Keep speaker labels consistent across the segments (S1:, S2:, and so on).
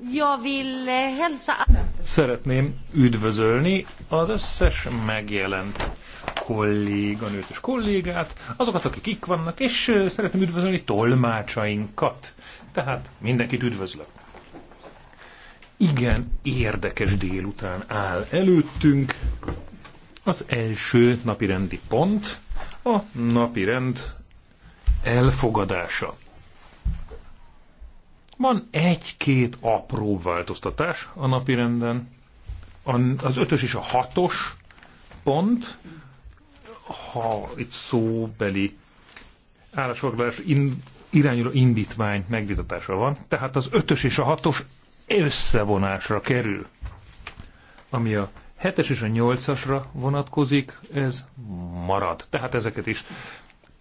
S1: Eh,
S2: szeretném üdvözölni az összes megjelent kolléganőt és kollégát, azokat, akik itt vannak, és eh, szeretném üdvözölni tolmácsainkat. Tehát mindenkit üdvözlök. Igen, érdekes délután áll előttünk. Az első napirendi pont a napirend elfogadása. Van egy-két apró változtatás a napirenden. Az ötös és a hatos pont, ha itt szóbeli állásfoglalás in, irányuló indítvány megvitatása van, tehát az ötös és a hatos összevonásra kerül. Ami a hetes és a nyolcasra vonatkozik, ez marad. Tehát ezeket is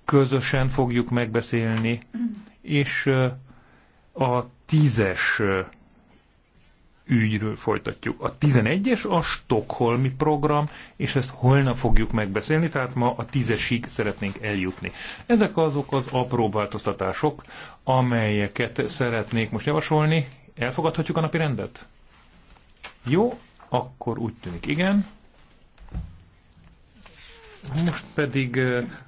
S2: közösen fogjuk megbeszélni, és a tízes ügyről folytatjuk. A 11-es a Stockholmi program, és ezt holnap fogjuk megbeszélni, tehát ma a tízesig szeretnénk eljutni. Ezek azok az apró változtatások, amelyeket szeretnék most javasolni. Elfogadhatjuk a napi rendet? Jó, akkor úgy tűnik igen. Most pedig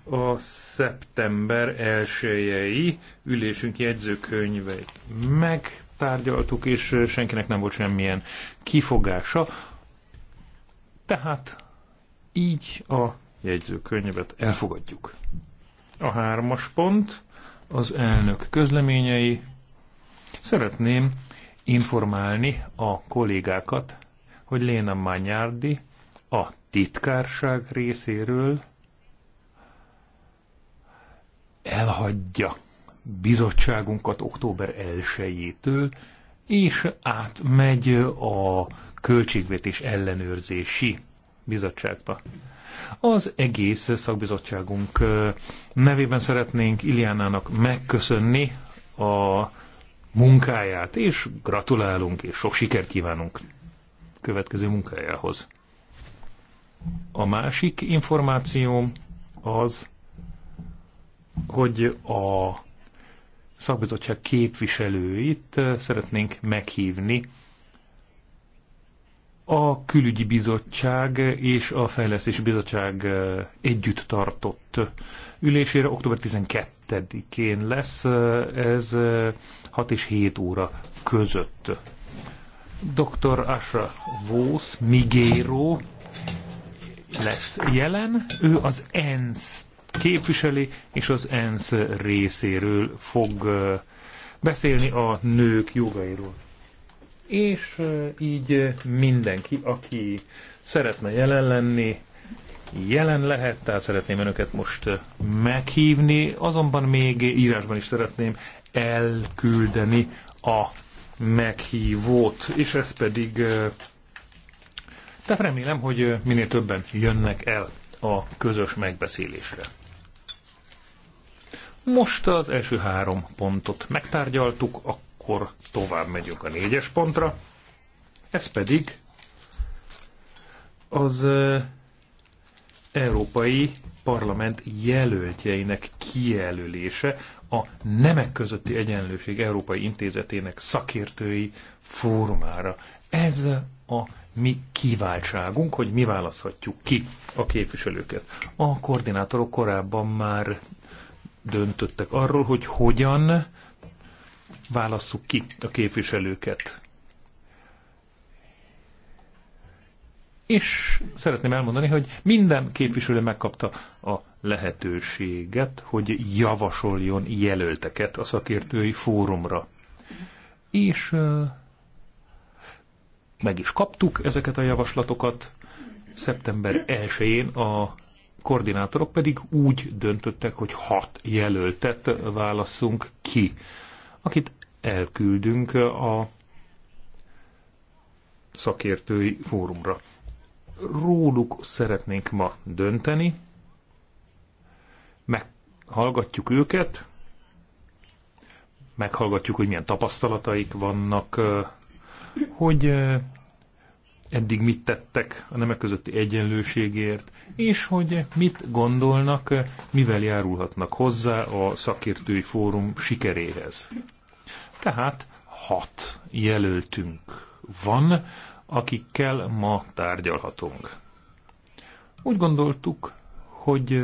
S2: a szeptember elsőjei ülésünk jegyzőkönyvei megtárgyaltuk, és senkinek nem volt semmilyen kifogása. Tehát így a jegyzőkönyvet elfogadjuk. A hármas pont az elnök közleményei. Szeretném informálni a kollégákat, hogy Léna Mányárdi a titkárság részéről elhagyja bizottságunkat október 1-től, és átmegy a költségvetés ellenőrzési bizottságba. Az egész szakbizottságunk nevében szeretnénk Iliánának megköszönni a munkáját, és gratulálunk, és sok sikert kívánunk következő munkájához. A másik információ az, hogy a szakbizottság képviselőit eh, szeretnénk meghívni a külügyi bizottság és a fejlesztési bizottság eh, együtt tartott ülésére október 12-én lesz, eh, ez 6 és 7 óra között. Dr. Asra Vósz Migéro lesz jelen, ő az ENSZ képviseli, és az ENSZ részéről fog beszélni a nők jogairól. És így mindenki, aki szeretne jelen lenni, jelen lehet, tehát szeretném önöket most meghívni, azonban még írásban is szeretném elküldeni a meghívót, és ez pedig tehát remélem, hogy minél többen jönnek el a közös megbeszélésre. Most az első három pontot megtárgyaltuk, akkor tovább megyünk a négyes pontra. Ez pedig az Európai Parlament jelöltjeinek kijelölése a Nemek közötti Egyenlőség Európai Intézetének szakértői fórumára. Ez a mi kiváltságunk, hogy mi választhatjuk ki a képviselőket. A koordinátorok korábban már döntöttek arról, hogy hogyan válasszuk ki a képviselőket. És szeretném elmondani, hogy minden képviselő megkapta a lehetőséget, hogy javasoljon jelölteket a szakértői fórumra. És meg is kaptuk ezeket a javaslatokat. Szeptember 1-én a koordinátorok pedig úgy döntöttek, hogy hat jelöltet válasszunk ki, akit elküldünk a szakértői fórumra. Róluk szeretnénk ma dönteni, meghallgatjuk őket, meghallgatjuk, hogy milyen tapasztalataik vannak hogy eddig mit tettek a nemek közötti egyenlőségért, és hogy mit gondolnak, mivel járulhatnak hozzá a szakértői fórum sikeréhez. Tehát hat jelöltünk van, akikkel ma tárgyalhatunk. Úgy gondoltuk, hogy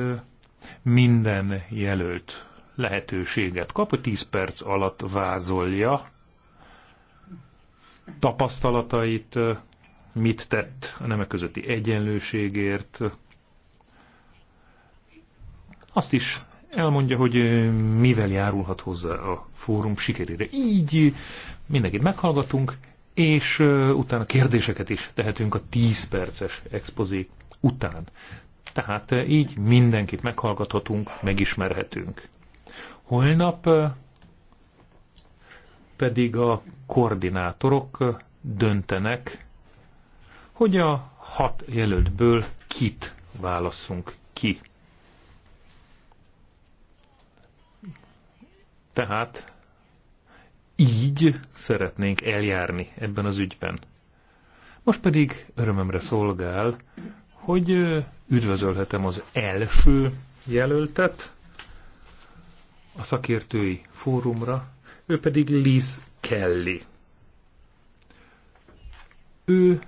S2: minden jelölt lehetőséget kap, hogy 10 perc alatt vázolja tapasztalatait, mit tett a nemek közötti egyenlőségért. Azt is elmondja, hogy mivel járulhat hozzá a fórum sikerére. Így mindenkit meghallgatunk, és utána kérdéseket is tehetünk a 10 perces expozé után. Tehát így mindenkit meghallgathatunk, megismerhetünk. Holnap pedig a koordinátorok döntenek, hogy a hat jelöltből kit válaszunk ki. Tehát így szeretnénk eljárni ebben az ügyben. Most pedig örömömre szolgál, hogy üdvözölhetem az első jelöltet a szakértői fórumra, ő pedig Liz Kelly. Ő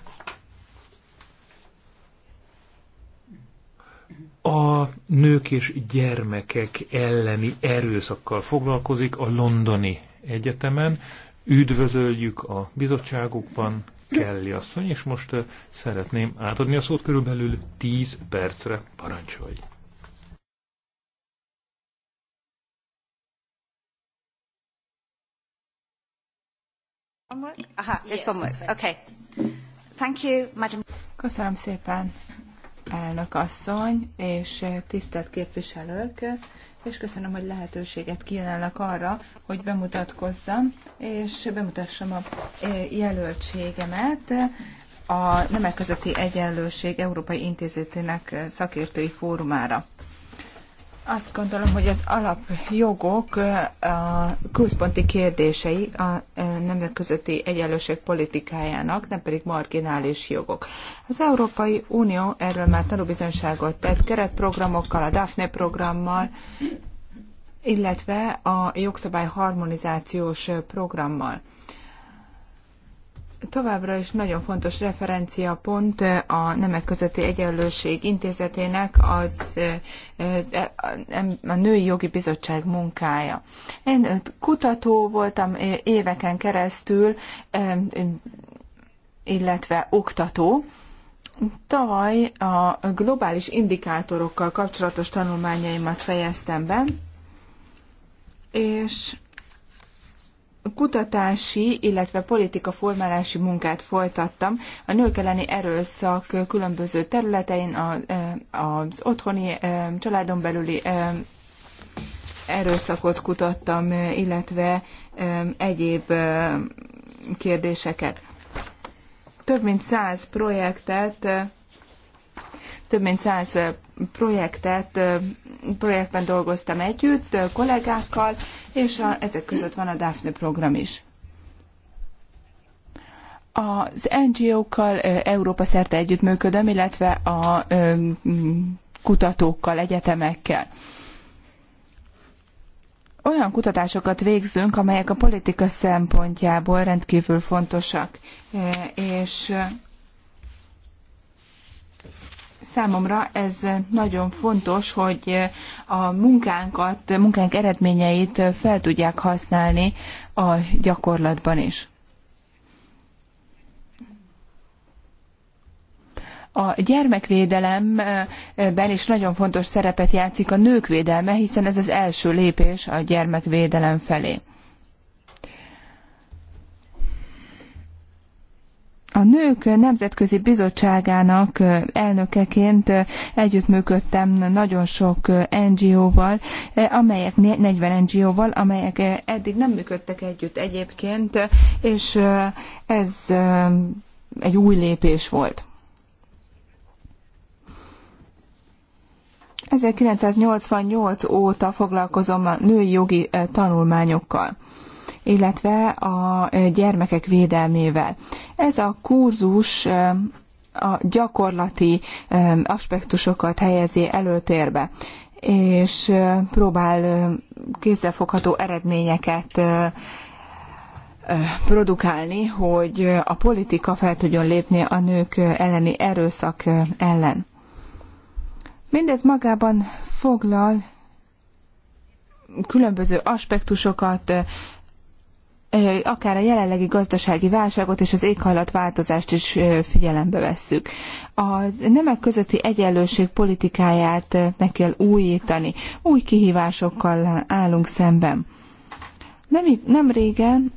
S2: a nők és gyermekek elleni erőszakkal foglalkozik a londoni egyetemen. Üdvözöljük a bizottságukban, Kelly asszony, és most szeretném átadni a szót körülbelül 10 percre. Parancsolj!
S3: Aha, Okay.
S4: Thank you, Madam. Köszönöm szépen, elnök asszony és eh, tisztelt képviselők, és köszönöm, hogy lehetőséget kínálnak arra, hogy bemutatkozzam, és bemutassam a eh, jelöltségemet a Nemek Közötti Egyenlőség Európai Intézetének eh, szakértői fórumára. Azt gondolom, hogy az alapjogok a központi kérdései a nemzetközi egyenlőség politikájának, nem pedig marginális jogok. Az Európai Unió erről már tanúbizonyságot tett keretprogramokkal, a DAFNE programmal, illetve a jogszabály harmonizációs programmal. Továbbra is nagyon fontos referenciapont a nemek közötti egyenlőség intézetének az, eh, eh, a Női Jogi Bizottság munkája. Én kutató voltam éveken keresztül, eh, illetve oktató. Tavaly a globális indikátorokkal kapcsolatos tanulmányaimat fejeztem be, és kutatási, illetve politikaformálási munkát folytattam a nők elleni erőszak különböző területein, az otthoni, családon belüli erőszakot kutattam, illetve egyéb kérdéseket. Több mint száz projektet több mint száz projektet projektben dolgoztam együtt kollégákkal, és a, ezek között van a Daphne program is. Az NGO-kkal Európa szerte együttműködöm, illetve a kutatókkal, egyetemekkel. Olyan kutatásokat végzünk, amelyek a politika szempontjából rendkívül fontosak, és Számomra ez nagyon fontos, hogy a munkánkat, munkánk eredményeit fel tudják használni a gyakorlatban is. a gyermekvédelemben is nagyon fontos szerepet játszik a nők védelme, hiszen ez az első lépés a gyermekvédelem felé. a Nők Nemzetközi Bizottságának elnökeként együttműködtem nagyon sok NGO-val, amelyek 40 NGO-val, amelyek eddig nem működtek együtt egyébként, és ez egy új lépés volt. 1988 óta foglalkozom a női jogi tanulmányokkal illetve a gyermekek védelmével. Ez a kurzus a gyakorlati aspektusokat helyezi előtérbe, és próbál kézzelfogható eredményeket produkálni, hogy a politika fel tudjon lépni a nők elleni erőszak ellen. Mindez magában foglal különböző aspektusokat, akár a jelenlegi gazdasági válságot és az éghajlatváltozást is figyelembe vesszük. A nemek közötti egyenlőség politikáját meg kell újítani. Új kihívásokkal állunk szemben. Nem, nem régen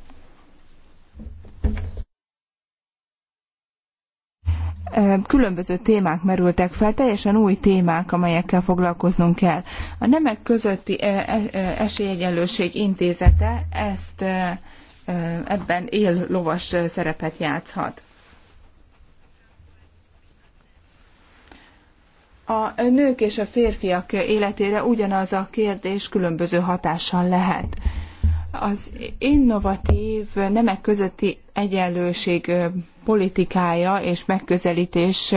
S4: különböző témák merültek fel, teljesen új témák, amelyekkel foglalkoznunk kell. A Nemek Közötti e, Esélyegyenlőség Intézete ezt ebben él lovas szerepet játszhat. A nők és a férfiak életére ugyanaz a kérdés különböző hatással lehet. Az innovatív nemek közötti egyenlőség politikája és megközelítés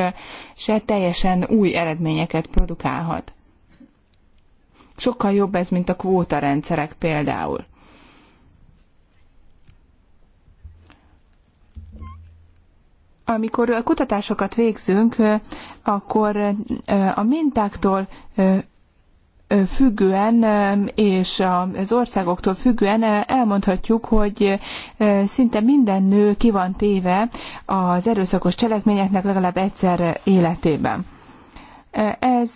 S4: se teljesen új eredményeket produkálhat. Sokkal jobb ez, mint a kvótarendszerek például. amikor kutatásokat végzünk, akkor a mintáktól függően és az országoktól függően elmondhatjuk, hogy szinte minden nő ki van téve az erőszakos cselekményeknek legalább egyszer életében. Ez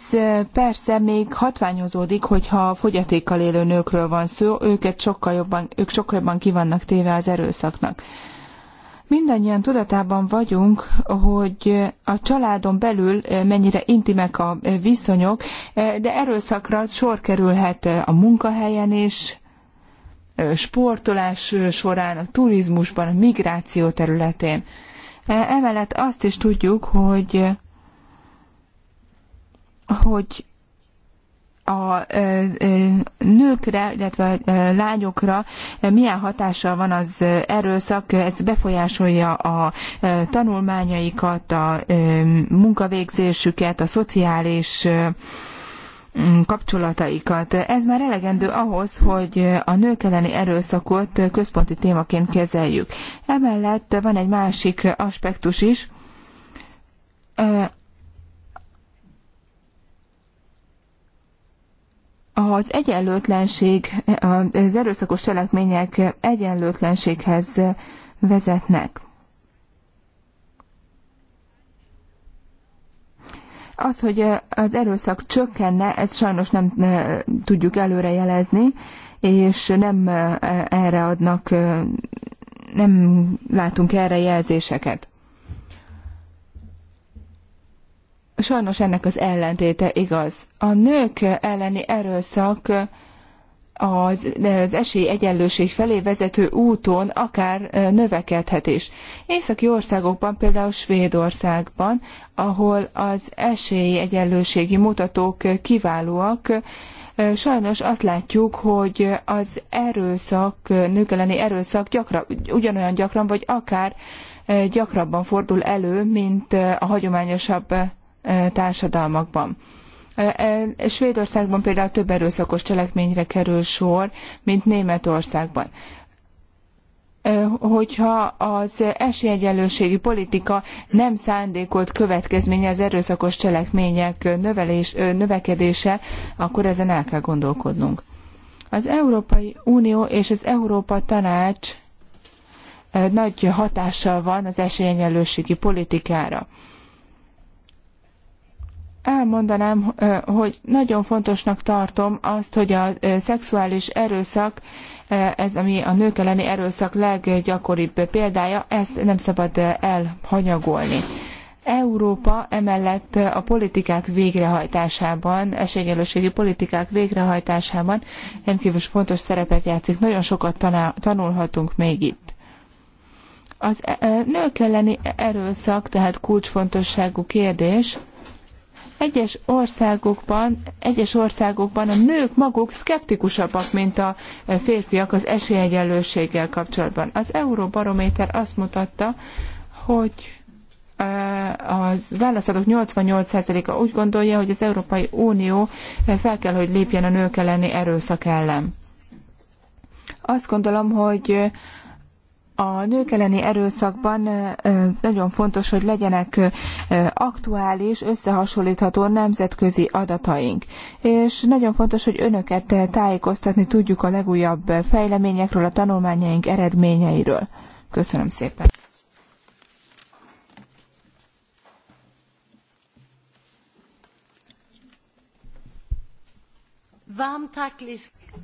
S4: persze még hatványozódik, hogyha fogyatékkal élő nőkről van szó, őket sokkal jobban, ők sokkal jobban kivannak téve az erőszaknak. Mindannyian tudatában vagyunk, hogy a családon belül mennyire intimek a viszonyok, de erőszakra sor kerülhet a munkahelyen is, sportolás során, a turizmusban, a migráció területén. Emellett azt is tudjuk, hogy hogy a nőkre, illetve a lányokra milyen hatással van az erőszak, ez befolyásolja a tanulmányaikat, a munkavégzésüket, a szociális kapcsolataikat. Ez már elegendő ahhoz, hogy a nők elleni erőszakot központi témaként kezeljük. Emellett van egy másik aspektus is, az egyenlőtlenség, az erőszakos cselekmények egyenlőtlenséghez vezetnek. Az, hogy az erőszak csökkenne, ezt sajnos nem e, tudjuk előrejelezni, és nem e, erre adnak, e, nem látunk erre jelzéseket. Sajnos ennek az ellentéte igaz. A nők elleni erőszak az, az esélyegyenlőség felé vezető úton akár növekedhet is. Északi országokban, például Svédországban, ahol az esélyegyenlőségi mutatók kiválóak, sajnos azt látjuk, hogy az erőszak, nők elleni erőszak gyakran, ugyanolyan gyakran, vagy akár gyakrabban fordul elő, mint a hagyományosabb társadalmakban. Svédországban például több erőszakos cselekményre kerül sor, mint Németországban. Hogyha az esélyegyenlőségi politika nem szándékolt következménye az erőszakos cselekmények növelés, növekedése, akkor ezen el kell gondolkodnunk. Az Európai Unió és az Európa Tanács nagy hatással van az esélyegyenlőségi politikára elmondanám, hogy nagyon fontosnak tartom azt, hogy a szexuális erőszak, ez ami a nők elleni erőszak leggyakoribb példája, ezt nem szabad elhanyagolni. Európa emellett a politikák végrehajtásában, esélyegyenlőségi politikák végrehajtásában rendkívül fontos szerepet játszik. Nagyon sokat tanulhatunk még itt. Az nők elleni erőszak tehát kulcsfontosságú kérdés, egyes országokban, egyes országokban a nők maguk szkeptikusabbak, mint a férfiak az esélyegyenlőséggel kapcsolatban. Az Euróbarométer azt mutatta, hogy a válaszadók 88%-a úgy gondolja, hogy az Európai Unió fel kell, hogy lépjen a nők elleni erőszak ellen. Azt gondolom, hogy a nők elleni erőszakban nagyon fontos, hogy legyenek aktuális, összehasonlítható nemzetközi adataink. És nagyon fontos, hogy önöket tájékoztatni tudjuk a legújabb fejleményekről, a tanulmányaink eredményeiről. Köszönöm szépen!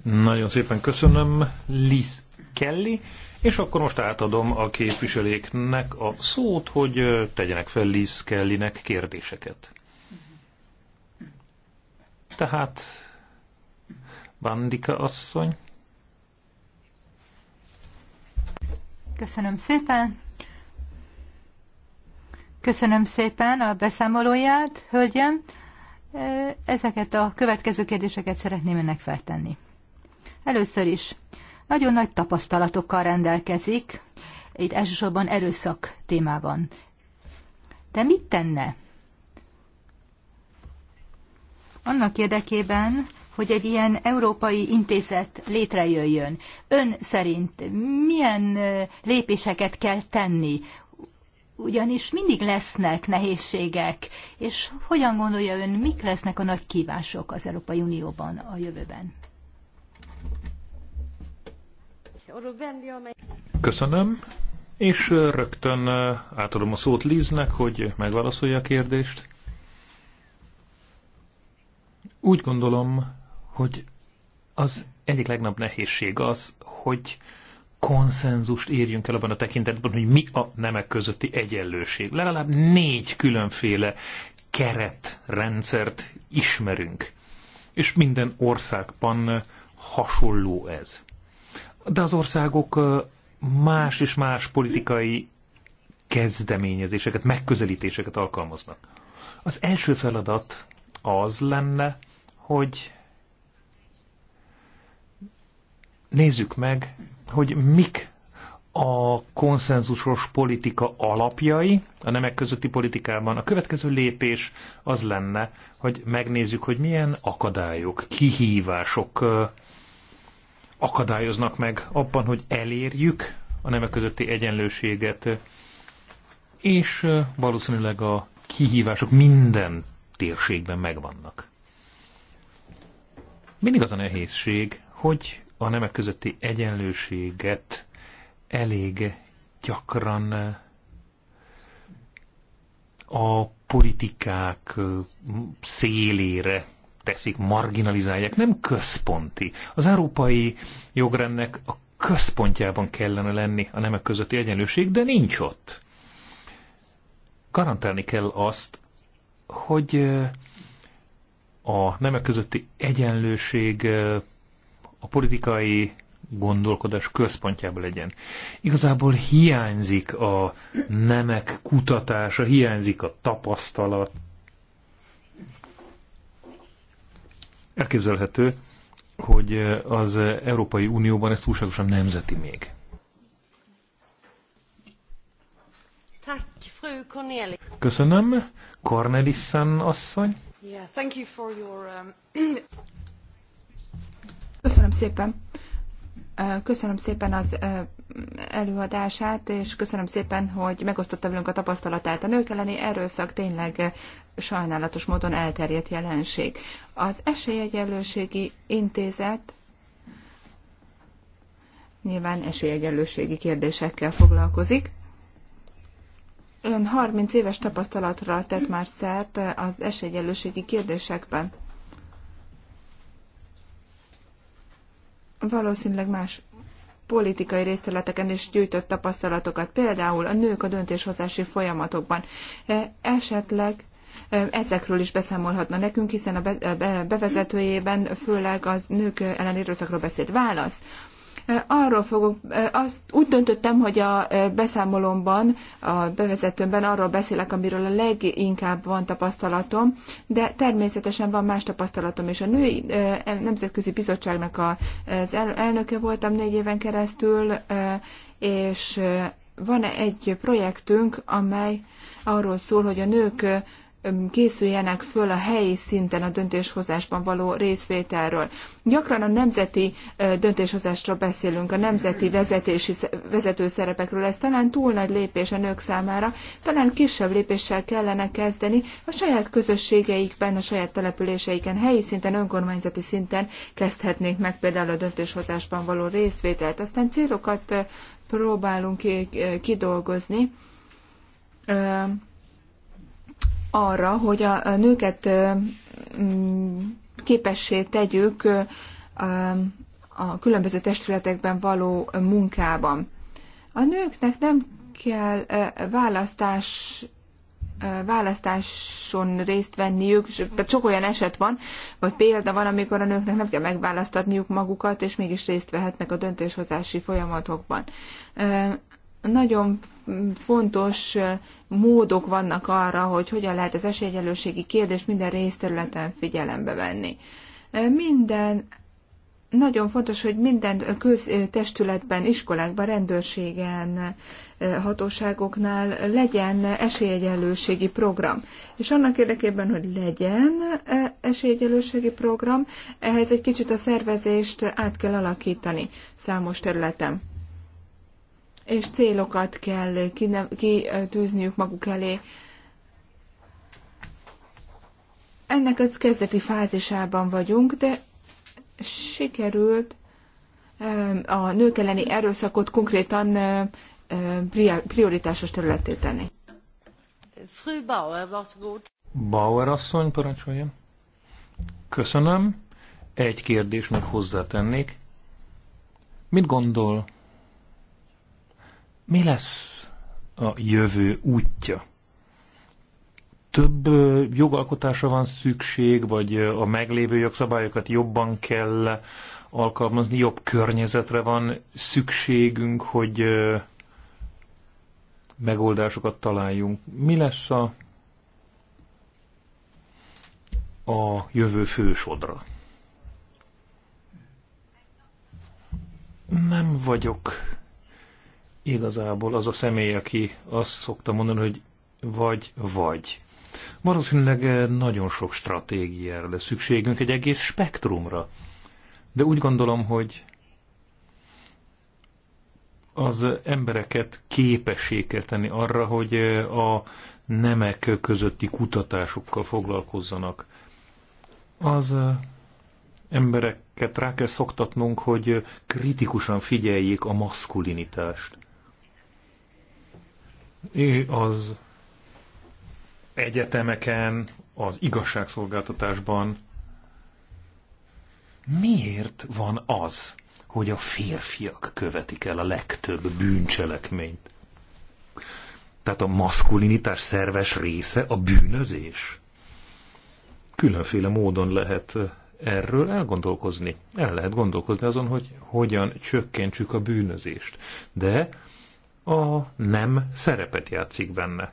S2: Nagyon szépen köszönöm, Liz Kelly. És akkor most átadom a képviseléknek a szót, hogy tegyenek fel Liz Kellynek kérdéseket. Tehát Bandika asszony.
S1: Köszönöm szépen. Köszönöm szépen a beszámolóját, hölgyem. Ezeket a következő kérdéseket szeretném önnek feltenni. Először is, nagyon nagy tapasztalatokkal rendelkezik, itt elsősorban erőszak témában. De mit tenne? Annak érdekében, hogy egy ilyen európai intézet létrejöjjön. Ön szerint milyen lépéseket kell tenni? Ugyanis mindig lesznek nehézségek, és hogyan gondolja ön, mik lesznek a nagy kívások az Európai Unióban a jövőben?
S2: Köszönöm, és rögtön átadom a szót Liznek, hogy megválaszolja a kérdést. Úgy gondolom, hogy az egyik legnagyobb nehézség az, hogy konszenzust érjünk el abban a tekintetben, hogy mi a nemek közötti egyenlőség. Legalább négy különféle keretrendszert ismerünk. És minden országban hasonló ez de az országok más és más politikai kezdeményezéseket, megközelítéseket alkalmaznak. Az első feladat az lenne, hogy nézzük meg, hogy mik a konszenzusos politika alapjai a nemek közötti politikában. A következő lépés az lenne, hogy megnézzük, hogy milyen akadályok, kihívások akadályoznak meg abban, hogy elérjük a nemek közötti egyenlőséget, és valószínűleg a kihívások minden térségben megvannak. Mindig az a nehézség, hogy a nemek közötti egyenlőséget elég gyakran a politikák szélére teszik, marginalizálják, nem központi. Az európai jogrendnek a központjában kellene lenni a nemek közötti egyenlőség, de nincs ott. Garantálni kell azt, hogy a nemek közötti egyenlőség a politikai gondolkodás központjában legyen. Igazából hiányzik a nemek kutatása, hiányzik a tapasztalat, Elképzelhető, hogy az Európai Unióban ez túlságosan nemzeti még. Köszönöm. Cornelissen asszony.
S4: Köszönöm szépen. Köszönöm szépen az előadását, és köszönöm szépen, hogy megosztotta velünk a tapasztalatát. A nők elleni erőszak tényleg sajnálatos módon elterjedt jelenség. Az Esélyegyenlőségi Intézet nyilván esélyegyenlőségi kérdésekkel foglalkozik. Ön 30 éves tapasztalatra tett már szert az esélyegyenlőségi kérdésekben. Valószínűleg más politikai részterületeken is gyűjtött tapasztalatokat, például a nők a döntéshozási folyamatokban. E, esetleg e, ezekről is beszámolhatna nekünk, hiszen a e, bevezetőjében főleg az nők elleni erőszakról beszélt válasz. Arról fogok, azt úgy döntöttem, hogy a beszámolomban, a bevezetőmben arról beszélek, amiről a leginkább van tapasztalatom, de természetesen van más tapasztalatom is. A Női Nemzetközi Bizottságnak az elnöke voltam négy éven keresztül, és van -e egy projektünk, amely arról szól, hogy a nők készüljenek föl a helyi szinten a döntéshozásban való részvételről. Gyakran a nemzeti döntéshozásról beszélünk, a nemzeti vezetési, vezető szerepekről. Ez talán túl nagy lépés a nők számára, talán kisebb lépéssel kellene kezdeni a saját közösségeikben, a saját településeiken, helyi szinten, önkormányzati szinten kezdhetnék meg például a döntéshozásban való részvételt. Aztán célokat próbálunk kidolgozni arra, hogy a nőket mm, képessé tegyük a különböző testületekben való munkában. A nőknek nem kell választás választáson részt venniük, tehát sok olyan eset van, vagy példa van, amikor a nőknek nem kell megválasztatniuk magukat, és mégis részt vehetnek a döntéshozási folyamatokban nagyon fontos módok vannak arra, hogy hogyan lehet az esélyegyelőségi kérdést minden részterületen figyelembe venni. Minden nagyon fontos, hogy minden köztestületben, iskolákban, rendőrségen, hatóságoknál legyen esélyegyenlőségi program. És annak érdekében, hogy legyen e, esélyegyenlőségi program, ehhez egy kicsit a szervezést át kell alakítani számos területen és célokat kell kitűzniük maguk elé. Ennek az kezdeti fázisában vagyunk, de sikerült a nők elleni erőszakot konkrétan prioritásos területé tenni.
S2: Bauer, asszony, parancsoljon. Köszönöm. Egy kérdés még hozzátennék. Mit gondol mi lesz a jövő útja? Több jogalkotásra van szükség, vagy a meglévő jogszabályokat jobban kell alkalmazni, jobb környezetre van szükségünk, hogy megoldásokat találjunk. Mi lesz a, a jövő fősodra? Nem vagyok igazából az a személy, aki azt szokta mondani, hogy vagy, vagy. Valószínűleg eh, nagyon sok stratégiára lesz szükségünk, egy egész spektrumra. De úgy gondolom, hogy az embereket képessé kell tenni arra, hogy eh, a nemek közötti kutatásokkal foglalkozzanak. Az eh, embereket rá kell szoktatnunk, hogy kritikusan figyeljék a maszkulinitást. Ő az egyetemeken, az igazságszolgáltatásban. Miért van az, hogy a férfiak követik el a legtöbb bűncselekményt? Tehát a maszkulinitás szerves része a bűnözés? Különféle módon lehet erről elgondolkozni. El lehet gondolkozni azon, hogy hogyan csökkentsük a bűnözést. De a nem szerepet játszik benne.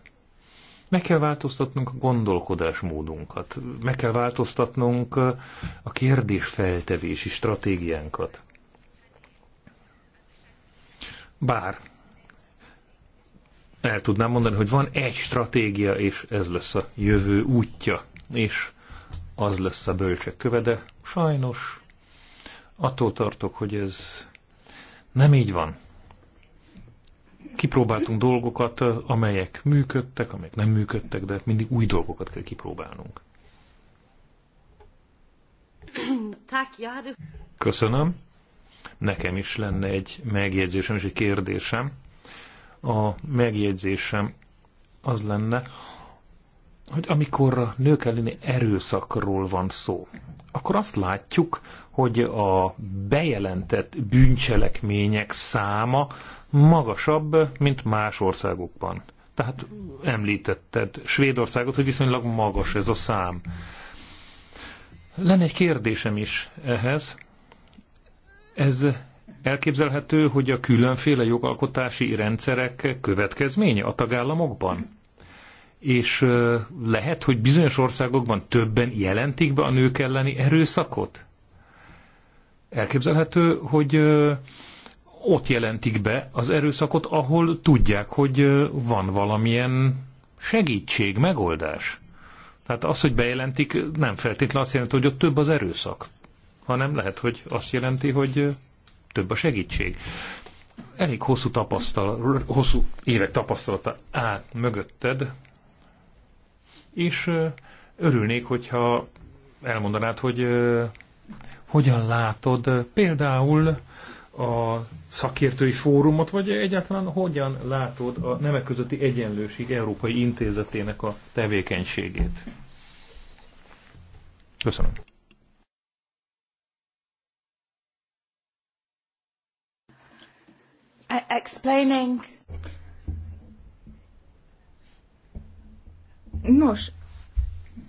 S2: Meg kell változtatnunk a gondolkodásmódunkat, meg kell változtatnunk a kérdésfeltevési stratégiánkat. Bár el tudnám mondani, hogy van egy stratégia, és ez lesz a jövő útja, és az lesz a bölcsek köve, de sajnos attól tartok, hogy ez nem így van kipróbáltunk dolgokat, amelyek működtek, amelyek nem működtek, de mindig új dolgokat kell kipróbálnunk. Köszönöm. Nekem is lenne egy megjegyzésem és egy kérdésem. A megjegyzésem az lenne, hogy amikor nők elleni erőszakról van szó, akkor azt látjuk, hogy a bejelentett bűncselekmények száma magasabb, mint más országokban. Tehát említetted Svédországot, hogy viszonylag magas ez a szám. Lenne egy kérdésem is ehhez. Ez elképzelhető, hogy a különféle jogalkotási rendszerek következménye a tagállamokban? És lehet, hogy bizonyos országokban többen jelentik be a nők elleni erőszakot? elképzelhető, hogy ott jelentik be az erőszakot, ahol tudják, hogy van valamilyen segítség, megoldás. Tehát az, hogy bejelentik, nem feltétlenül azt jelenti, hogy ott több az erőszak, hanem lehet, hogy azt jelenti, hogy több a segítség. Elég hosszú, tapasztal, hosszú évek tapasztalata áll mögötted, és örülnék, hogyha elmondanád, hogy hogyan látod például a szakértői fórumot, vagy egyáltalán hogyan látod a nemek közötti egyenlőség Európai Intézetének a tevékenységét? Köszönöm.
S3: E-, explaining.
S4: Nos,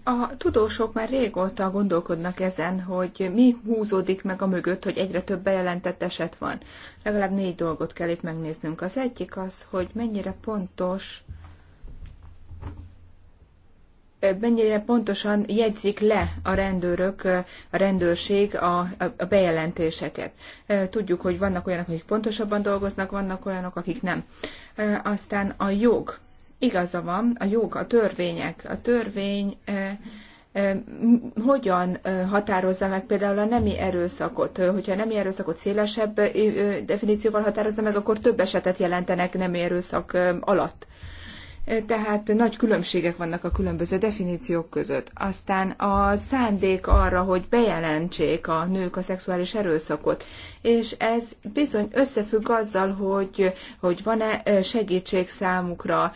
S4: a tudósok már régóta gondolkodnak ezen, hogy mi húzódik meg a mögött, hogy egyre több bejelentett eset van. Legalább négy dolgot kell itt megnéznünk. Az egyik az, hogy mennyire pontos mennyire pontosan jegyzik le a rendőrök, a rendőrség a, a bejelentéseket. Tudjuk, hogy vannak olyanok, akik pontosabban dolgoznak, vannak olyanok, akik nem. Aztán a jog igaza van, a jog, a törvények, a törvény hogyan határozza meg például a nemi erőszakot. Hogyha a nemi erőszakot szélesebb definícióval határozza meg, akkor több esetet jelentenek nemi erőszak alatt tehát nagy különbségek vannak a különböző definíciók között. Aztán a szándék arra, hogy bejelentsék a nők a szexuális erőszakot, és ez bizony összefügg azzal, hogy, hogy van-e segítség számukra,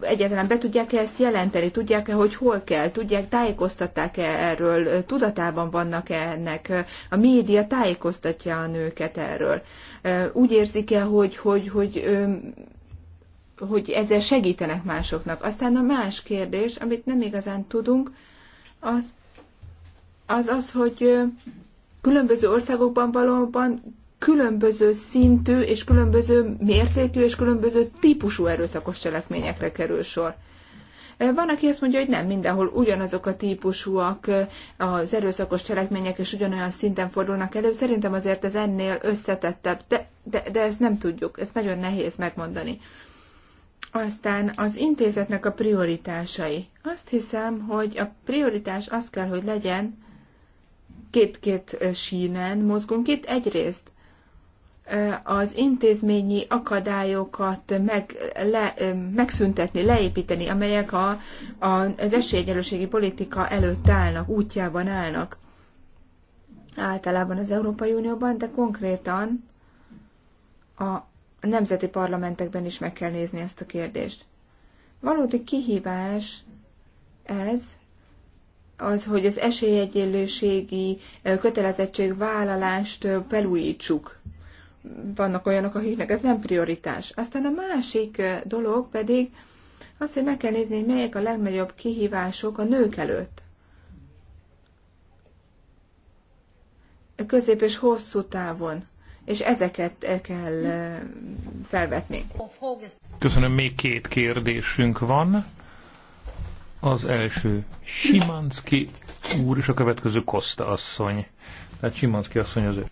S4: egyáltalán be tudják-e ezt jelenteni, tudják-e, hogy hol kell, tudják, tájékoztatták-e erről, tudatában vannak-e ennek, a média tájékoztatja a nőket erről. Úgy érzik-e, hogy, hogy, hogy hogy ezzel segítenek másoknak. Aztán a más kérdés, amit nem igazán tudunk, az az, az hogy különböző országokban valóban különböző szintű és különböző mértékű és különböző típusú erőszakos cselekményekre kerül sor. Van, aki azt mondja, hogy nem mindenhol ugyanazok a típusúak az erőszakos cselekmények, és ugyanolyan szinten fordulnak elő. Szerintem azért ez ennél összetettebb, de, de, de ezt nem tudjuk, ezt nagyon nehéz megmondani. Aztán az intézetnek a prioritásai. Azt hiszem, hogy a prioritás az kell, hogy legyen, két-két sínen mozgunk itt. Egyrészt az intézményi akadályokat meg, le, megszüntetni, leépíteni, amelyek a, a, az esélyegyenlőségi politika előtt állnak, útjában állnak. Általában az Európai Unióban, de konkrétan a a nemzeti parlamentekben is meg kell nézni ezt a kérdést. Valódi kihívás ez, az, hogy az esélyegyenlőségi kötelezettségvállalást felújítsuk. Vannak olyanok, akiknek ez nem prioritás. Aztán a másik dolog pedig az, hogy meg kell nézni, hogy melyek a legnagyobb kihívások a nők előtt. Közép és hosszú távon és ezeket e kell e, felvetni.
S2: Köszönöm, még két kérdésünk van. Az első Simanski úr, és a következő Kosta asszony. Tehát Simanski asszony az ő.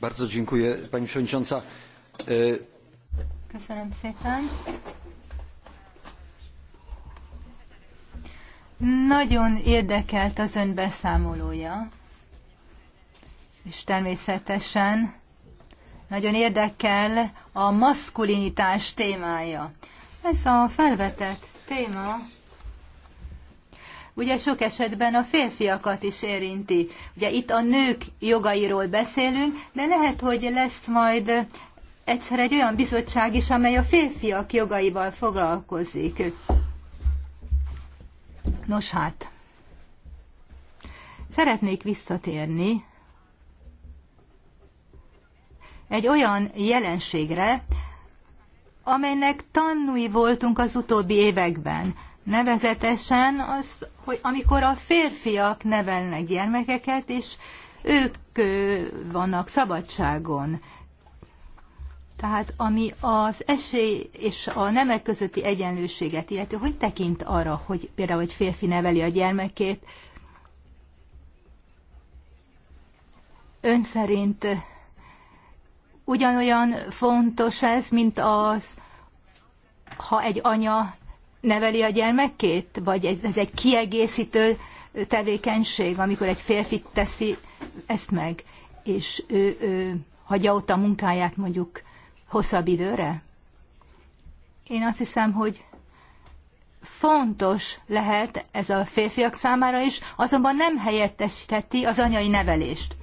S2: Bardzo dziękuję, pani przewodnicząca. E,
S1: Köszönöm szépen. Nagyon érdekelt az ön beszámolója és természetesen nagyon érdekel a maszkulinitás témája. Ez a felvetett téma ugye sok esetben a férfiakat is érinti. Ugye itt a nők jogairól beszélünk, de lehet, hogy lesz majd egyszer egy olyan bizottság is, amely a férfiak jogaival foglalkozik. Nos hát, szeretnék visszatérni egy olyan jelenségre, amelynek tanúi voltunk az utóbbi években. Nevezetesen az, hogy amikor a férfiak nevelnek gyermekeket, és ők vannak szabadságon. Tehát ami az esély és a nemek közötti egyenlőséget illeti, hogy tekint arra, hogy például egy férfi neveli a gyermekét, ön szerint Ugyanolyan fontos ez, mint az, ha egy anya neveli a gyermekét, vagy ez, ez egy kiegészítő tevékenység, amikor egy férfi teszi ezt meg, és ő, ő hagyja ott a munkáját mondjuk hosszabb időre? Én azt hiszem, hogy fontos lehet ez a férfiak számára is, azonban nem helyettesítheti az anyai nevelést.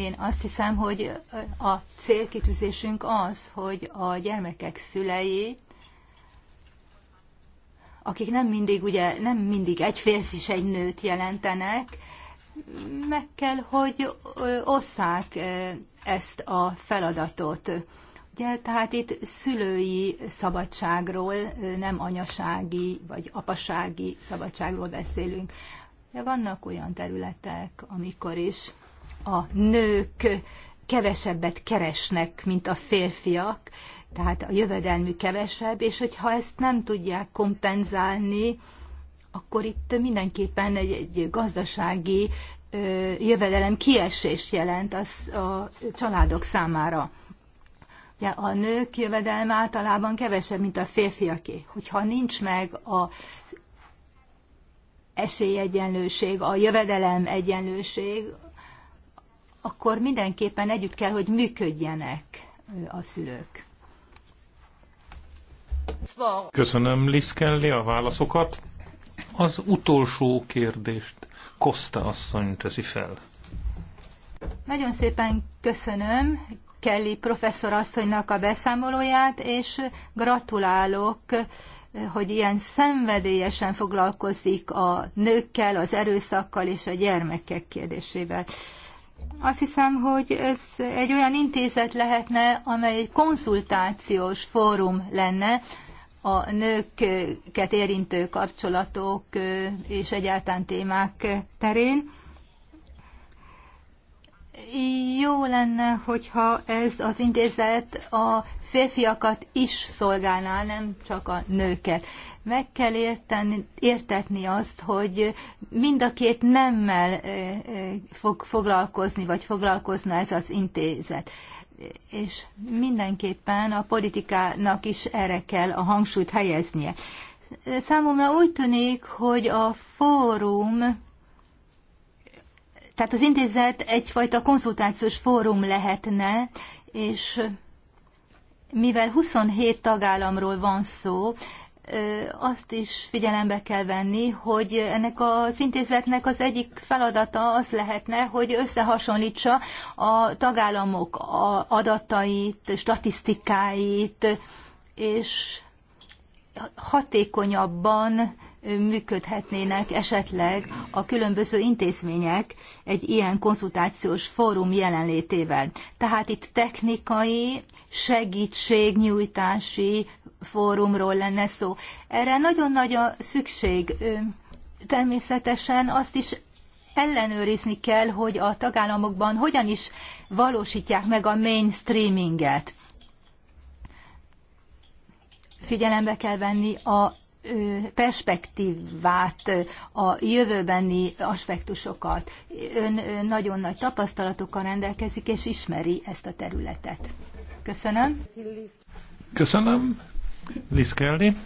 S1: Én azt hiszem, hogy a célkitűzésünk az, hogy a gyermekek szülei, akik nem mindig, ugye, nem mindig egy férfi és egy nőt jelentenek, meg kell, hogy osszák ezt a feladatot. Ugye, tehát itt szülői szabadságról, nem anyasági vagy apasági szabadságról beszélünk. De vannak olyan területek, amikor is a nők kevesebbet keresnek, mint a férfiak, tehát a jövedelmű kevesebb, és hogyha ezt nem tudják kompenzálni, akkor itt mindenképpen egy, egy gazdasági ö, jövedelem kiesés jelent az, a családok számára. Ugye a nők jövedelme általában kevesebb, mint a férfiaké. Hogyha nincs meg a esélyegyenlőség, a jövedelem egyenlőség, akkor mindenképpen együtt kell, hogy működjenek a szülők.
S2: Köszönöm Liszkelli a válaszokat. Az utolsó kérdést Kosta asszony teszi fel.
S1: Nagyon szépen köszönöm Kelly professzor asszonynak a beszámolóját, és gratulálok, hogy ilyen szenvedélyesen foglalkozik a nőkkel, az erőszakkal és a gyermekek kérdésével. Azt hiszem, hogy ez egy olyan intézet lehetne, amely egy konzultációs fórum lenne a nőket érintő kapcsolatok és egyáltalán témák terén. Jó lenne, hogyha ez az intézet a férfiakat is szolgálná, nem csak a nőket meg kell érteni, értetni azt, hogy mind a két nemmel fog foglalkozni, vagy foglalkozna ez az intézet. És mindenképpen a politikának is erre kell a hangsúlyt helyeznie. Számomra úgy tűnik, hogy a fórum tehát az intézet egyfajta konzultációs fórum lehetne, és mivel 27 tagállamról van szó, azt is figyelembe kell venni, hogy ennek az intézetnek az egyik feladata az lehetne, hogy összehasonlítsa a tagállamok adatait, statisztikáit, és hatékonyabban működhetnének esetleg a különböző intézmények egy ilyen konzultációs fórum jelenlétével. Tehát itt technikai, segítségnyújtási fórumról lenne szó. Erre nagyon nagy a szükség. Természetesen azt is ellenőrizni kell, hogy a tagállamokban hogyan is valósítják meg a mainstreaminget. Figyelembe kell venni a perspektívát, a jövőbeni aspektusokat. Ön nagyon nagy tapasztalatokkal rendelkezik, és ismeri ezt a területet. Köszönöm.
S2: Köszönöm. Liz Kelly.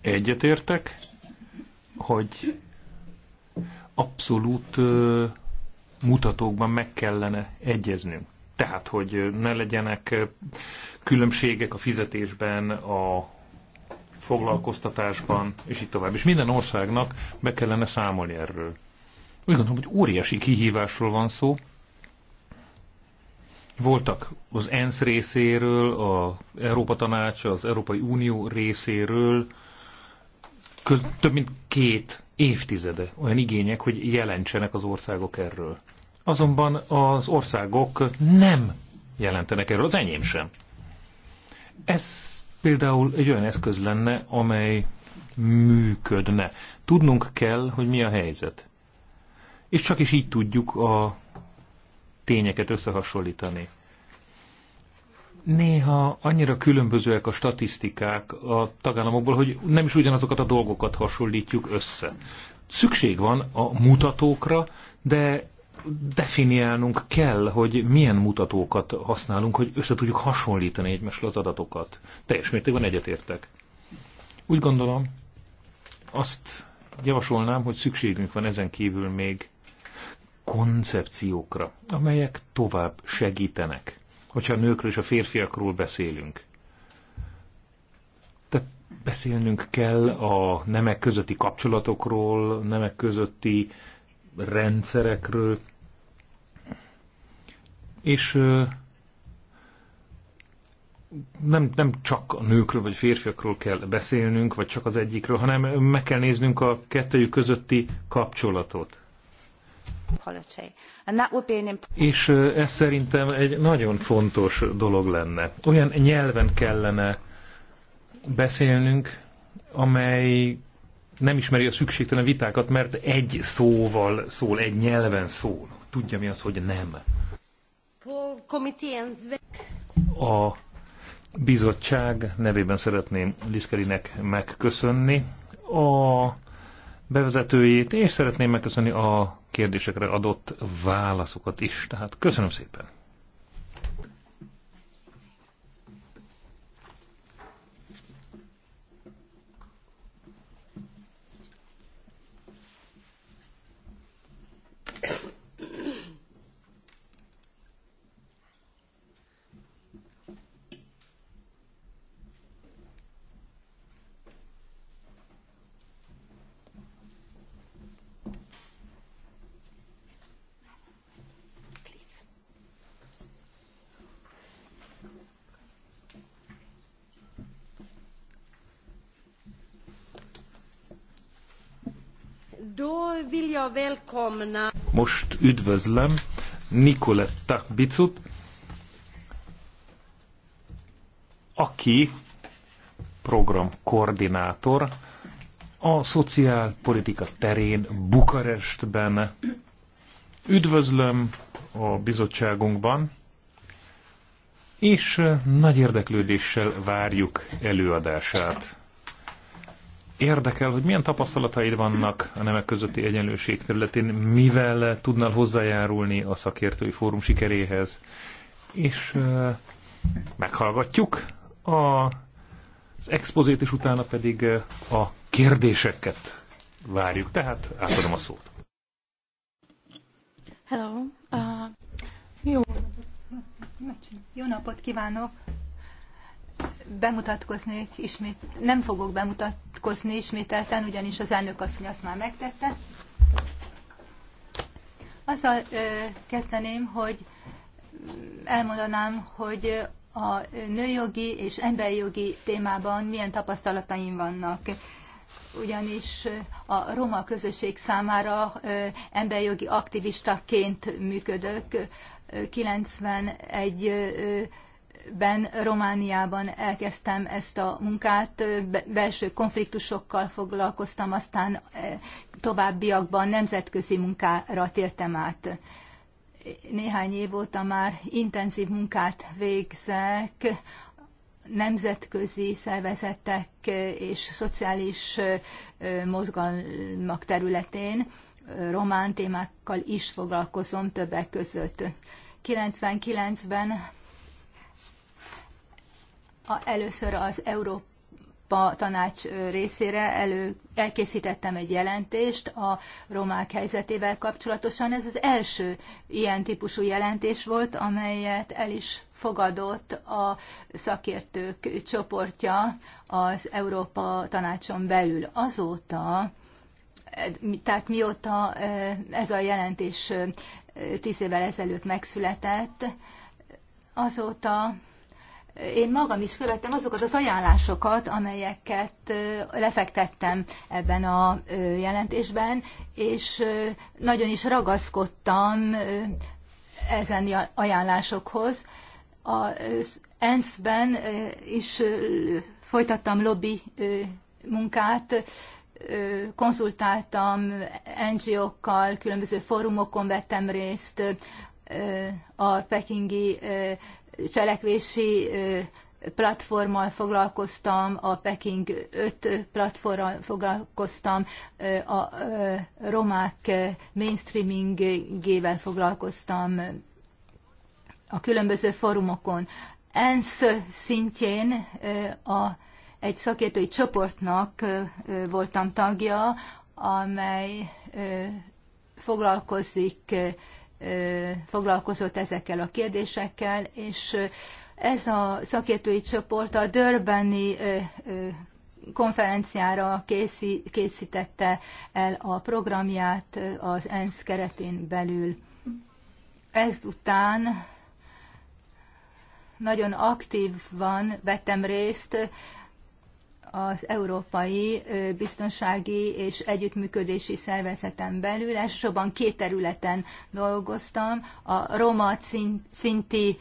S2: Egyetértek, hogy abszolút mutatókban meg kellene egyeznünk. Tehát, hogy ne legyenek különbségek a fizetésben, a foglalkoztatásban, és így tovább. És minden országnak be kellene számolni erről. Úgy gondolom, hogy óriási kihívásról van szó, voltak az ENSZ részéről, az Európa Tanács, az Európai Unió részéről több mint két évtizede olyan igények, hogy jelentsenek az országok erről. Azonban az országok nem jelentenek erről, az enyém sem. Ez például egy olyan eszköz lenne, amely működne. Tudnunk kell, hogy mi a helyzet. És csak is így tudjuk a tényeket összehasonlítani. Néha annyira különbözőek a statisztikák a tagállamokból, hogy nem is ugyanazokat a dolgokat hasonlítjuk össze. Szükség van a mutatókra, de definiálnunk kell, hogy milyen mutatókat használunk, hogy össze tudjuk hasonlítani egymással az adatokat. Teljes mértékben egyetértek. Úgy gondolom, azt javasolnám, hogy szükségünk van ezen kívül még koncepciókra, amelyek tovább segítenek, hogyha a nőkről és a férfiakról beszélünk. Tehát beszélnünk kell a nemek közötti kapcsolatokról, nemek közötti rendszerekről, és nem, nem csak a nőkről vagy férfiakról kell beszélnünk, vagy csak az egyikről, hanem meg kell néznünk a kettőjük közötti kapcsolatot. És ez szerintem egy nagyon fontos dolog lenne. Olyan nyelven kellene beszélnünk, amely nem ismeri a szükségtelen vitákat, mert egy szóval szól, egy nyelven szól. Tudja mi az, hogy nem. A bizottság nevében szeretném Liszkerinek megköszönni a bevezetőjét, és szeretném megköszönni a kérdésekre adott válaszokat is. Tehát köszönöm szépen! Most üdvözlöm Nikoletta Bicut, aki programkoordinátor a szociálpolitika terén Bukarestben. Üdvözlöm a bizottságunkban, és nagy érdeklődéssel várjuk előadását érdekel, hogy milyen tapasztalataid vannak a nemek közötti egyenlőség területén, mivel tudnál hozzájárulni a szakértői fórum sikeréhez. És uh, meghallgatjuk a, az expozét, és utána pedig a kérdéseket várjuk. Tehát átadom a szót.
S3: Hello. Uh, jó.
S1: Jó napot kívánok! bemutatkoznék ismét, nem fogok bemutatkozni ismételten, ugyanis az elnök asszony azt már megtette. Azzal ö, kezdeném, hogy elmondanám, hogy a nőjogi és emberjogi témában milyen tapasztalataim vannak ugyanis a roma közösség számára emberjogi aktivistaként működök. 91 ben Romániában elkezdtem ezt a munkát, belső konfliktusokkal foglalkoztam, aztán továbbiakban nemzetközi munkára tértem át. Néhány év óta már intenzív munkát végzek nemzetközi szervezetek és szociális mozgalmak területén. Román témákkal is foglalkozom többek között. 99-ben először az Európa tanács részére elő, elkészítettem egy jelentést a romák helyzetével kapcsolatosan. Ez az első ilyen típusú jelentés volt, amelyet el is fogadott a szakértők csoportja az Európa tanácson belül. Azóta, tehát mióta ez a jelentés tíz évvel ezelőtt megszületett, azóta én magam is követtem azokat az ajánlásokat, amelyeket lefektettem ebben a jelentésben, és nagyon is ragaszkodtam ezen ajánlásokhoz. Az ENSZ-ben is folytattam lobby munkát, konzultáltam NGO-kkal, különböző fórumokon vettem részt, a pekingi cselekvési platformmal foglalkoztam, a Peking 5 platformmal foglalkoztam, a romák mainstreamingével foglalkoztam a különböző fórumokon. ENSZ szintjén a, egy szakértői csoportnak voltam tagja, amely foglalkozik foglalkozott ezekkel a kérdésekkel, és ez a szakértői csoport a Dörbeni konferenciára készítette el a programját az ENSZ keretén belül. Ezután nagyon aktív van vettem részt az Európai Biztonsági és Együttműködési Szervezeten belül elsősorban két területen dolgoztam, a roma szinti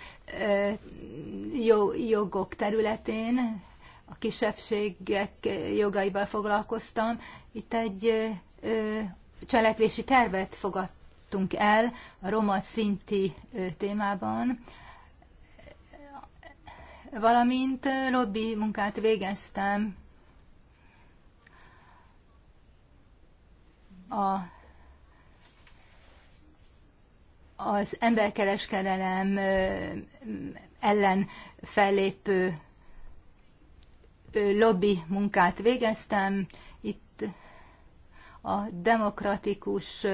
S1: jogok területén, a kisebbségek jogaival foglalkoztam. Itt egy cselekvési tervet fogadtunk el a roma szinti témában valamint lobby munkát végeztem a, az emberkereskedelem ellen fellépő lobby munkát végeztem. Itt a demokratikus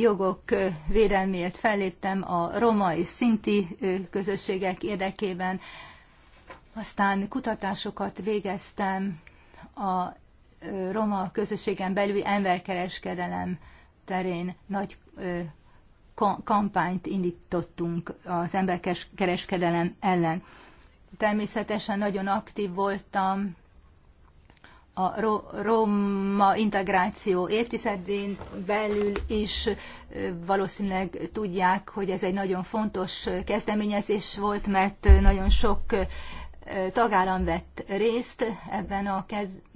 S1: jogok védelméért felléptem a roma és szinti közösségek érdekében. Aztán kutatásokat végeztem a roma közösségen belüli emberkereskedelem terén nagy kampányt indítottunk az emberkereskedelem ellen. Természetesen nagyon aktív voltam a roma integráció évtizedén belül is valószínűleg tudják, hogy ez egy nagyon fontos kezdeményezés volt, mert nagyon sok tagállam vett részt ebben a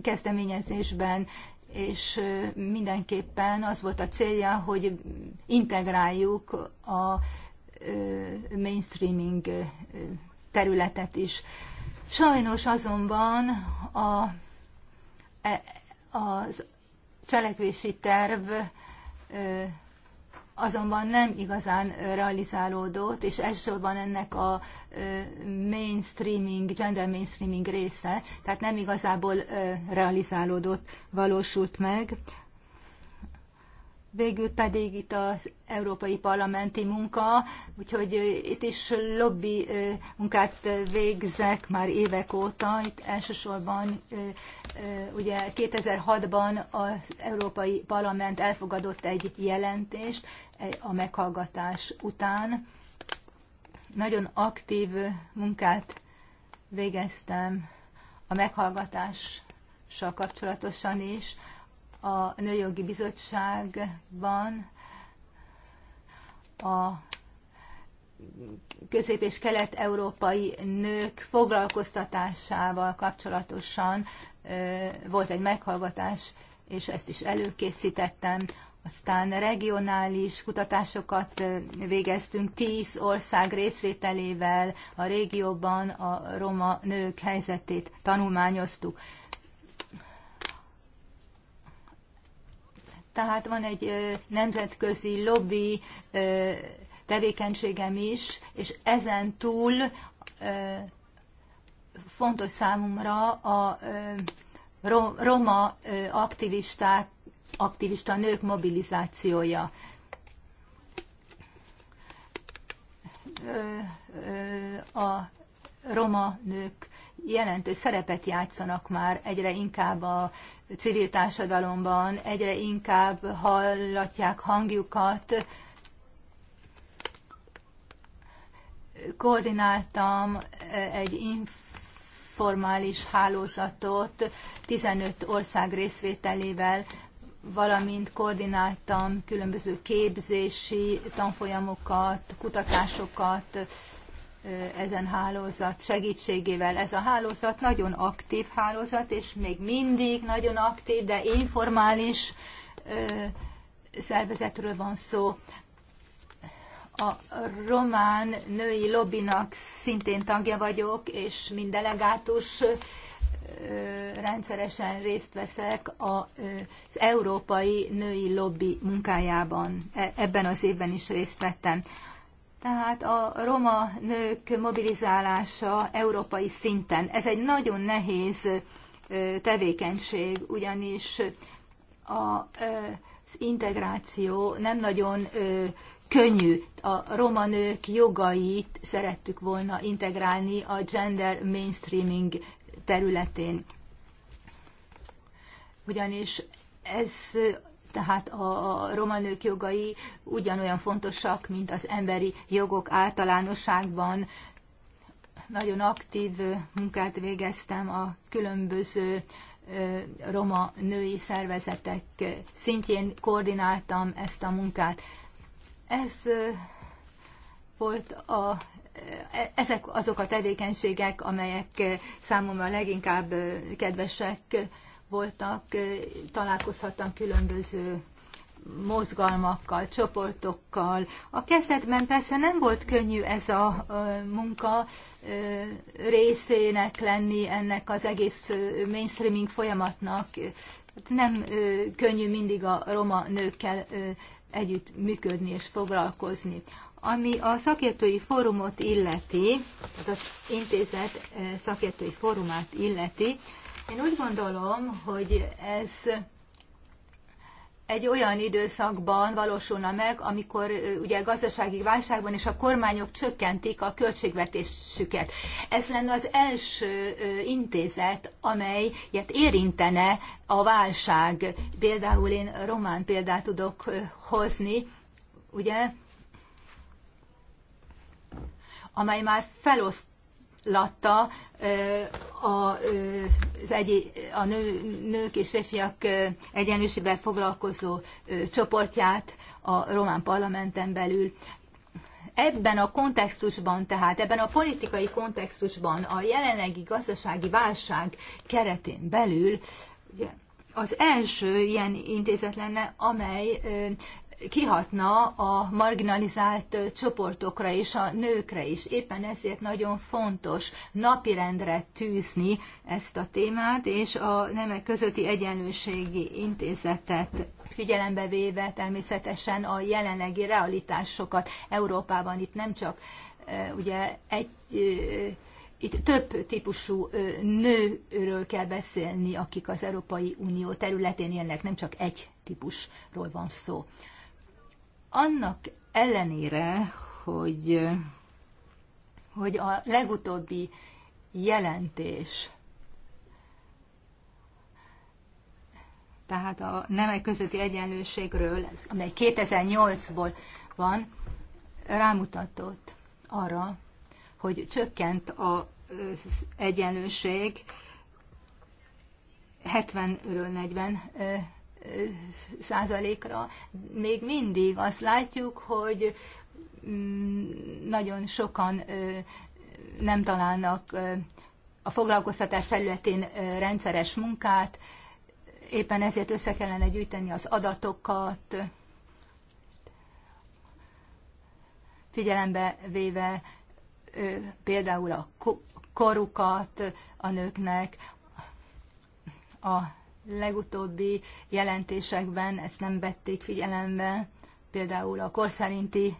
S1: kezdeményezésben, és mindenképpen az volt a célja, hogy integráljuk a mainstreaming területet is. Sajnos azonban a E, az cselekvési terv e, azonban nem igazán realizálódott, és elsősorban ennek a e, mainstreaming, gender mainstreaming része, tehát nem igazából realizálódott, valósult meg. Végül pedig itt az európai parlamenti munka, úgyhogy itt is lobby munkát végzek már évek óta. Itt elsősorban ugye 2006-ban az Európai Parlament elfogadott egy jelentést e, a meghallgatás után. Nagyon aktív munkát végeztem a meghallgatással kapcsolatosan is a Nőjogi Bizottságban a közép- és kelet-európai nők foglalkoztatásával kapcsolatosan volt egy meghallgatás, és ezt is előkészítettem. Aztán regionális kutatásokat végeztünk tíz ország részvételével a régióban a roma nők helyzetét tanulmányoztuk. Tehát van egy nemzetközi lobby tevékenységem is, és ezen túl fontos számomra a roma aktivisták, aktivista nők mobilizációja. A roma nők jelentős szerepet játszanak már egyre inkább a civil társadalomban, egyre inkább hallatják hangjukat. Koordináltam e, egy informális hálózatot 15 ország részvételével, valamint koordináltam különböző képzési tanfolyamokat, kutatásokat, ezen hálózat segítségével. Ez a hálózat nagyon aktív hálózat, és még mindig nagyon aktív, de informális szervezetről van szó. A román női lobbynak szintén tagja vagyok, és mind delegátus rendszeresen részt veszek az európai női lobby munkájában. E, ebben az évben is részt vettem. Tehát a roma nők mobilizálása európai szinten. Ez egy nagyon nehéz tevékenység, ugyanis a, az integráció nem nagyon könnyű. A roma nők jogait szerettük volna integrálni a gender mainstreaming területén. Ugyanis ez tehát a roma nők jogai ugyanolyan fontosak, mint az emberi jogok általánosságban. Nagyon aktív munkát végeztem a különböző roma női szervezetek szintjén, koordináltam ezt a munkát. Ez volt a e, ezek azok a tevékenységek, amelyek számomra leginkább kedvesek voltak, találkozhattam különböző mozgalmakkal, csoportokkal. A kezdetben persze nem volt könnyű ez a munka részének lenni ennek az egész mainstreaming folyamatnak. Hát nem könnyű mindig a roma nőkkel együtt működni és foglalkozni. Ami a szakértői fórumot illeti, az intézet szakértői fórumát illeti, én úgy gondolom, hogy ez egy olyan időszakban valósulna meg, amikor ugye gazdasági válságban és a kormányok csökkentik a költségvetésüket. Ez lenne az első intézet, amelyet érintene a válság. Például én román példát tudok hozni, ugye, amely már feloszt latta az egy, a nő, nők és férfiak egyenlőségben foglalkozó csoportját a román parlamenten belül. Ebben a kontextusban, tehát ebben a politikai kontextusban, a jelenlegi gazdasági válság keretén belül ugye, az első ilyen intézet lenne, amely kihatna a marginalizált csoportokra és a nőkre is. Éppen ezért nagyon fontos napirendre tűzni ezt a témát, és a nemek közötti egyenlőségi intézetet figyelembe véve természetesen a jelenlegi realitásokat Európában itt nem csak e, ugye egy e, itt több típusú e, nőről kell beszélni, akik az Európai Unió területén élnek, nem csak egy típusról van szó. Annak ellenére, hogy, hogy a legutóbbi jelentés, tehát a nemek közötti egyenlőségről, amely 2008-ból van, rámutatott arra, hogy csökkent az egyenlőség 70-ről 40 százalékra, még mindig azt látjuk, hogy mm, nagyon sokan nem találnak a foglalkoztatás területén rendszeres munkát, éppen ezért össze kellene gyűjteni az adatokat, figyelembe véve például a korukat a nőknek, a legutóbbi jelentésekben ezt nem vették figyelembe, például a korszerinti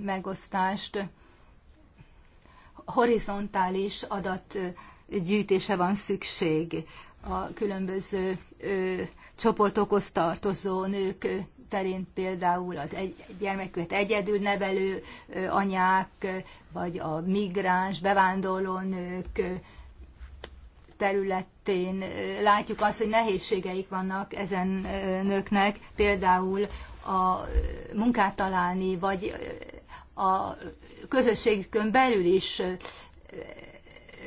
S1: megosztást. Horizontális adatgyűjtése van szükség a különböző csoportokhoz tartozó nők terén például az egy, gyermeküket egyedül nevelő anyák, vagy a migráns, bevándorló nők, területén látjuk azt, hogy nehézségeik vannak ezen nőknek, például a munkát találni, vagy a közösségükön belül is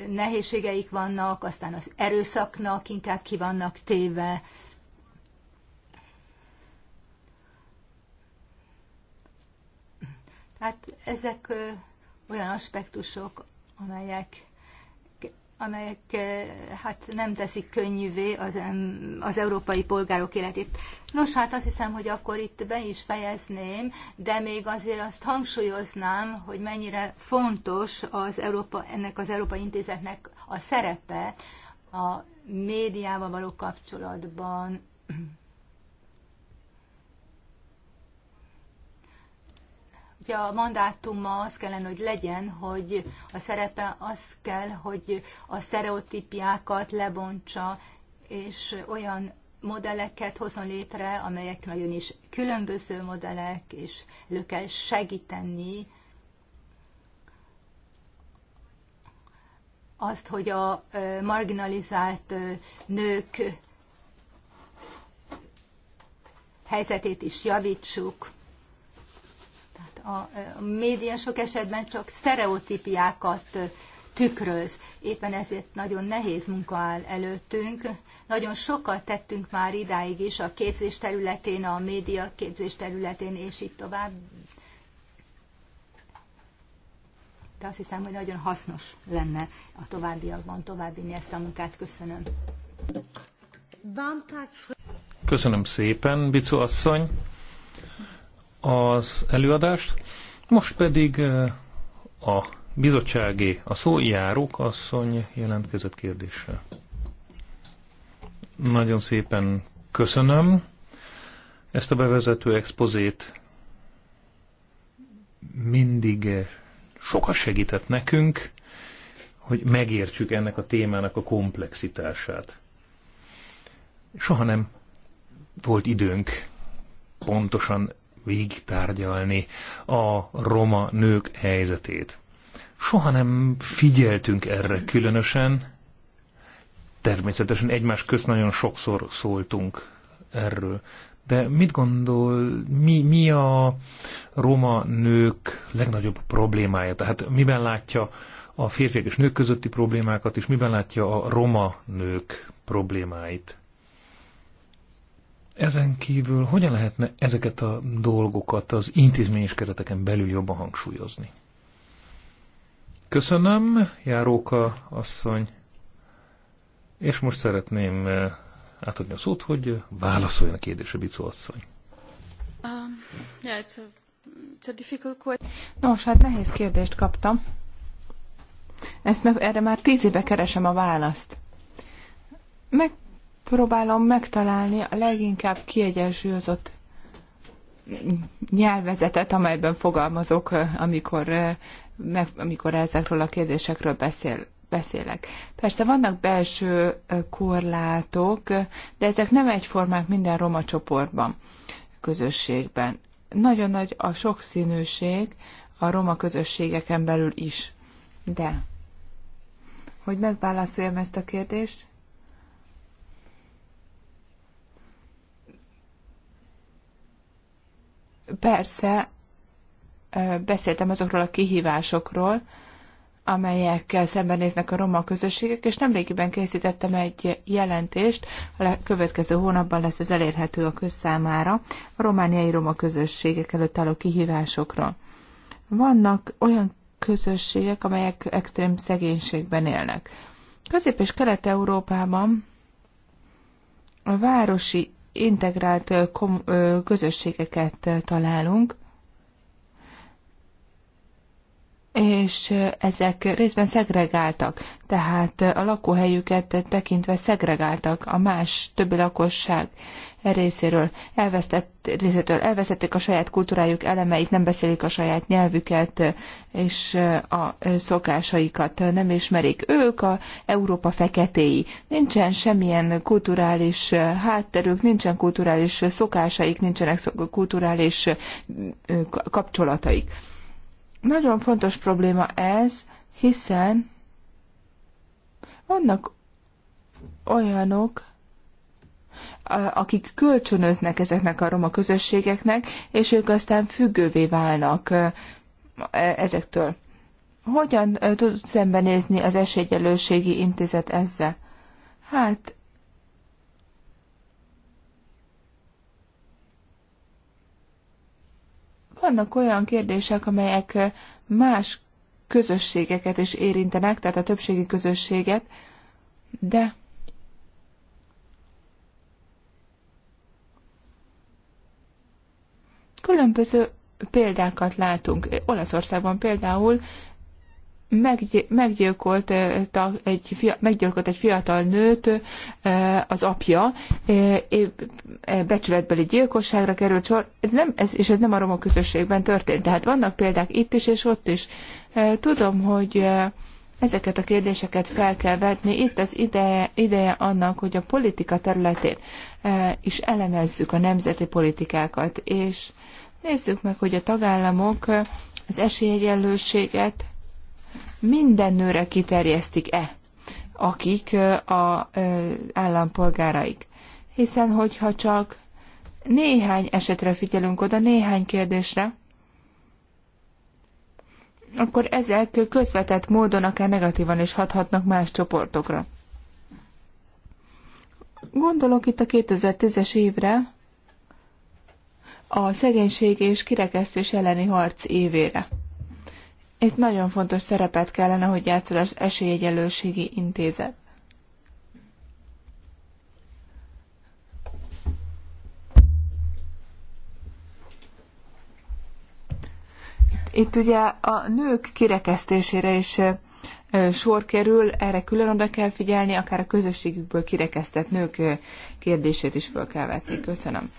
S1: nehézségeik vannak, aztán az erőszaknak inkább ki vannak téve. Tehát ezek olyan aspektusok, amelyek amelyek eh, hát nem teszik könnyűvé az, az európai polgárok életét. Nos, hát azt hiszem, hogy akkor itt be is fejezném, de még azért azt hangsúlyoznám, hogy mennyire fontos az Európa, ennek az Európai Intézetnek a szerepe a médiával való kapcsolatban, hogy a mandátuma az kellene, hogy legyen, hogy a szerepe az kell, hogy a sztereotípiákat lebontsa, és olyan modelleket hozzon létre, amelyek nagyon is különböző modellek, és elő kell segíteni azt, hogy a marginalizált nők helyzetét is javítsuk a média sok esetben csak sztereotípiákat tükröz. Éppen ezért nagyon nehéz munka áll előttünk. Nagyon sokat tettünk már idáig is a képzés területén, a média képzés területén, és így tovább. De azt hiszem, hogy nagyon hasznos lenne a továbbiakban továbbvinni ezt a munkát. Köszönöm.
S2: Köszönöm szépen, Bicu asszony az előadást, most pedig eh, a bizottsági, a szójárók asszony jelentkezett kérdéssel. Nagyon szépen köszönöm ezt a bevezető expozét. Mindig eh, sokat segített nekünk, hogy megértsük ennek a témának a komplexitását. Soha nem volt időnk pontosan végigtárgyalni a roma nők helyzetét. Soha nem figyeltünk erre különösen, természetesen egymás közt nagyon sokszor szóltunk erről. De mit gondol, mi, mi a roma nők legnagyobb problémája? Tehát miben látja a férfiak és nők közötti problémákat, és miben látja a roma nők problémáit? Ezen kívül hogyan lehetne ezeket a dolgokat az intézményes kereteken belül jobban hangsúlyozni? Köszönöm, Járóka asszony, és most szeretném eh, átadni a szót, hogy válaszoljon a kérdésre Bicó asszony. Um, yeah, it's a, it's a difficult question.
S4: Nos, hát nehéz kérdést kaptam. Ezt meg, erre már tíz éve keresem a választ. Meg próbálom megtalálni a leginkább kiegyensúlyozott nyelvezetet, amelyben fogalmazok, eh, amikor, eh, meg, amikor ezekről a kérdésekről beszél, beszélek. Persze vannak belső eh, korlátok, de ezek nem egyformák minden roma csoportban, közösségben. Nagyon nagy a sokszínűség a roma közösségeken belül is. De, hogy megválaszoljam ezt a kérdést, Persze, beszéltem azokról a kihívásokról, amelyekkel szembenéznek a roma közösségek, és nemrégiben készítettem egy jelentést, a következő hónapban lesz ez elérhető a közszámára, a romániai roma közösségek előtt álló kihívásokra. Vannak olyan közösségek, amelyek extrém szegénységben élnek. Közép- és Kelet-Európában a városi integrált közösségeket találunk. és ezek részben szegregáltak, tehát a lakóhelyüket tekintve szegregáltak a más többi lakosság részéről. Elvesztett, részétől elvesztették a saját kultúrájuk elemeit, nem beszélik a saját nyelvüket és a szokásaikat nem ismerik. Ők a Európa feketéi. Nincsen semmilyen kulturális hátterük, nincsen kulturális szokásaik, nincsenek kulturális kapcsolataik nagyon fontos probléma ez, hiszen vannak olyanok, akik kölcsönöznek ezeknek a roma közösségeknek, és ők aztán függővé válnak e, ezektől. Hogyan tud szembenézni az esélyegyelőségi intézet ezzel? Hát Vannak olyan kérdések, amelyek más közösségeket is érintenek, tehát a többségi közösséget, de különböző példákat látunk. Olaszországban például meggy- meggyilkolt, egy fia- meggyilkolt egy fiatal nőt az apja, becsületbeli gyilkosságra került sor, ez nem, ez, és ez nem a roma közösségben történt. Tehát vannak példák itt is és ott is. Tudom, hogy ezeket a kérdéseket fel kell vetni. Itt az ideje, ideje annak, hogy a politika területén is elemezzük a nemzeti politikákat, és nézzük meg, hogy a tagállamok az esélyegyenlőséget, minden nőre kiterjesztik-e, akik a állampolgáraik. Hiszen, hogyha csak néhány esetre figyelünk oda, néhány kérdésre, akkor ezek közvetett módon akár negatívan is hathatnak más csoportokra. Gondolok itt a 2010-es évre, a szegénység és kirekesztés elleni harc évére. Itt nagyon fontos szerepet kellene, hogy játszol az esélyegyelőségi intézet. Itt ugye a nők kirekesztésére is sor kerül, erre külön oda kell figyelni, akár a közösségükből kirekesztett nők kérdését is föl kell vetni. Köszönöm.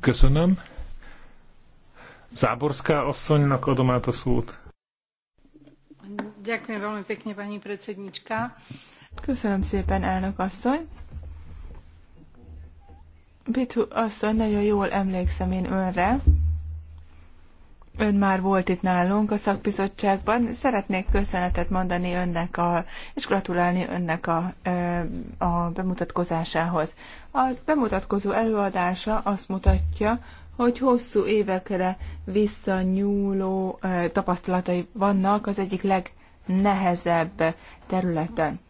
S2: Köszönöm. Záborská asszonynak adom át a szót.
S4: Ďakujem veľmi pekne, pani predsednička. Köszönöm szépen, elnök asszony. Bitu asszony, nagyon jól emlékszem én önre. Ön már volt itt nálunk a szakbizottságban. Szeretnék köszönetet mondani önnek a, és gratulálni önnek a, a bemutatkozásához. A bemutatkozó előadása azt mutatja, hogy hosszú évekre visszanyúló tapasztalatai vannak az egyik legnehezebb területen,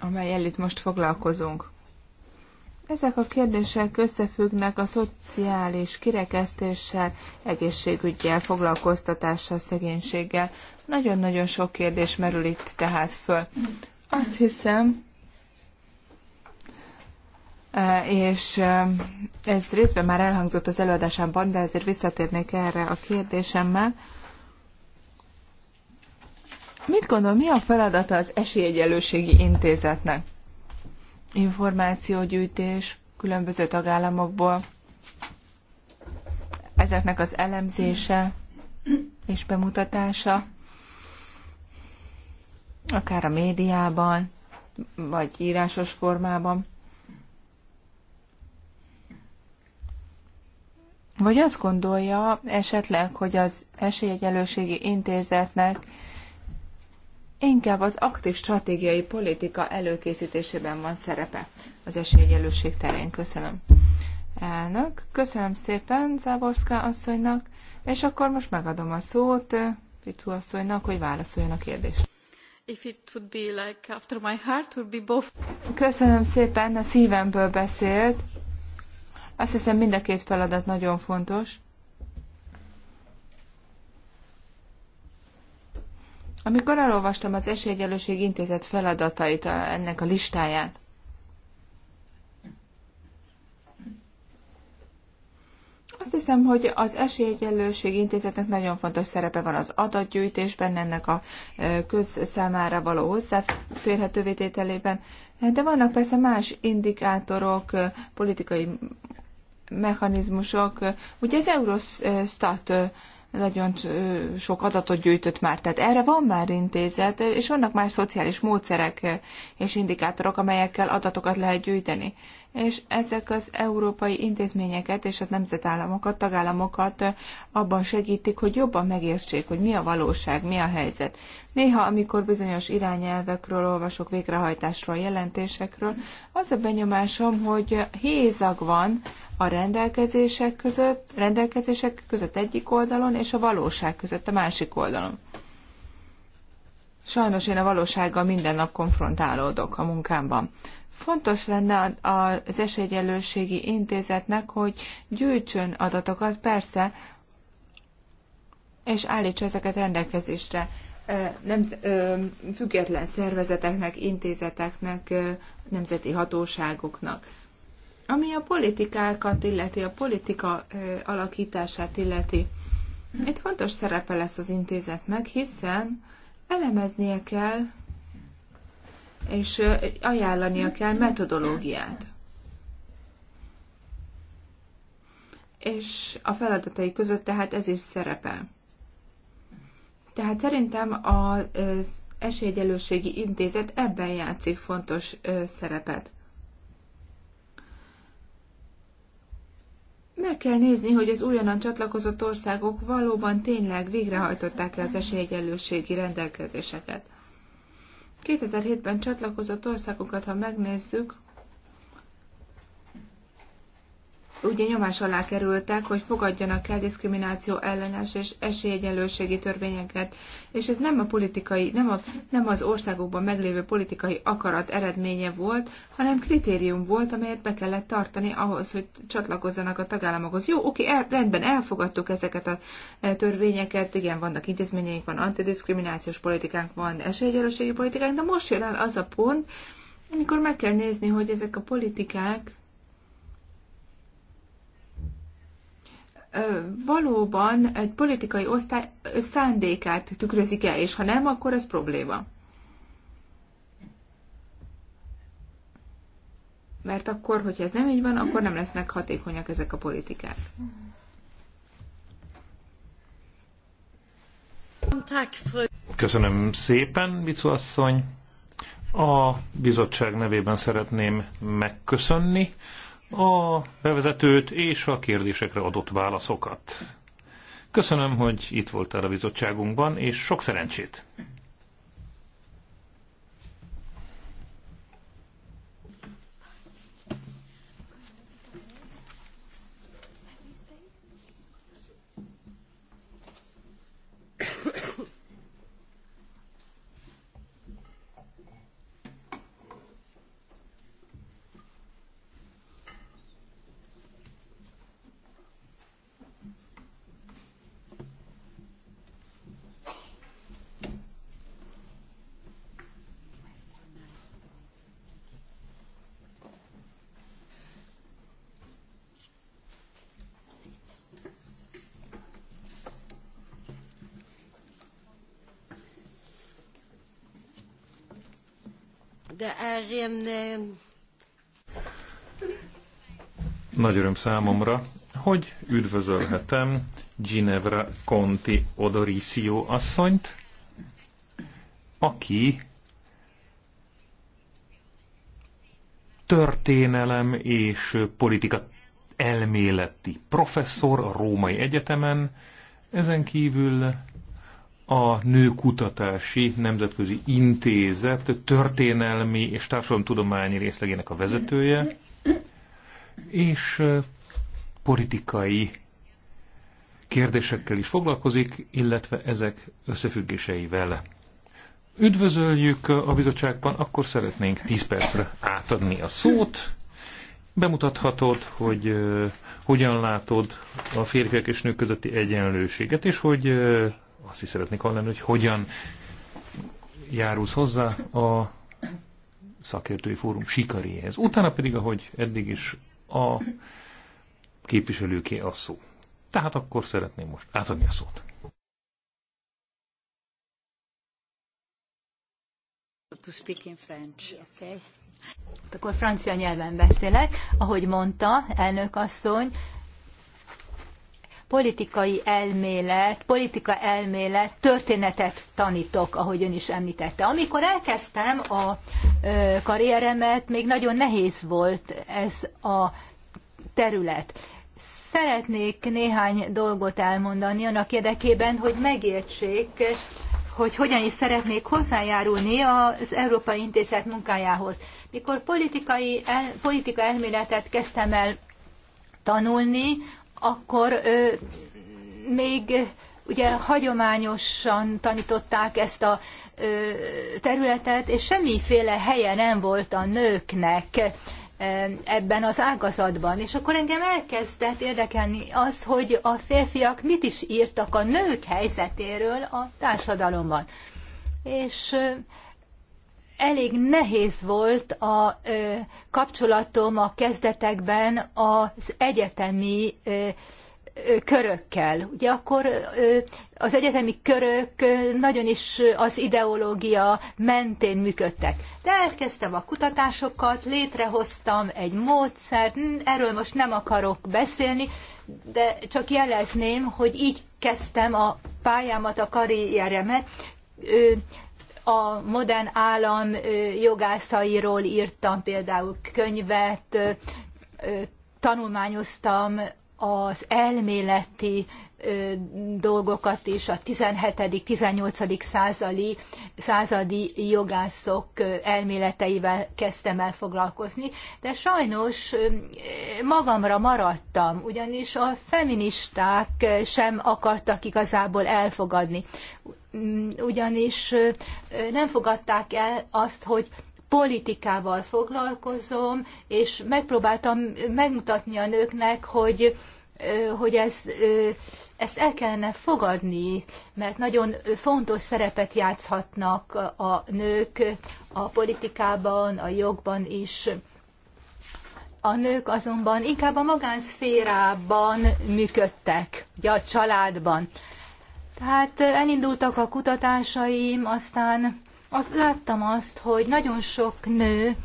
S4: amely itt most foglalkozunk. Ezek a kérdések összefüggnek a szociális kirekesztéssel, egészségügyel, foglalkoztatással, szegénységgel. Nagyon-nagyon sok kérdés merül itt tehát föl. Azt hiszem, és ez részben már elhangzott az előadásában, de azért visszatérnék erre a kérdésemmel. Mit gondol, mi a feladata az Esélyegyelőségi Intézetnek? Információgyűjtés különböző tagállamokból, ezeknek az elemzése és bemutatása, akár a médiában, vagy írásos formában. Vagy azt gondolja esetleg, hogy az esélyegyelőségi intézetnek inkább az aktív stratégiai politika előkészítésében van szerepe az esélyegyelőség terén. Köszönöm. Elnök, köszönöm szépen Záborszka asszonynak, és akkor most megadom a szót Pitu asszonynak, hogy válaszoljon a kérdést. If it would be like after my heart would be both. Köszönöm szépen, a szívemből beszélt. Azt hiszem mind a két feladat nagyon fontos. Amikor elolvastam az Esélyegyelőség Intézet feladatait a ennek a listáját, Azt hiszem, hogy az esélyegyelőség Intézetnek nagyon fontos szerepe van az adatgyűjtésben, ennek a közszámára való hozzáférhetővé tételében, de vannak persze más indikátorok, politikai mechanizmusok. Ugye az Eurostat nagyon sok adatot gyűjtött már, tehát erre van már intézet, és vannak más szociális módszerek és indikátorok, amelyekkel adatokat lehet gyűjteni. És ezek az európai intézményeket és a nemzetállamokat, tagállamokat abban segítik, hogy jobban megértsék, hogy mi a valóság, mi a helyzet. Néha, amikor bizonyos irányelvekről olvasok, végrehajtásról, jelentésekről, az a benyomásom, hogy hézag van, a rendelkezések között, rendelkezések között egyik oldalon, és a valóság között a másik oldalon. Sajnos én a valósággal minden nap konfrontálódok a munkámban. Fontos lenne az esélyegyenlőségi intézetnek, hogy gyűjtsön adatokat, persze, és állítsa ezeket rendelkezésre nem, független szervezeteknek, intézeteknek, nemzeti hatóságoknak. Ami a politikákat illeti, a politika alakítását illeti, itt fontos szerepe lesz az intézetnek, hiszen elemeznie kell, és ajánlania kell metodológiát. És a feladatai között tehát ez is szerepel. Tehát szerintem az esélyegyelősségi intézet ebben játszik fontos szerepet. Meg kell nézni, hogy az újonnan csatlakozott országok valóban tényleg végrehajtották-e az esélyegyenlőségi rendelkezéseket. 2007-ben csatlakozott országokat, ha megnézzük, ugye nyomás alá kerültek, hogy fogadjanak el diszkrimináció ellenes és esélyegyenlőségi törvényeket, és ez nem a politikai, nem, a, nem az országokban meglévő politikai akarat eredménye volt, hanem kritérium volt, amelyet be kellett tartani ahhoz, hogy csatlakozzanak a tagállamokhoz. Jó, oké, el, rendben, elfogadtuk ezeket a e, törvényeket, igen, vannak intézményeink, van antidiszkriminációs politikánk, van esélyegyenlőségi politikánk, de most jön el az a pont, amikor meg kell nézni, hogy ezek a politikák valóban egy politikai osztály szándékát tükrözik el, és ha nem, akkor ez probléma. Mert akkor, hogyha ez nem így van, akkor nem lesznek hatékonyak ezek a politikák.
S2: Köszönöm szépen, Bicu asszony. A bizottság nevében szeretném megköszönni a bevezetőt és a kérdésekre adott válaszokat. Köszönöm, hogy itt voltál a bizottságunkban, és sok szerencsét! Nagy öröm számomra, hogy üdvözölhetem Ginevra Conti Odorisio asszonyt, aki történelem és politika elméleti professzor a Római Egyetemen, ezen kívül a Nőkutatási Nemzetközi Intézet történelmi és társadalomtudományi részlegének a vezetője, és politikai kérdésekkel is foglalkozik, illetve ezek összefüggéseivel. Üdvözöljük a bizottságban, akkor szeretnénk 10 percre átadni a szót. Bemutathatod, hogy uh, hogyan látod a férfiak és nők közötti egyenlőséget, és hogy uh, azt is szeretnék hallani, hogy hogyan járulsz hozzá a szakértői fórum sikeréhez. Utána pedig, ahogy eddig is a képviselőké a szó. Tehát akkor szeretném most átadni a szót.
S1: To speak in French, okay? Akkor francia nyelven beszélek, ahogy mondta elnök asszony, politikai elmélet, politika elmélet történetet tanítok, ahogy ön is említette. Amikor elkezdtem a karrieremet, még nagyon nehéz volt ez a terület. Szeretnék néhány dolgot elmondani annak érdekében, hogy megértsék, hogy hogyan is szeretnék hozzájárulni az Európai Intézet munkájához. Mikor politikai, el, politika elméletet kezdtem el tanulni, akkor még ugye hagyományosan tanították ezt a területet, és semmiféle helye nem volt a nőknek ebben az ágazatban. És akkor engem elkezdett érdekelni az, hogy a férfiak mit is írtak a nők helyzetéről a társadalomban. És elég nehéz volt a kapcsolatom a kezdetekben az egyetemi körökkel. Ugye akkor az egyetemi körök nagyon is az ideológia mentén működtek. De elkezdtem a kutatásokat, létrehoztam egy módszert, hm, erről most nem akarok beszélni, de csak jelezném, hogy így kezdtem a pályámat, a karrieremet a modern állam jogászairól írtam például könyvet, tanulmányoztam az elméleti dolgokat is, a 17.-18. századi, századi jogászok elméleteivel kezdtem el foglalkozni, de sajnos magamra maradtam, ugyanis a feministák sem akartak igazából elfogadni ugyanis nem fogadták el azt, hogy politikával foglalkozom, és megpróbáltam megmutatni a nőknek, hogy hogy ez, ezt el kellene fogadni, mert nagyon fontos szerepet játszhatnak a nők a politikában, a jogban is. A nők azonban inkább a magánszférában működtek, ugye a családban. Tehát elindultak a kutatásaim, aztán azt láttam azt, hogy nagyon sok nő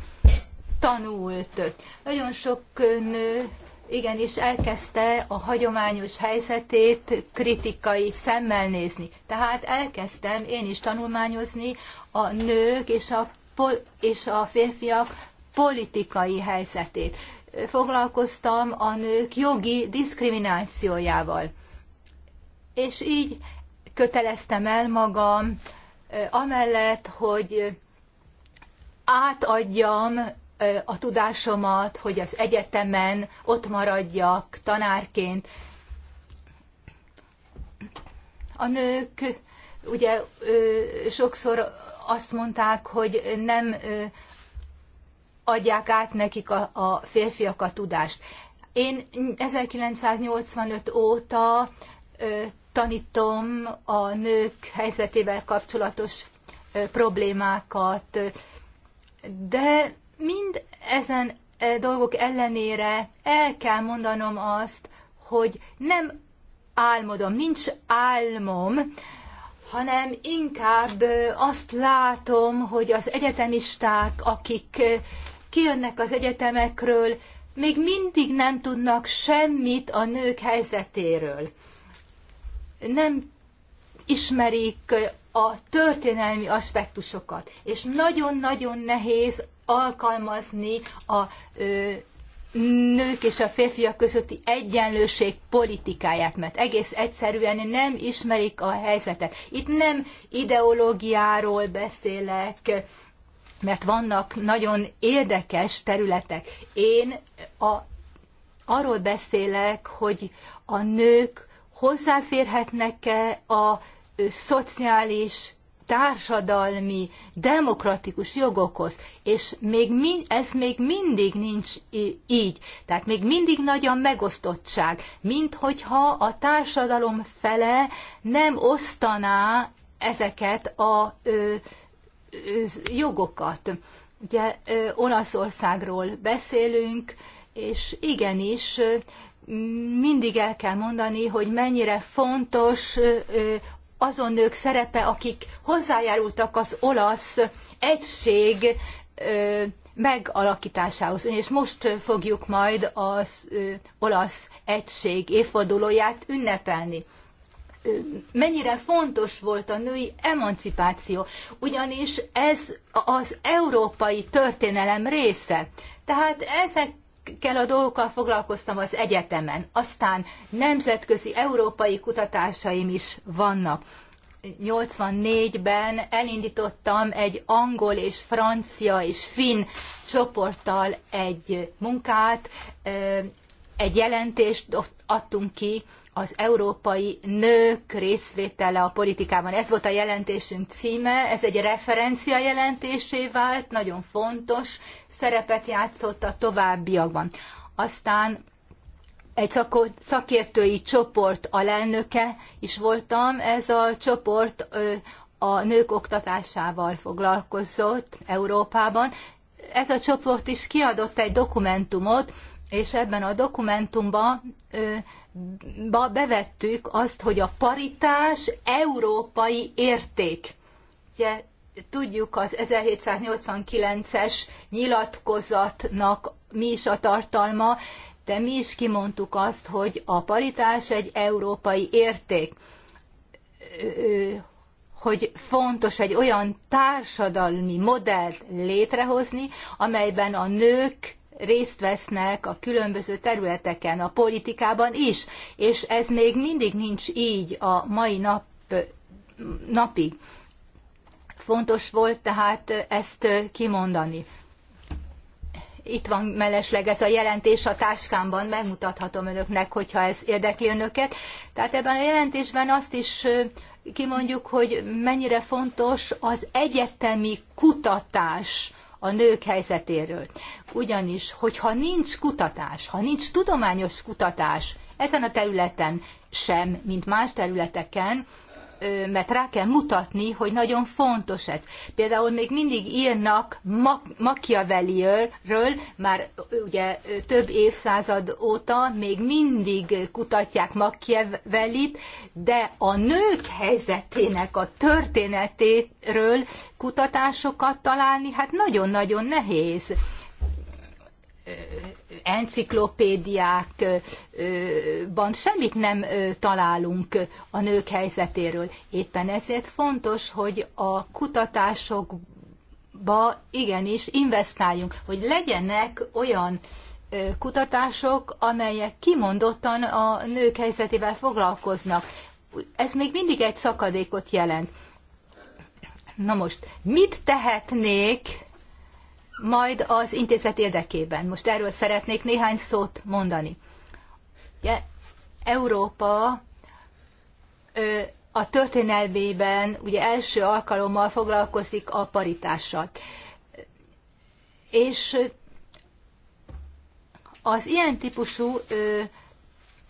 S1: tanult. Nagyon sok nő igenis elkezdte a hagyományos helyzetét kritikai szemmel nézni. Tehát elkezdtem én is tanulmányozni a nők és a, és a férfiak politikai helyzetét. Foglalkoztam a nők jogi diszkriminációjával. És így köteleztem el magam amellett, hogy átadjam a tudásomat, hogy az egyetemen ott maradjak tanárként. A nők ugye sokszor azt mondták, hogy nem adják át nekik a, a férfiak a tudást. Én 1985 óta tanítom a nők helyzetével kapcsolatos problémákat, de mind ezen dolgok ellenére el kell mondanom azt, hogy nem álmodom, nincs álmom, hanem inkább azt látom, hogy az egyetemisták, akik kijönnek az egyetemekről, még mindig nem tudnak semmit a nők helyzetéről nem ismerik a történelmi aspektusokat, és nagyon-nagyon nehéz alkalmazni a ö, nők és a férfiak közötti egyenlőség politikáját, mert egész egyszerűen nem ismerik a helyzetet. Itt nem ideológiáról beszélek, mert vannak nagyon érdekes területek. Én a, arról beszélek, hogy a nők hozzáférhetnek-e a szociális, társadalmi, demokratikus jogokhoz, és még min, ez még mindig nincs így. Tehát még mindig nagy a megosztottság, mint hogyha a társadalom fele nem osztaná ezeket a ö, ö, jogokat. Ugye ö, Olaszországról beszélünk, és igenis mindig el kell mondani, hogy mennyire fontos azon nők szerepe, akik hozzájárultak az olasz egység megalakításához. És most fogjuk majd az olasz egység évfordulóját ünnepelni. Mennyire fontos volt a női emancipáció, ugyanis ez az európai történelem része. Tehát ezek ezekkel a dolgokkal foglalkoztam az egyetemen. Aztán nemzetközi európai kutatásaim is vannak. 84-ben elindítottam egy angol és francia és finn csoporttal egy munkát, egy jelentést adtunk ki az európai nők részvétele a politikában. Ez volt a jelentésünk címe, ez egy referencia jelentésé vált, nagyon fontos szerepet játszott a továbbiakban. Aztán egy szakértői csoport alelnöke is voltam. Ez a csoport a nők oktatásával foglalkozott Európában. Ez a csoport is kiadott egy dokumentumot, és ebben a dokumentumban ba bevettük azt, hogy a paritás európai érték. Ugye tudjuk az 1789-es nyilatkozatnak mi is a tartalma, de mi is kimondtuk azt, hogy a paritás egy európai érték, hogy fontos egy olyan társadalmi modellt létrehozni, amelyben a nők részt vesznek a különböző területeken, a politikában is, és ez még mindig nincs így a mai nap, napig. Fontos volt tehát ezt kimondani. Itt van mellesleg ez a jelentés a táskámban, megmutathatom önöknek, hogyha ez érdekli önöket. Tehát ebben a jelentésben azt is kimondjuk, hogy mennyire fontos az egyetemi kutatás a nők helyzetéről. Ugyanis, hogyha nincs kutatás, ha nincs tudományos kutatás ezen a területen sem, mint más területeken, mert rá kell mutatni, hogy nagyon fontos ez. Például még mindig írnak Machiavelliről, már ugye több évszázad óta még mindig kutatják Machiavellit, de a nők helyzetének a történetéről kutatásokat találni, hát nagyon-nagyon nehéz enciklopédiákban semmit nem találunk a nők helyzetéről. Éppen ezért fontos, hogy a kutatásokba igenis investáljunk, hogy legyenek olyan kutatások, amelyek kimondottan a nők helyzetével foglalkoznak. Ez még mindig egy szakadékot jelent. Na most, mit tehetnék majd az intézet érdekében. Most erről szeretnék néhány szót mondani. Ugye, Európa ö, a történelmében ugye első alkalommal foglalkozik a paritással. És az ilyen típusú ö,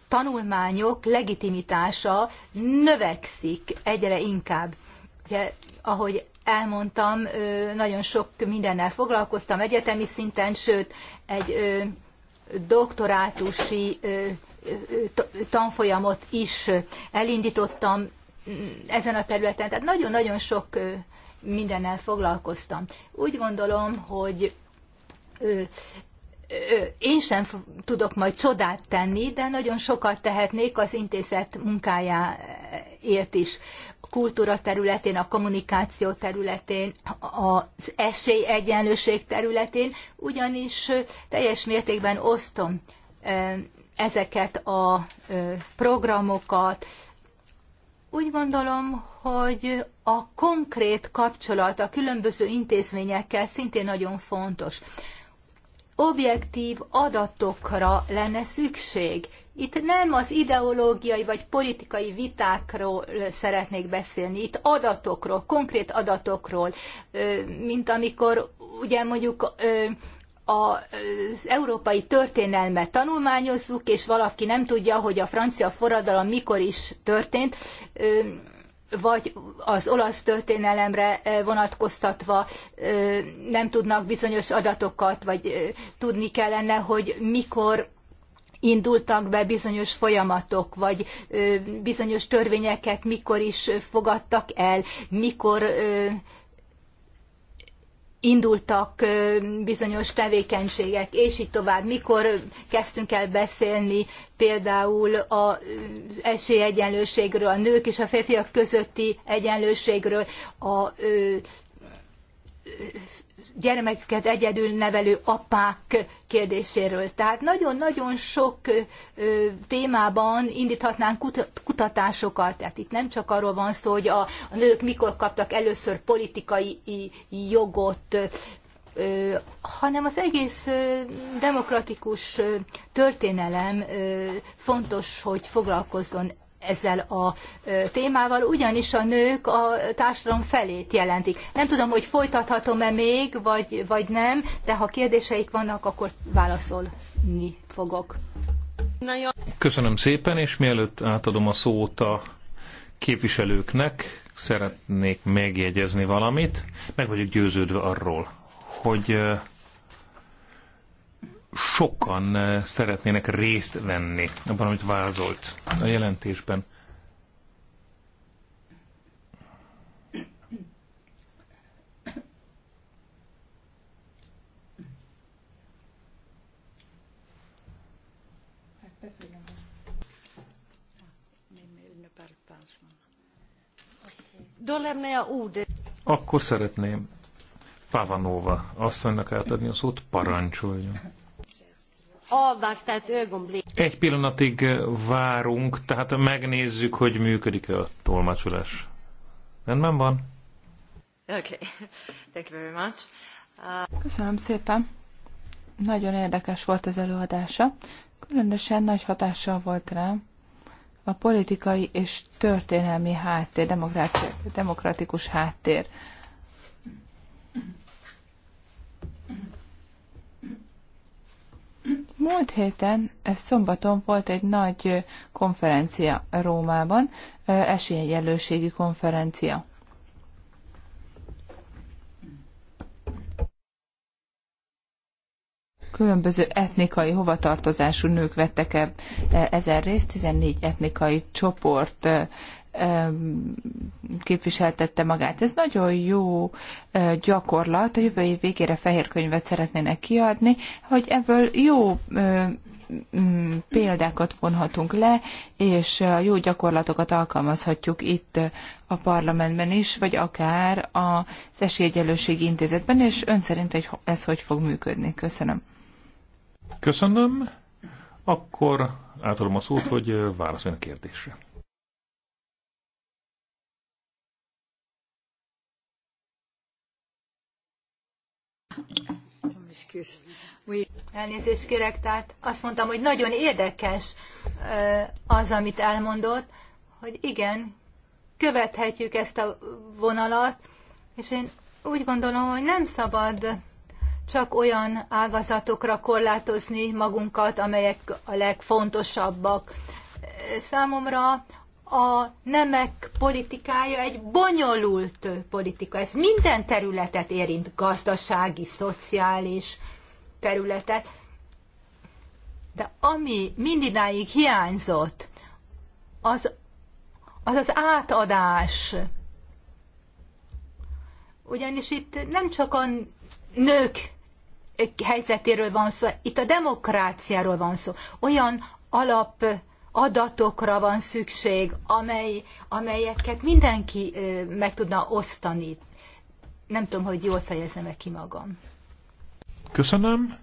S1: tanulmányok legitimitása növekszik egyre inkább. Ugye, ahogy elmondtam, nagyon sok mindennel foglalkoztam egyetemi szinten, sőt, egy doktorátusi tanfolyamot is elindítottam mm, ezen a területen, tehát nagyon-nagyon sok mindennel foglalkoztam. Úgy gondolom, hogy én sem tudok majd csodát tenni, de nagyon sokat tehetnék az intézet munkájáért is kultúra területén, a kommunikáció területén, az esélyegyenlőség területén, ugyanis teljes mértékben osztom ezeket a programokat. Úgy gondolom, hogy a konkrét kapcsolat a különböző intézményekkel szintén nagyon fontos objektív adatokra lenne szükség. Itt nem az ideológiai vagy politikai vitákról szeretnék beszélni, itt adatokról, konkrét adatokról, mint amikor ugye mondjuk az európai történelmet tanulmányozzuk, és valaki nem tudja, hogy a francia forradalom mikor is történt, vagy az olasz történelemre eh, vonatkoztatva eh, nem tudnak bizonyos adatokat, vagy eh, tudni kellene, hogy mikor indultak be bizonyos folyamatok, vagy bizonyos törvényeket mikor is fogadtak el, mikor indultak bizonyos tevékenységek, és így tovább. Mikor kezdtünk el beszélni például az esélyegyenlőségről, a nők és a férfiak közötti egyenlőségről, a gyermekeket egyedül nevelő apák kérdéséről. Tehát nagyon-nagyon sok témában indíthatnánk kutatásokat. Tehát itt nem csak arról van szó, hogy a, nők mikor kaptak először politikai jogot, hanem az egész demokratikus történelem fontos, hogy foglalkozzon ezzel a témával, ugyanis a nők a társadalom felét jelentik. Nem tudom, hogy folytathatom-e még, vagy, vagy nem, de ha kérdéseik vannak, akkor válaszolni fogok.
S2: Köszönöm szépen, és mielőtt átadom a szót a képviselőknek, szeretnék megjegyezni valamit. Meg vagyok győződve arról, hogy sokan eh, szeretnének részt venni abban, amit vázolt a jelentésben. Akkor szeretném Pavanova asszonynak átadni a szót, parancsoljon. Egy pillanatig eh, várunk, tehát megnézzük, hogy működik-e a tolmácsolás. Rendben van? Okay. Thank you very much.
S3: Uh... Köszönöm
S4: szépen. Nagyon érdekes volt az előadása. Különösen nagy hatással volt rám a politikai és történelmi háttér, demokratikus háttér. Múlt héten, ez eh, szombaton volt egy nagy eh, konferencia Rómában, eh, esélyegyenlőségi konferencia. Különböző etnikai hovatartozású nők vettek ezer részt, 14 etnikai csoport képviseltette magát. Ez nagyon jó gyakorlat, a jövő év végére fehér könyvet szeretnének kiadni, hogy ebből jó mm, példákat vonhatunk le, és jó gyakorlatokat alkalmazhatjuk itt a parlamentben is, vagy akár az Esélyegyelőségi Intézetben, és ön szerint hogy ez hogy fog működni? Köszönöm.
S2: Köszönöm. Akkor átadom a szót, hogy válaszoljon a kérdésre.
S1: Elnézést kérek, tehát azt mondtam, hogy nagyon érdekes az, amit elmondott, hogy igen, követhetjük ezt a vonalat, és én úgy gondolom, hogy nem szabad csak olyan ágazatokra korlátozni magunkat, amelyek a legfontosabbak. Számomra a nemek politikája egy bonyolult politika. Ez minden területet érint, gazdasági, szociális területet. De ami mindidáig hiányzott, az az, az átadás. Ugyanis itt nem csak a nők helyzetéről van szó, itt a demokráciáról van szó. Olyan alap adatokra van szükség, amely, amelyeket mindenki meg tudna osztani. Nem tudom, hogy jól fejezem -e ki magam.
S2: Köszönöm.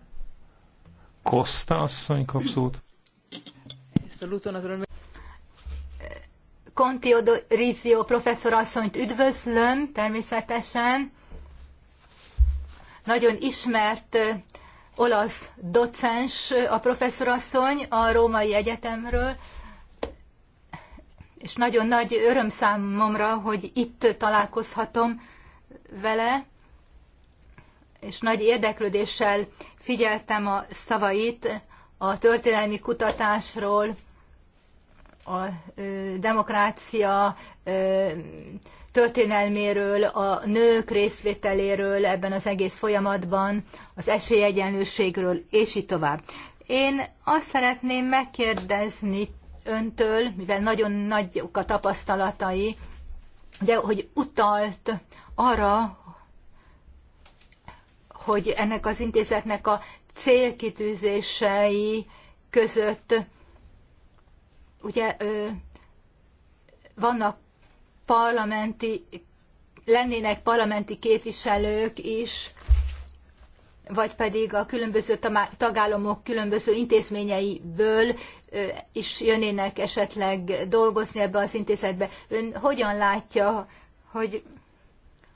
S2: Kosta asszony kap szót.
S1: Conti Odorizio professzor asszonyt üdvözlöm természetesen. Nagyon ismert olasz docens a professzorasszony a Római Egyetemről, és nagyon nagy öröm számomra, hogy itt találkozhatom vele, és nagy érdeklődéssel figyeltem a szavait a történelmi kutatásról, a demokrácia történelméről, a nők részvételéről ebben az egész folyamatban, az esélyegyenlőségről, és így tovább. Én azt szeretném megkérdezni öntől, mivel nagyon nagyok a tapasztalatai, de hogy utalt arra, hogy ennek az intézetnek a célkitűzései között ugye vannak parlamenti, lennének parlamenti képviselők is, vagy pedig a különböző tagállamok különböző intézményeiből is jönnének esetleg dolgozni ebbe az intézetbe. Ön hogyan látja, hogy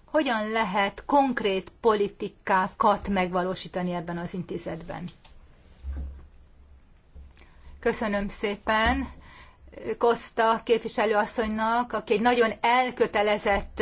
S1: hogyan lehet konkrét politikákat megvalósítani ebben az intézetben? Köszönöm szépen képviselő asszonynak, aki egy nagyon elkötelezett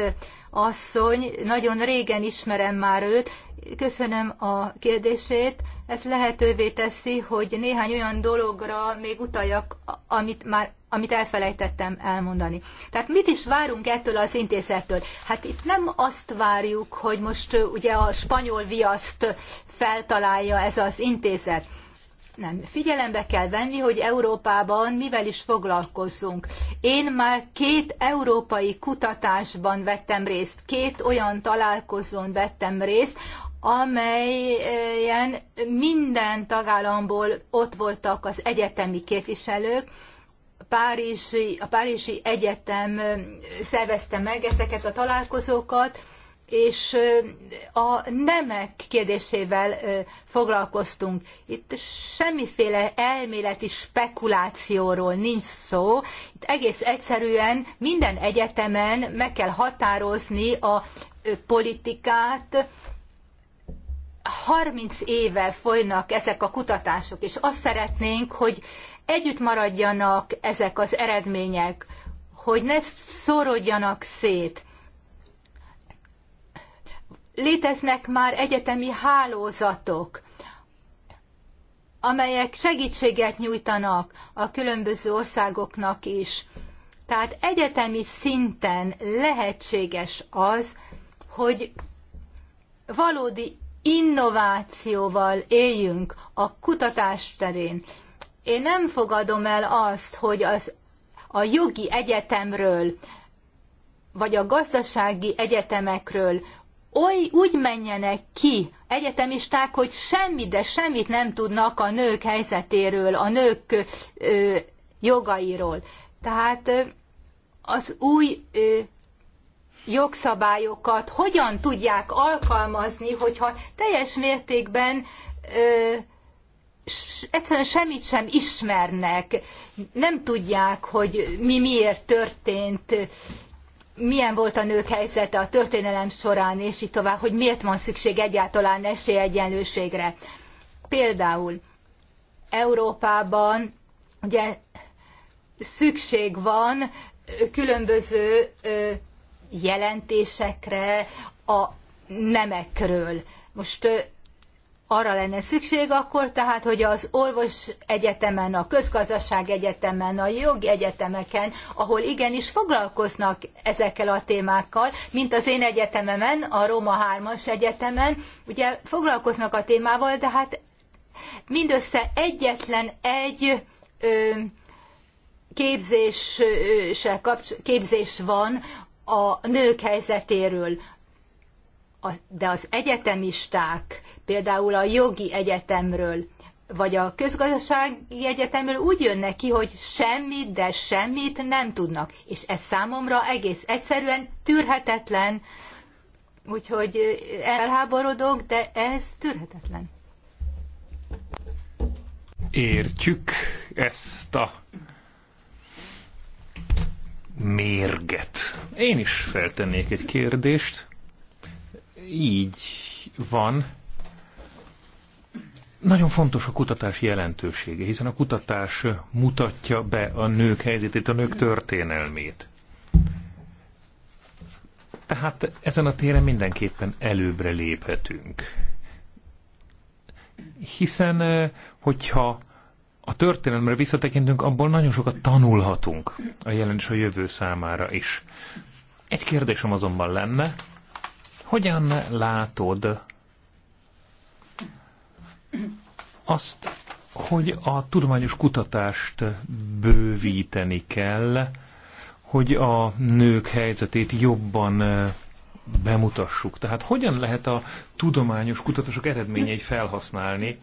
S1: asszony, nagyon régen ismerem már őt. Köszönöm a kérdését. Ez lehetővé teszi, hogy néhány olyan dologra még utaljak, amit már amit elfelejtettem elmondani. Tehát mit is várunk ettől az intézettől? Hát itt nem azt várjuk, hogy most ugye a spanyol viaszt feltalálja ez az intézet nem. Figyelembe kell venni, hogy Európában mivel is foglalkozzunk. Én már két európai kutatásban vettem részt, két olyan találkozón vettem részt, amelyen minden tagállamból ott voltak az egyetemi képviselők, Párizsi, a Párizsi Egyetem szervezte meg ezeket a találkozókat, és a nemek kérdésével foglalkoztunk. Itt semmiféle elméleti spekulációról nincs szó. Itt egész egyszerűen minden egyetemen meg kell határozni a politikát, 30 éve folynak ezek a kutatások, és azt szeretnénk, hogy együtt maradjanak ezek az eredmények, hogy ne szórodjanak szét. Léteznek már egyetemi hálózatok, amelyek segítséget nyújtanak a különböző országoknak is. Tehát egyetemi szinten lehetséges az, hogy valódi innovációval éljünk a kutatás terén. Én nem fogadom el azt, hogy az, a jogi egyetemről, vagy a gazdasági egyetemekről oly úgy menjenek ki egyetemisták, hogy semmit, de semmit nem tudnak a nők helyzetéről, a nők ö, jogairól. Tehát az új ö, jogszabályokat hogyan tudják alkalmazni, hogyha teljes mértékben ö, egyszerűen semmit sem ismernek, nem tudják, hogy mi miért történt, milyen volt a nők helyzete a történelem során, és így tovább, hogy miért van szükség egyáltalán esélyegyenlőségre. Például Európában ugye szükség van különböző jelentésekre a nemekről. Most arra lenne szükség akkor, tehát, hogy az orvos egyetemen, a közgazdaság egyetemen, a jogi egyetemeken, ahol igenis foglalkoznak ezekkel a témákkal, mint az én egyetememen, a Róma 3-as egyetemen, ugye foglalkoznak a témával, de hát mindössze egyetlen egy ö, képzés, ö, kapcs, képzés van a nők helyzetéről, de az egyetemisták, például a jogi egyetemről, vagy a közgazdasági egyetemről úgy jönnek ki, hogy semmit, de semmit nem tudnak. És ez számomra egész egyszerűen tűrhetetlen. Úgyhogy elháborodok, de ez tűrhetetlen.
S2: Értjük ezt a mérget. Én is feltennék egy kérdést így van, nagyon fontos a kutatás jelentősége, hiszen a kutatás mutatja be a nők helyzetét, a nők történelmét. Tehát ezen a téren mindenképpen előbbre léphetünk. Hiszen, eh, hogyha a történelemre visszatekintünk, abból nagyon sokat tanulhatunk a jelen és a jövő számára is. Egy kérdésem azonban lenne, hogyan látod azt, hogy a tudományos kutatást bővíteni kell, hogy a nők helyzetét jobban bemutassuk. Tehát hogyan lehet a tudományos kutatások eredményeit felhasználni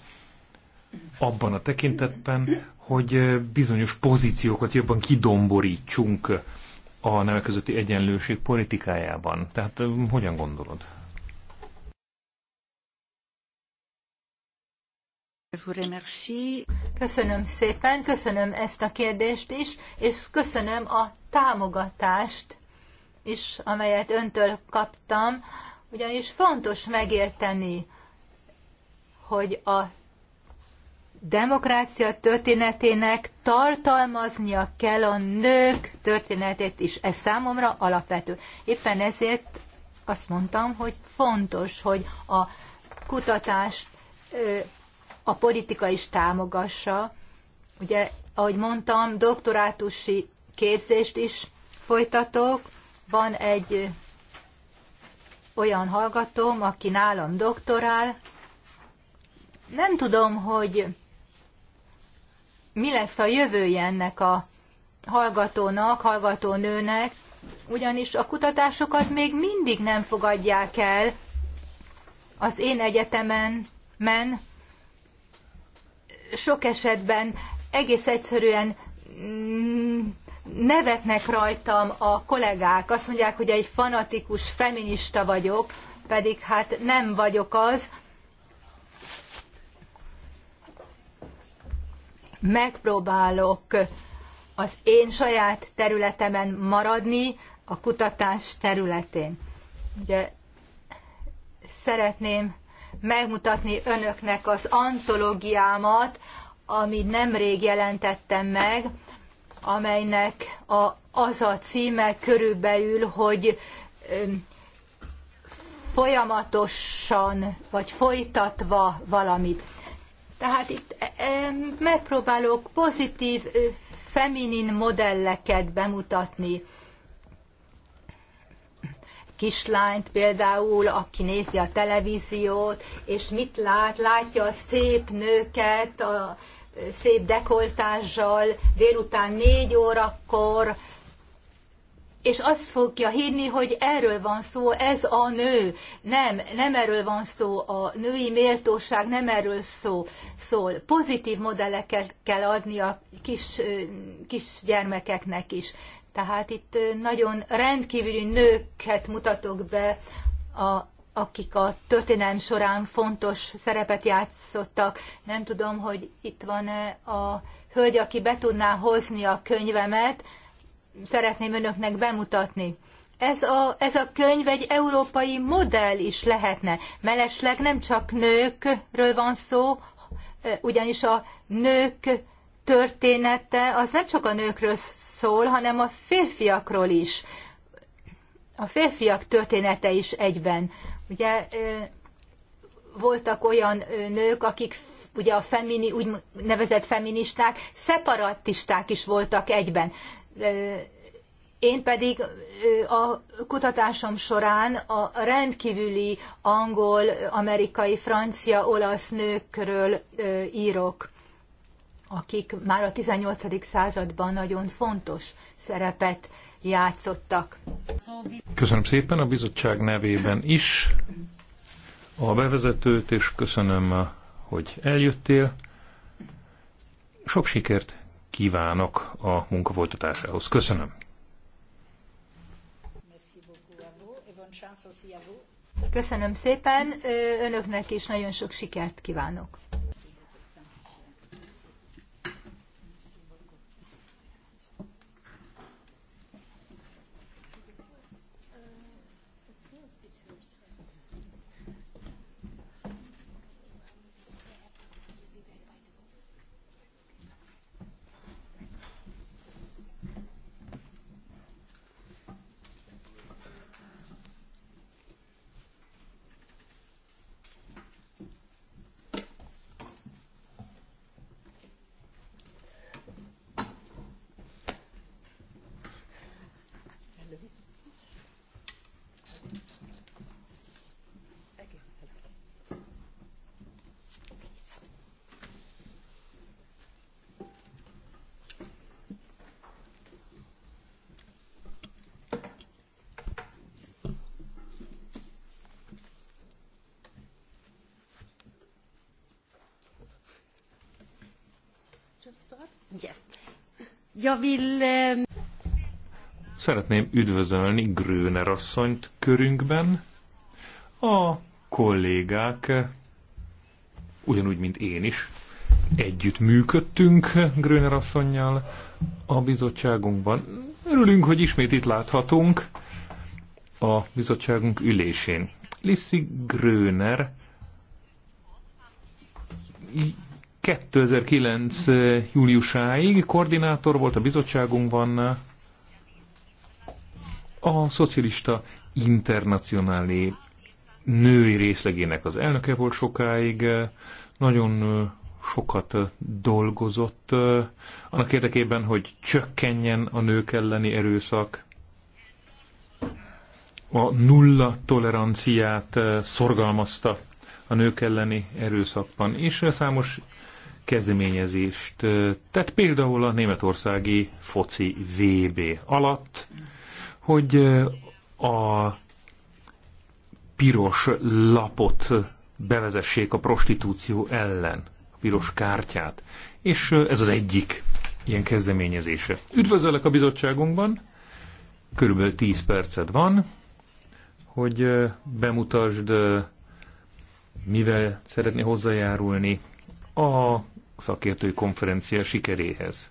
S2: abban a tekintetben, hogy bizonyos pozíciókat jobban kidomborítsunk a nemek közötti egyenlőség politikájában. Tehát hogyan gondolod?
S1: Köszönöm szépen, köszönöm ezt a kérdést is, és köszönöm a támogatást is, amelyet öntől kaptam, ugyanis fontos megérteni, hogy a demokrácia történetének tartalmaznia kell a nők történetét is. Ez számomra alapvető. Éppen ezért azt mondtam, hogy fontos, hogy a kutatást a politika is támogassa. Ugye, ahogy mondtam, doktorátusi képzést is folytatok. Van egy olyan hallgatóm, aki nálam doktorál. Nem tudom, hogy mi lesz a jövője ennek a hallgatónak, hallgatónőnek, ugyanis a kutatásokat még mindig nem fogadják el az én egyetemen, men sok esetben egész egyszerűen mm, nevetnek rajtam a kollégák, azt mondják, hogy egy fanatikus feminista vagyok, pedig hát nem vagyok az, megpróbálok az én saját területemen maradni, a kutatás területén. Ugye szeretném megmutatni önöknek az antológiámat, amit nemrég jelentettem meg, amelynek a, az a címe körülbelül, hogy folyamatosan vagy folytatva valamit. Tehát itt e, e, megpróbálok pozitív feminin modelleket bemutatni. Kislányt például, aki nézi a televíziót, és mit lát? Látja a szép nőket, a szép dekoltással, délután négy órakor, és azt fogja hinni, hogy erről van szó, ez a nő. Nem, nem erről van szó, a női méltóság nem erről szó, szól. Pozitív modelleket kell adni a kis, kis gyermekeknek is. Tehát itt nagyon rendkívüli nőket mutatok be, a, akik a történelm során fontos szerepet játszottak. Nem tudom, hogy itt van-e a hölgy, aki be tudná hozni a könyvemet, szeretném önöknek bemutatni. Ez a, ez a könyv egy európai modell is lehetne. Melesleg nem csak nőkről van szó, ugyanis a nők története az nem csak a nőkről szól, hanem a férfiakról is. A férfiak története is egyben. Ugye voltak olyan nők, akik ugye a femini, úgynevezett feministák, szeparatisták is voltak egyben. Én pedig a kutatásom során a rendkívüli angol, amerikai, francia, olasz nőkről írok, akik már a 18. században nagyon fontos szerepet játszottak.
S2: Köszönöm szépen a bizottság nevében is a bevezetőt, és köszönöm, hogy eljöttél. Sok sikert kívánok a munka folytatásához. Köszönöm.
S1: Köszönöm szépen, önöknek is nagyon sok sikert kívánok.
S3: Jag vill... Eh,
S2: Szeretném üdvözölni Gröner asszonyt körünkben. A kollégák, eh, ugyanúgy, mint én is, együtt működtünk Gröner asszonynal a bizottságunkban. Örülünk, hogy ismét itt láthatunk a bizottságunk ülésén. Lissi Gröner 2009. Eh, júliusáig koordinátor volt a bizottságunkban eh, a szocialista internacionálé női részlegének az elnöke volt sokáig, eh, nagyon sokat dolgozott annak érdekében, hogy csökkenjen a nők elleni erőszak, a nulla toleranciát szorgalmazta a nők elleni erőszakban, és számos kezdeményezést. Tehát például a németországi foci VB alatt, hogy a piros lapot bevezessék a prostitúció ellen, a piros kártyát. És ez az egyik ilyen kezdeményezése. Üdvözöllek a bizottságunkban, körülbelül 10 perced van, hogy bemutasd, mivel szeretné hozzájárulni a szakértői konferencia sikeréhez.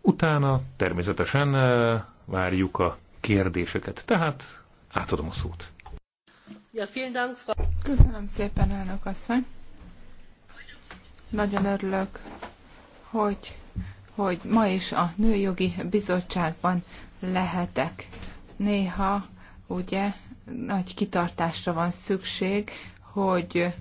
S2: Utána természetesen eh, várjuk a kérdéseket. Tehát átadom a szót.
S4: Köszönöm szépen, elnök asszony. Nagyon örülök, hogy, hogy ma is a Nőjogi Bizottságban lehetek. Néha ugye nagy kitartásra van szükség, hogy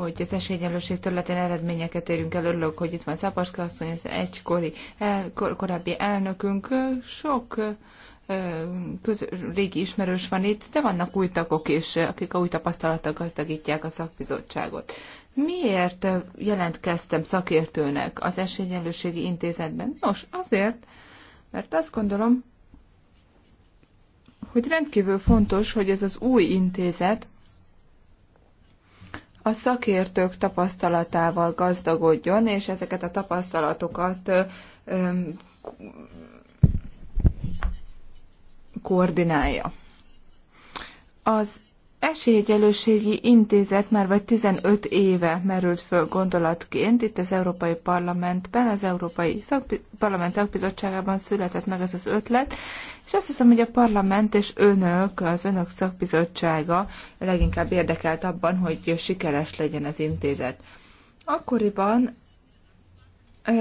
S4: hogy az esélyegyenlőség területén eredményeket érünk el. Örülök, hogy itt van Szaparszka asszony, az egykori el, kor, korábbi elnökünk. Sok köz, régi ismerős van itt, de vannak új tagok is, akik a új tapasztalattal gazdagítják a szakbizottságot. Miért jelentkeztem szakértőnek az Esélyegyenlőségi Intézetben? Nos, azért, mert azt gondolom, hogy rendkívül fontos, hogy ez az új intézet a szakértők tapasztalatával gazdagodjon, és ezeket a tapasztalatokat koordinálja. Az esélyegyelőségi intézet már vagy 15 éve merült föl gondolatként itt az Európai Parlamentben, az Európai Szakbi- Parlament Szakbizottságában született meg ez az ötlet, és azt hiszem, hogy a parlament és önök, az önök szakbizottsága leginkább érdekelt abban, hogy sikeres legyen az intézet. Akkoriban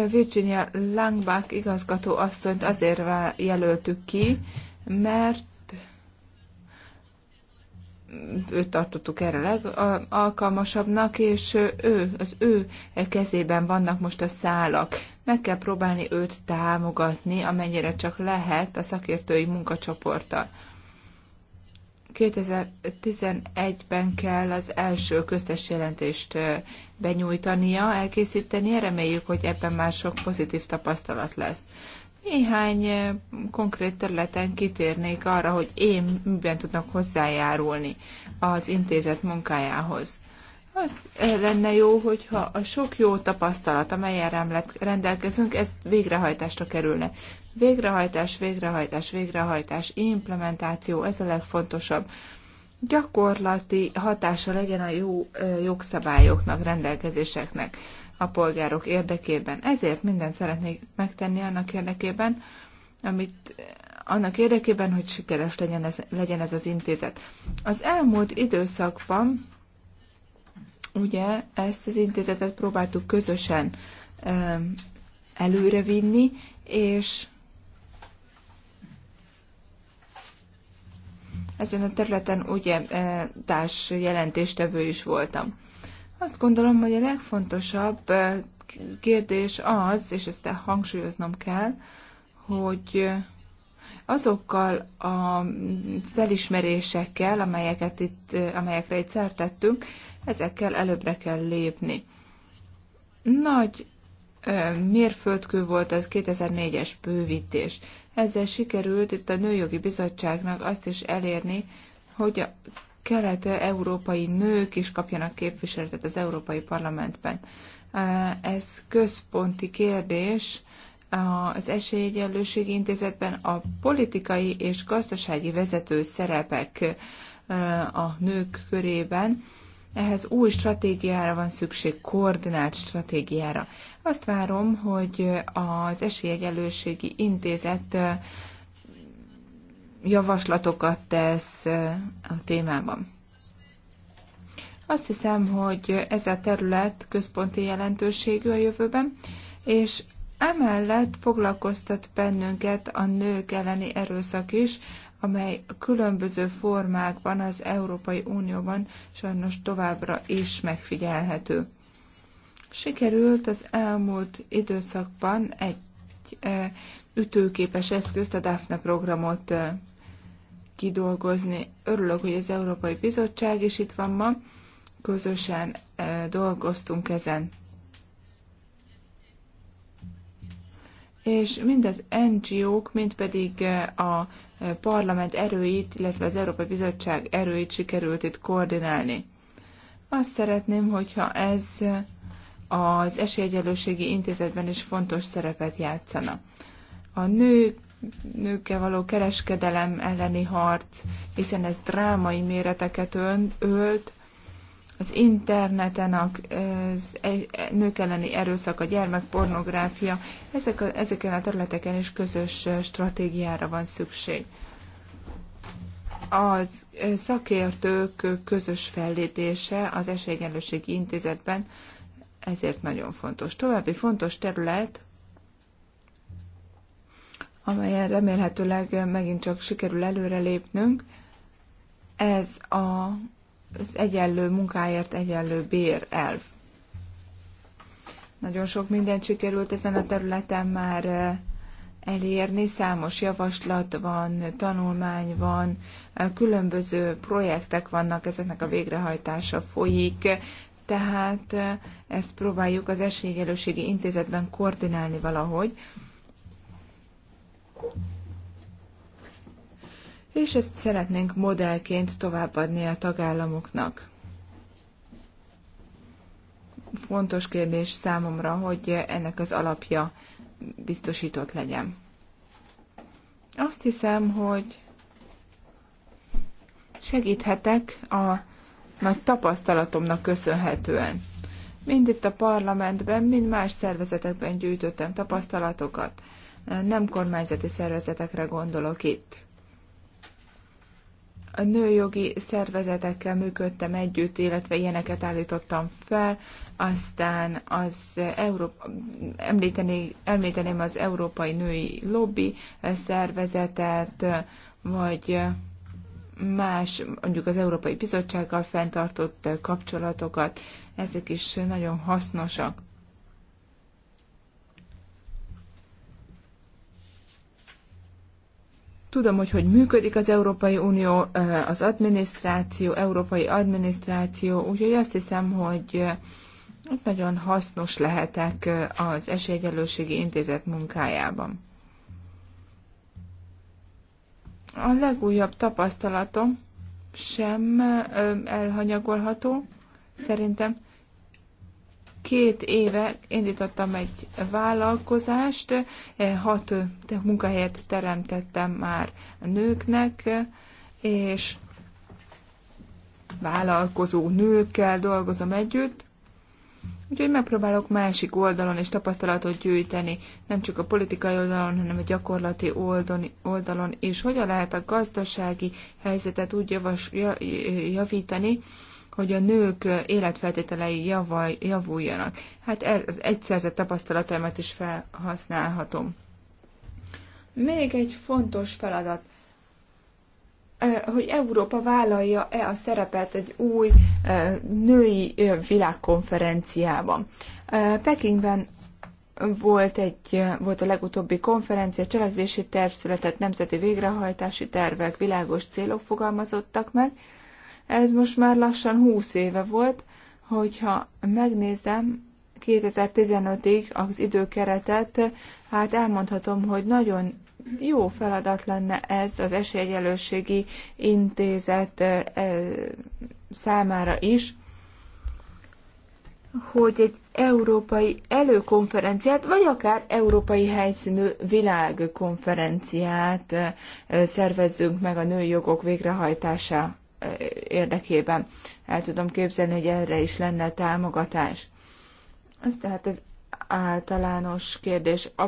S4: Virginia Langbach igazgató asszonyt azért jelöltük ki, mert őt tartottuk erre legalkalmasabbnak, és ő, az ő kezében vannak most a szálak. Meg kell próbálni őt támogatni, amennyire csak lehet a szakértői munkacsoporttal. 2011-ben kell az első köztes jelentést benyújtania, elkészítenie, reméljük, hogy ebben már sok pozitív tapasztalat lesz. Néhány eh, konkrét területen kitérnék arra, hogy én miben tudnak hozzájárulni az intézet munkájához. Az eh, lenne jó, hogyha a sok jó tapasztalat, amelyen rendelkezünk, ez végrehajtásra kerülne. Végrehajtás, végrehajtás, végrehajtás, implementáció, ez a legfontosabb. Gyakorlati hatása legyen a jó eh, jogszabályoknak, rendelkezéseknek a polgárok érdekében. Ezért mindent szeretnék megtenni annak érdekében, amit annak érdekében, hogy sikeres legyen ez, legyen ez az intézet. Az elmúlt időszakban ugye ezt az intézetet próbáltuk közösen előrevinni, és ezen a területen ugye társ jelentéstevő is voltam. Azt gondolom, hogy a legfontosabb kérdés az, és ezt hangsúlyoznom kell, hogy azokkal a felismerésekkel, amelyeket itt, amelyekre itt szertettünk, ezekkel előbbre kell lépni. Nagy mérföldkő volt a 2004-es bővítés. Ezzel sikerült itt a Nőjogi Bizottságnak azt is elérni, hogy a kelet-európai nők is kapjanak képviseletet az Európai Parlamentben. Ez központi kérdés az Esélyegyenlőség Intézetben a politikai és gazdasági vezető szerepek a nők körében. Ehhez új stratégiára van szükség, koordinált stratégiára. Azt várom, hogy az Esélyegyenlőségi Intézet javaslatokat tesz a témában. Azt hiszem, hogy ez a terület központi jelentőségű a jövőben, és emellett foglalkoztat bennünket a nők elleni erőszak is, amely különböző formákban az Európai Unióban sajnos továbbra is megfigyelhető. Sikerült az elmúlt időszakban egy ütőképes eszközt, a DAFNA programot kidolgozni. Örülök, hogy az Európai Bizottság is itt van ma, közösen dolgoztunk ezen. És mind az NGO-k, mind pedig a parlament erőit, illetve az Európai Bizottság erőit sikerült itt koordinálni. Azt szeretném, hogyha ez az esélyegyelőségi intézetben is fontos szerepet játszana. A nők nőkkel való kereskedelem elleni harc, hiszen ez drámai méreteket ölt, az interneten a e, nők elleni erőszak, a gyermekpornográfia, ezek a, ezeken a területeken is közös stratégiára van szükség. Az szakértők közös fellépése az Esélyegyenlőségi Intézetben ezért nagyon fontos. További fontos terület amelyen remélhetőleg megint csak sikerül előrelépnünk. Ez a, az egyenlő munkáért egyenlő bér elv. Nagyon sok mindent sikerült ezen a területen már eh, elérni. Számos javaslat van, tanulmány van, eh, különböző projektek vannak, ezeknek a végrehajtása folyik, tehát eh, ezt próbáljuk az esélyegyelőségi intézetben koordinálni valahogy és ezt szeretnénk modellként továbbadni a tagállamoknak. Fontos kérdés számomra, hogy ennek az alapja biztosított legyen. Azt hiszem, hogy segíthetek a nagy tapasztalatomnak köszönhetően. Mind itt a parlamentben, mind más szervezetekben gyűjtöttem tapasztalatokat nem kormányzati szervezetekre gondolok itt. A nőjogi szervezetekkel működtem együtt, illetve ilyeneket állítottam fel, aztán az Európa, említeni, említeném az Európai Női Lobby szervezetet, vagy más, mondjuk az Európai Bizottsággal fenntartott kapcsolatokat, ezek is nagyon hasznosak. Tudom, hogy hogy működik az Európai Unió, eh, az adminisztráció, európai adminisztráció, úgyhogy azt hiszem, hogy eh, nagyon hasznos lehetek eh, az esélyegyelőségi Intézet munkájában. A legújabb tapasztalatom sem elhanyagolható, szerintem Két éve indítottam egy vállalkozást, eh, hat eh, munkahelyet teremtettem már a nőknek, és vállalkozó nőkkel dolgozom együtt, Úgyhogy megpróbálok másik oldalon és tapasztalatot gyűjteni, nem csak a politikai oldalon, hanem a gyakorlati oldalon, is, és hogyan lehet a gazdasági helyzetet úgy javas, javítani, hogy a nők életfeltételei javaj, javuljanak. Hát az egyszerzett tapasztalataimat is felhasználhatom. Még egy fontos feladat, hogy Európa vállalja-e a szerepet egy új női világkonferenciában. Pekingben volt, egy, volt a legutóbbi konferencia, cselekvési terv született, nemzeti végrehajtási tervek, világos célok fogalmazottak meg, ez most már lassan 20 éve volt, hogyha megnézem 2015-ig az időkeretet, hát elmondhatom, hogy nagyon jó feladat lenne ez az esélyegyelősségi intézet eh, számára is, hogy egy európai előkonferenciát, vagy akár európai helyszínű világkonferenciát eh, szervezzünk meg a női jogok végrehajtása érdekében. El tudom képzelni, hogy erre is lenne támogatás. Ez tehát az általános kérdés. A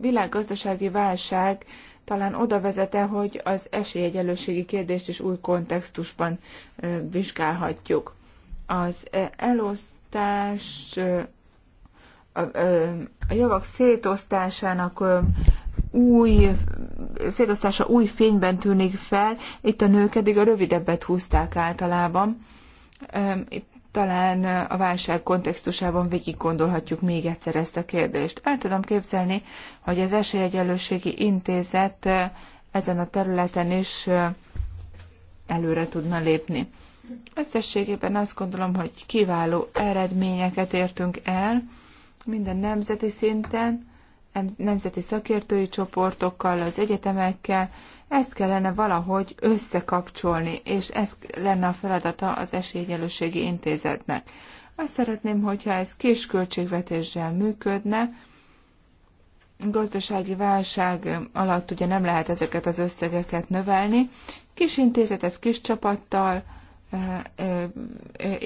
S4: világgazdasági válság talán oda vezete, hogy az esélyegyelőségi kérdést is új kontextusban vizsgálhatjuk. Az elosztás, a, a javak szétosztásának új szétosztása új fényben tűnik fel, itt a nők eddig a rövidebbet húzták általában. Itt talán a válság kontextusában végig gondolhatjuk még egyszer ezt a kérdést. El tudom képzelni, hogy az Esélyegyenlőségi Intézet ezen a területen is előre tudna lépni. Összességében azt gondolom, hogy kiváló eredményeket értünk el minden nemzeti szinten, nemzeti szakértői csoportokkal, az egyetemekkel, ezt kellene valahogy összekapcsolni, és ez lenne a feladata az Esélyegyelőségi Intézetnek. Azt szeretném, hogyha ez kis költségvetéssel működne, gazdasági válság alatt ugye nem lehet ezeket az összegeket növelni. Kis intézet, ez kis csapattal, eh, eh, eh,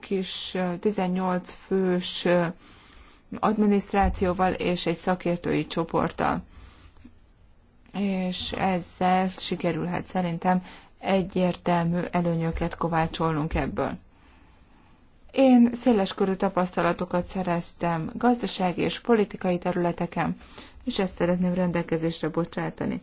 S4: kis 18 fős adminisztrációval és egy szakértői csoporttal. És ezzel sikerülhet szerintem egyértelmű előnyöket kovácsolnunk ebből. Én széleskörű tapasztalatokat szereztem gazdasági és politikai területeken, és ezt szeretném rendelkezésre bocsátani.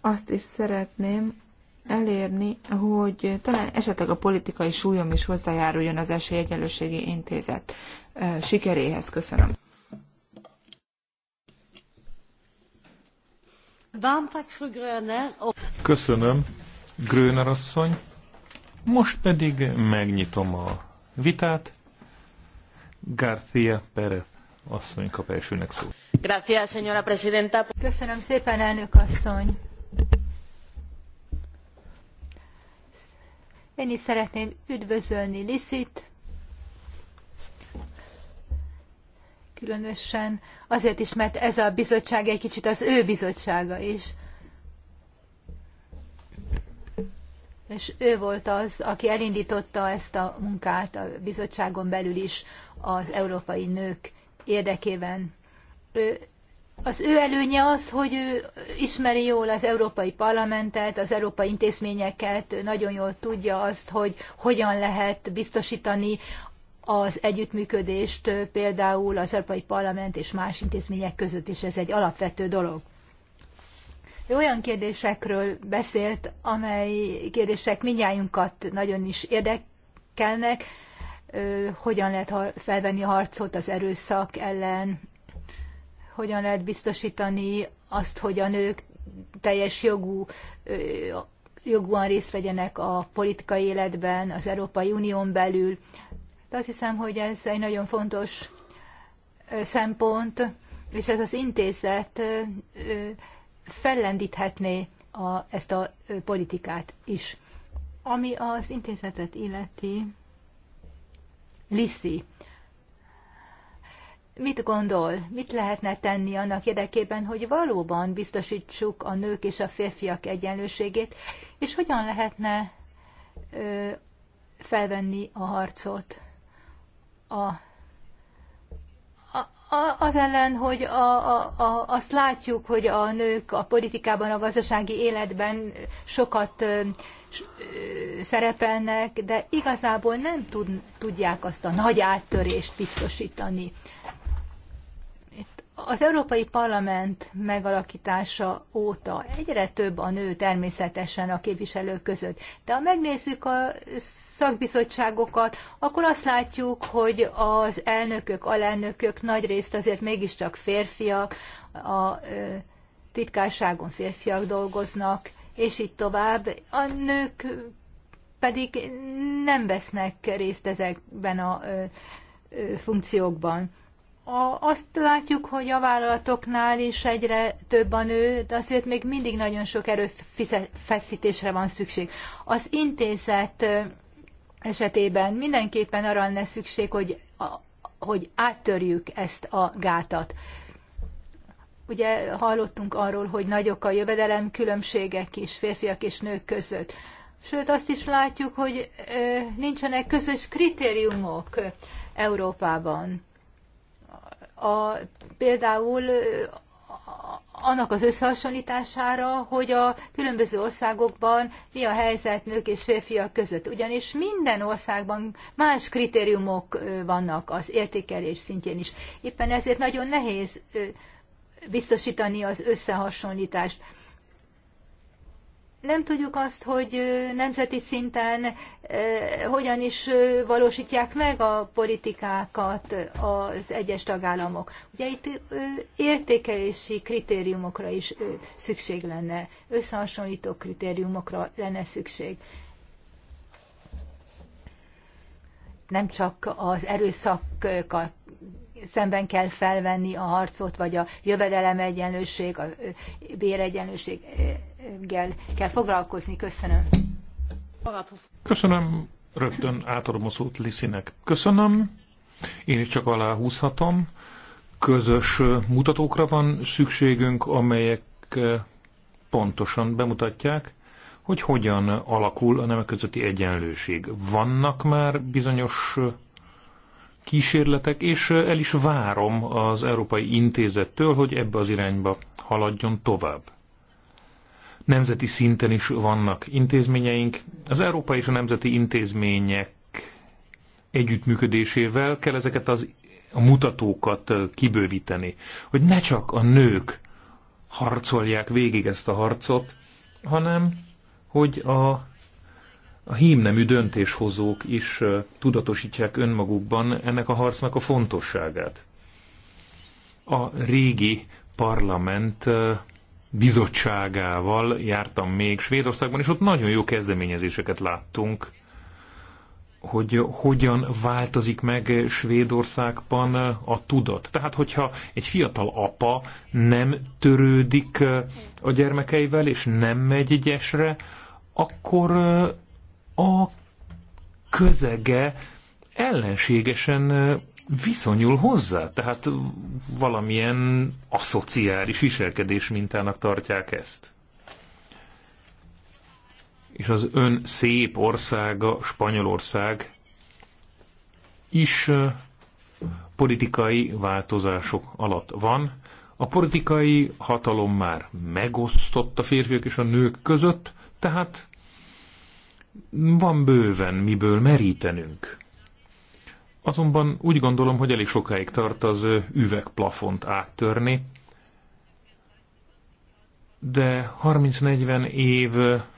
S4: Azt is szeretném elérni, hogy talán esetleg a politikai súlyom is hozzájáruljon az Esélyegyenlőségi Intézet eh, sikeréhez. Köszönöm.
S2: Köszönöm, Gröner asszony. Most pedig megnyitom a vitát. García Pérez asszony kap elsőnek szó. Gracias,
S1: señora presidenta. Köszönöm szépen, elnök asszony. Én is szeretném üdvözölni Liszit, különösen azért is, mert ez a bizottság egy kicsit az ő bizottsága is. És ő volt az, aki elindította ezt a munkát a bizottságon belül is az európai nők érdekében. Ő, az ő előnye az, hogy ő ismeri jól az Európai Parlamentet, az európai intézményeket, nagyon jól tudja azt, hogy hogyan lehet biztosítani az együttműködést például az Európai Parlament és más intézmények között is, ez egy alapvető dolog. Ő olyan kérdésekről beszélt, amely kérdések mindjájunkat nagyon is érdekelnek, hogyan lehet felvenni a harcot az erőszak ellen, hogyan lehet biztosítani azt, hogy a nők teljes jogú, jogúan részt vegyenek a politikai életben, az Európai Unión belül, de azt hiszem, hogy ez egy nagyon fontos szempont, és ez az intézet fellendíthetné a, ezt a politikát is. Ami az intézetet illeti, Liszi, mit gondol, mit lehetne tenni annak érdekében, hogy valóban biztosítsuk a nők és a férfiak egyenlőségét, és hogyan lehetne ö, felvenni a harcot a a, az ellen, hogy a, a, a, azt látjuk, hogy a nők a politikában, a gazdasági életben sokat ö, ö, szerepelnek, de igazából nem tud, tudják azt a nagy áttörést biztosítani, az Európai Parlament megalakítása óta egyre több a nő természetesen a képviselők között. De ha megnézzük a szakbizottságokat, akkor azt látjuk, hogy az elnökök, alelnökök nagy részt azért mégiscsak férfiak, a titkárságon férfiak dolgoznak, és így tovább. A nők pedig nem vesznek részt ezekben a funkciókban a, azt látjuk, hogy a vállalatoknál is egyre több a nő, de azért még mindig nagyon sok erőfeszítésre van szükség. Az intézet esetében mindenképpen arra lenne szükség, hogy, a, hogy áttörjük ezt a gátat. Ugye hallottunk arról, hogy nagyok a jövedelem különbségek is férfiak és nők között. Sőt, azt is látjuk, hogy ö, nincsenek közös kritériumok Európában a, például annak az összehasonlítására, hogy a különböző országokban mi a helyzet nők és férfiak között. Ugyanis minden országban más kritériumok vannak az értékelés szintjén is. Éppen ezért nagyon nehéz biztosítani az összehasonlítást nem tudjuk azt, hogy nemzeti szinten hogyan is valósítják meg a politikákat az egyes tagállamok. Ugye itt értékelési kritériumokra is szükség lenne, összehasonlító kritériumokra lenne szükség. Nem csak az erőszakkal szemben kell felvenni a harcot, vagy a jövedelem egyenlőség, a béregyenlőség kell foglalkozni. Köszönöm.
S2: Köszönöm. Rögtön átadom a szót Liszinek. Köszönöm. Én is csak aláhúzhatom. Közös mutatókra van szükségünk, amelyek eh, pontosan bemutatják, hogy hogyan alakul a nemek közötti egyenlőség. Vannak már bizonyos eh, kísérletek, és eh, el is várom az Európai Intézettől, hogy ebbe az irányba haladjon tovább. Nemzeti szinten is vannak intézményeink. Az európai és a nemzeti intézmények együttműködésével kell ezeket az a mutatókat kibővíteni, hogy ne csak a nők harcolják végig ezt a harcot, hanem hogy a, a hímnemű döntéshozók is tudatosítsák önmagukban ennek a harcnak a fontosságát. A régi parlament bizottságával jártam még Svédországban, és ott nagyon jó kezdeményezéseket láttunk, hogy hogyan változik meg Svédországban a tudat. Tehát, hogyha egy fiatal apa nem törődik a gyermekeivel, és nem megy egyesre, akkor a közege ellenségesen viszonyul hozzá, tehát valamilyen aszociális viselkedés mintának tartják ezt. És az ön szép országa, Spanyolország is politikai változások alatt van. A politikai hatalom már megosztott a férfiak és a nők között, tehát van bőven miből merítenünk Azonban úgy gondolom, hogy elég sokáig tart az üvegplafont áttörni, de 30-40 év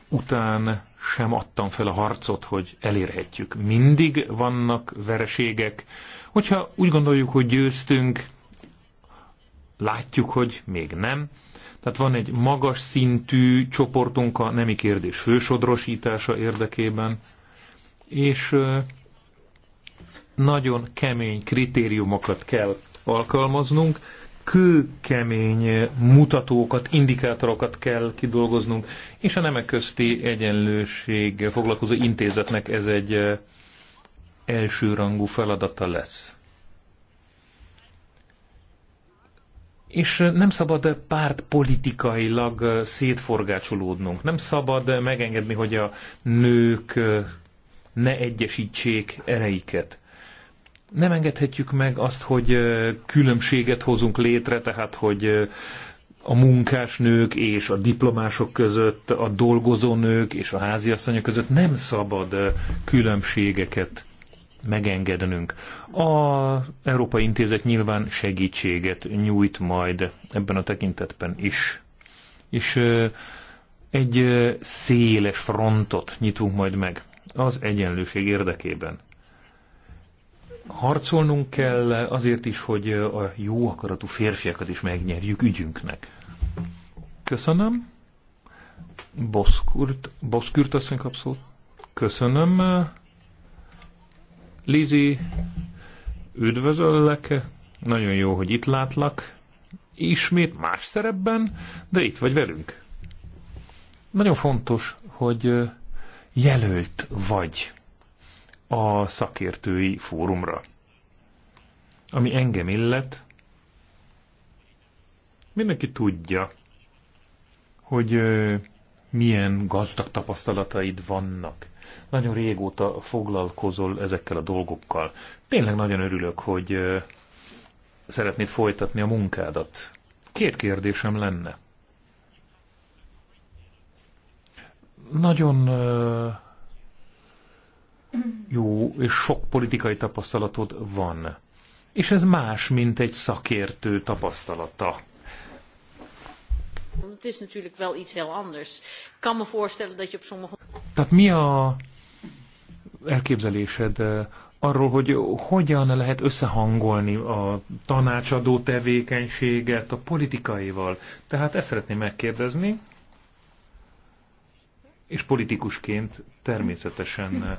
S2: után sem adtam fel a harcot, hogy elérhetjük. Mindig vannak vereségek. Hogyha úgy gondoljuk, hogy győztünk, látjuk, hogy még nem. Tehát van egy magas szintű csoportunk a nemi kérdés fősodrosítása érdekében, és nagyon kemény kritériumokat kell alkalmaznunk, kőkemény mutatókat, indikátorokat kell kidolgoznunk, és a nemek közti egyenlőség foglalkozó intézetnek ez egy elsőrangú feladata lesz. És nem szabad pártpolitikailag szétforgácsolódnunk. Nem szabad megengedni, hogy a nők ne egyesítsék ereiket nem engedhetjük meg azt, hogy különbséget hozunk létre, tehát hogy a munkásnők és a diplomások között, a dolgozónők és a háziasszonyok között nem szabad különbségeket megengednünk. A Európai Intézet nyilván segítséget nyújt majd ebben a tekintetben is. És egy széles frontot nyitunk majd meg az egyenlőség érdekében harcolnunk kell azért is, hogy a jó akaratú férfiakat is megnyerjük ügyünknek. Köszönöm. Boszkurt, Boszkurt asszony kap szót. Köszönöm. Lizi, üdvözöllek. Nagyon jó, hogy itt látlak. Ismét más szerepben, de itt vagy velünk. Nagyon fontos, hogy jelölt vagy a szakértői fórumra. Ami engem illet, mindenki tudja, hogy milyen gazdag tapasztalataid vannak. Nagyon régóta foglalkozol ezekkel a dolgokkal. Tényleg nagyon örülök, hogy szeretnéd folytatni a munkádat. Két kérdésem lenne. Nagyon jó és sok politikai tapasztalatod van. És ez más, mint egy szakértő tapasztalata. Tehát mi a elképzelésed eh, arról, hogy hogyan lehet összehangolni a tanácsadó tevékenységet a politikaival? Tehát ezt szeretném megkérdezni, és politikusként természetesen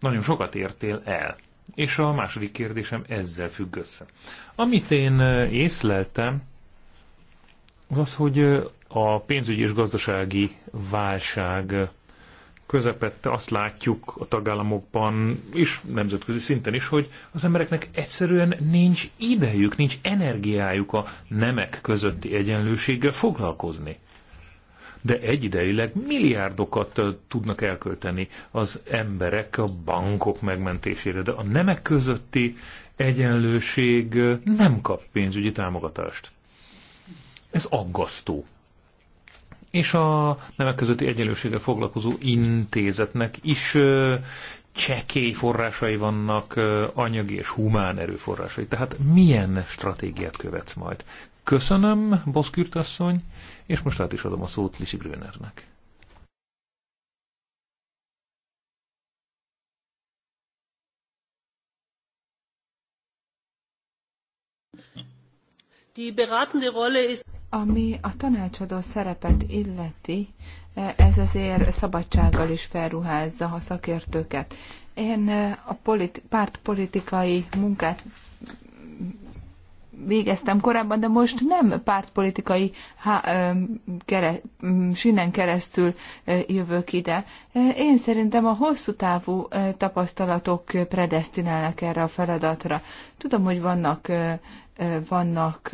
S2: nagyon sokat értél el. És a második kérdésem ezzel függ össze. Amit én észleltem, az az, hogy a pénzügyi és gazdasági válság közepette azt látjuk a tagállamokban és nemzetközi szinten is, hogy az embereknek egyszerűen nincs idejük, nincs energiájuk a nemek közötti egyenlőséggel foglalkozni de egyidejileg milliárdokat tudnak elkölteni az emberek a bankok megmentésére, de a nemek közötti egyenlőség nem kap pénzügyi támogatást. Ez aggasztó. És a nemek közötti egyenlőséggel foglalkozó intézetnek is csekély forrásai vannak, anyagi és humán erőforrásai. Tehát milyen stratégiát követsz majd? Köszönöm, Boszkürt asszony. És most át is adom a szót Lisi Grönernek.
S4: Ami a tanácsadó szerepet illeti, ez azért szabadsággal is felruházza a szakértőket. Én eh, a politi- pártpolitikai munkát végeztem korábban, de most nem pártpolitikai há, kere, sinnen keresztül jövök ide. Én szerintem a hosszú távú tapasztalatok predestinálnak erre a feladatra. Tudom, hogy vannak vannak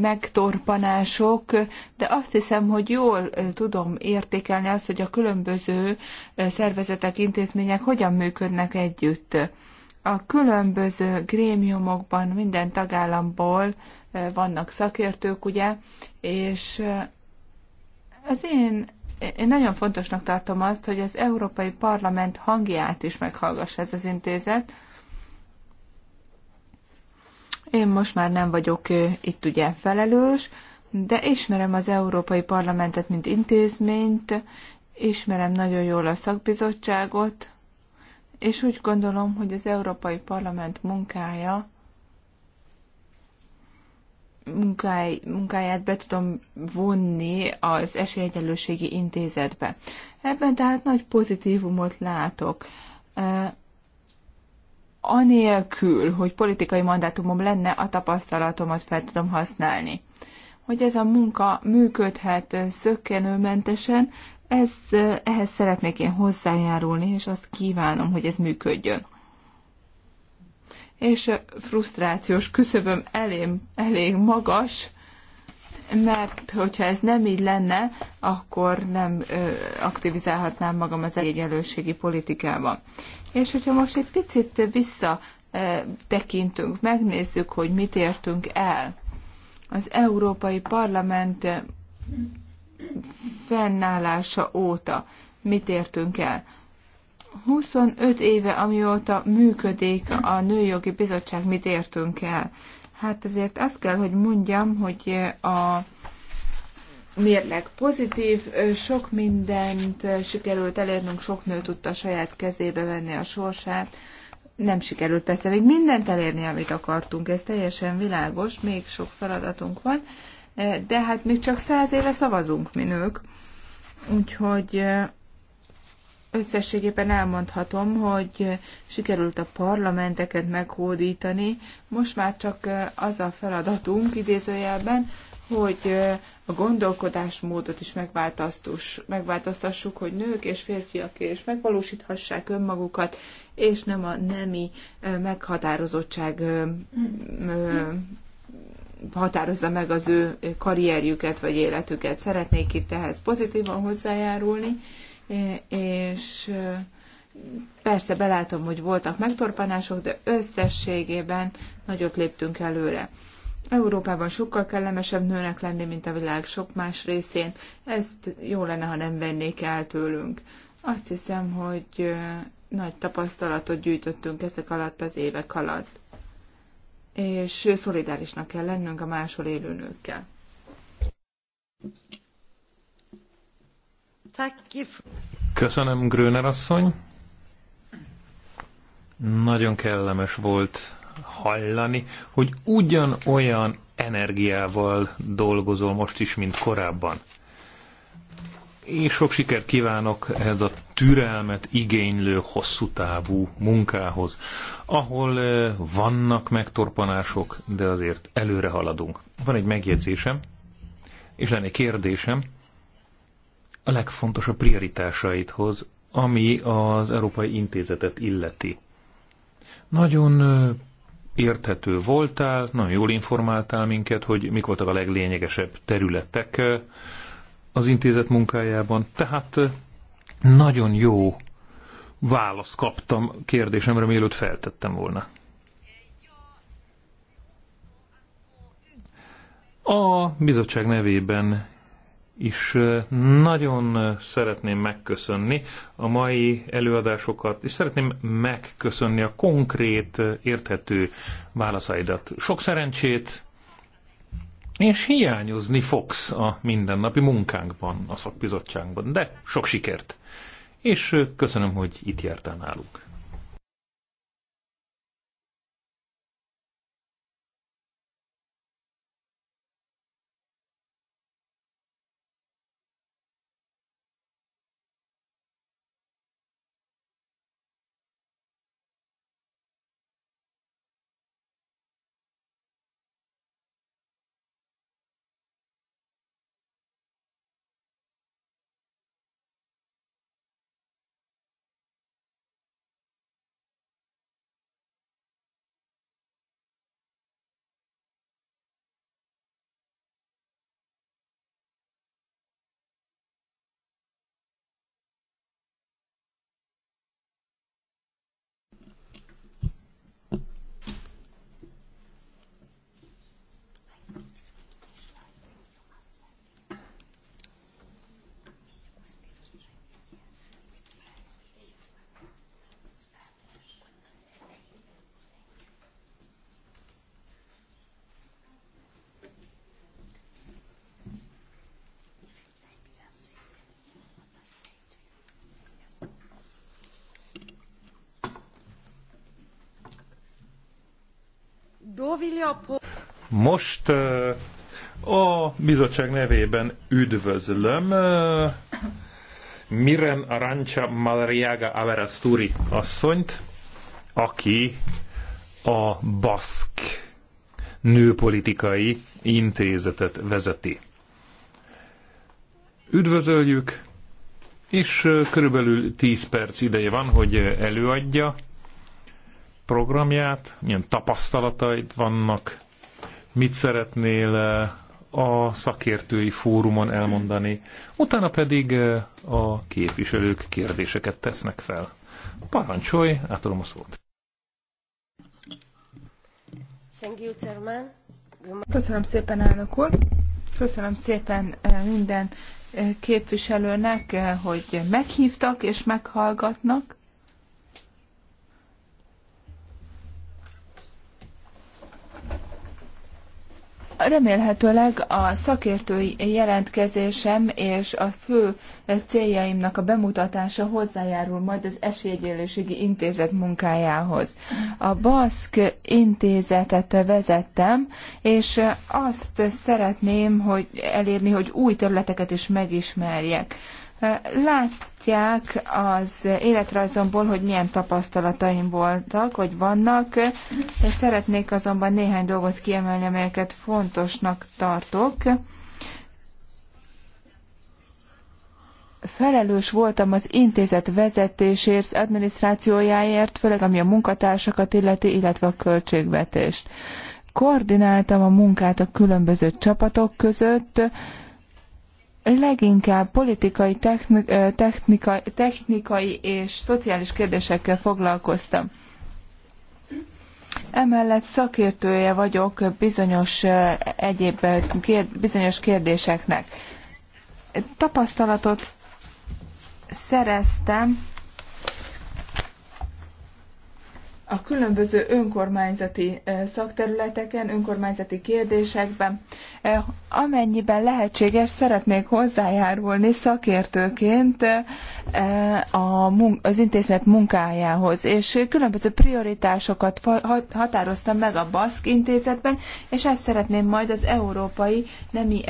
S4: megtorpanások, de azt hiszem, hogy jól tudom értékelni azt, hogy a különböző szervezetek, intézmények hogyan működnek együtt a különböző grémiumokban minden tagállamból vannak szakértők, ugye, és az én, én nagyon fontosnak tartom azt, hogy az Európai Parlament hangját is meghallgassa ez az intézet. Én most már nem vagyok itt ugye felelős, de ismerem az Európai Parlamentet, mint intézményt, ismerem nagyon jól a szakbizottságot, és úgy gondolom, hogy az Európai Parlament munkája munkáj, munkáját be tudom vonni az esélyegyenlőségi intézetbe. Ebben tehát nagy pozitívumot látok. Anélkül, hogy politikai mandátumom lenne, a tapasztalatomat fel tudom használni. Hogy ez a munka működhet szökkenőmentesen, ez, ehhez szeretnék én hozzájárulni, és azt kívánom, hogy ez működjön. És frusztrációs küszöböm elém, elég magas, mert hogyha ez nem így lenne, akkor nem ö, aktivizálhatnám magam az egyenlőségi politikában. És hogyha most egy picit vissza ö, tekintünk, megnézzük, hogy mit értünk el. Az Európai Parlament fennállása óta mit értünk el. 25 éve, amióta működik a Nőjogi Bizottság, mit értünk el. Hát ezért azt kell, hogy mondjam, hogy a mérleg pozitív, sok mindent sikerült elérnünk, sok nő tudta a saját kezébe venni a sorsát. Nem sikerült persze még mindent elérni, amit akartunk, ez teljesen világos, még sok feladatunk van, Eh, de hát még csak száz éve szavazunk mi nők. Úgyhogy eh, összességében elmondhatom, hogy eh, sikerült a parlamenteket meghódítani. Most már csak az a feladatunk idézőjelben, hogy a gondolkodásmódot is megváltoztassuk, hogy nők és férfiak is megvalósíthassák önmagukat, és nem a nemi meghatározottság határozza meg az ő karrierjüket vagy életüket. Szeretnék itt ehhez pozitívan hozzájárulni, és persze belátom, hogy voltak megtorpanások, de összességében nagyot léptünk előre. Európában sokkal kellemesebb nőnek lenni, mint a világ sok más részén. Ezt jó lenne, ha nem vennék el tőlünk. Azt hiszem, hogy nagy tapasztalatot gyűjtöttünk ezek alatt az évek alatt és szolidárisnak kell lennünk a máshol élő nőkkel.
S2: Köszönöm, Gröner asszony. Nagyon kellemes volt hallani, hogy ugyanolyan energiával dolgozol most is, mint korábban és sok sikert kívánok ehhez a türelmet igénylő, hosszú távú munkához, ahol eh, vannak megtorpanások, de azért előre haladunk. Van egy megjegyzésem, és lenne egy kérdésem a legfontosabb prioritásaithoz, ami az Európai Intézetet illeti. Nagyon eh, érthető voltál, nagyon jól informáltál minket, hogy mik voltak a leglényegesebb területek, eh, az intézet munkájában. Tehát nagyon jó választ kaptam kérdésemre, mielőtt feltettem volna. A bizottság nevében is nagyon szeretném megköszönni a mai előadásokat, és szeretném megköszönni a konkrét, érthető válaszaidat. Sok szerencsét, és hiányozni fogsz a mindennapi munkánkban, a szakbizottságban, de sok sikert! És köszönöm, hogy itt jártál nálunk. Most a bizottság nevében üdvözlöm Miren Arancsa Malriaga Averasturi asszonyt, aki a Baszk nőpolitikai intézetet vezeti. Üdvözöljük, és körülbelül 10 perc ideje van, hogy előadja programját, milyen tapasztalataid vannak, mit szeretnél eh, a szakértői fórumon elmondani, utána pedig eh, a képviselők kérdéseket tesznek fel. Parancsolj, átadom a szót.
S3: Köszönöm
S4: szépen, elnök úr. Köszönöm szépen eh, minden képviselőnek, hogy meghívtak és meghallgatnak. Remélhetőleg a szakértői jelentkezésem és a fő céljaimnak a bemutatása hozzájárul majd az Esélyegyenlőségi Intézet munkájához. A Baszk intézetet vezettem, és azt szeretném hogy elérni, hogy új területeket is megismerjek. Lát, látják az életrajzomból, hogy milyen tapasztalataim voltak, vagy vannak. Szeretnék azonban néhány dolgot kiemelni, amelyeket fontosnak tartok. felelős voltam az intézet vezetésért, adminisztrációjáért, főleg ami a munkatársakat illeti, illetve a költségvetést. Koordináltam a munkát a különböző csapatok között, leginkább politikai, techni- technikai, technikai és szociális kérdésekkel foglalkoztam. Emellett szakértője vagyok bizonyos egyéb kér, bizonyos kérdéseknek. Tapasztalatot szereztem a különböző önkormányzati eh, szakterületeken, önkormányzati kérdésekben. Eh, amennyiben lehetséges, szeretnék hozzájárulni szakértőként eh, az intézet munkájához, és különböző prioritásokat határoztam meg a Baszk intézetben, és ezt szeretném majd az Európai Nemi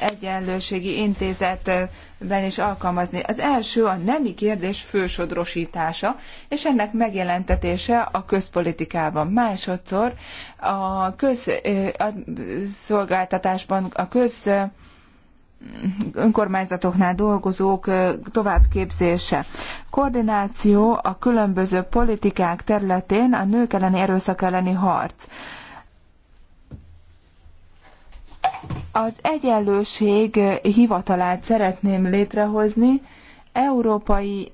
S4: Egyenlőségi Intézet ben is alkalmazni. Az első a nemi kérdés fősodrosítása, és ennek megjelentetése a közpolitikában. Másodszor a közszolgáltatásban, a köz önkormányzatoknál dolgozók továbbképzése. Koordináció a különböző politikák területén a nők elleni erőszak elleni harc az egyenlőség hivatalát szeretném létrehozni, európai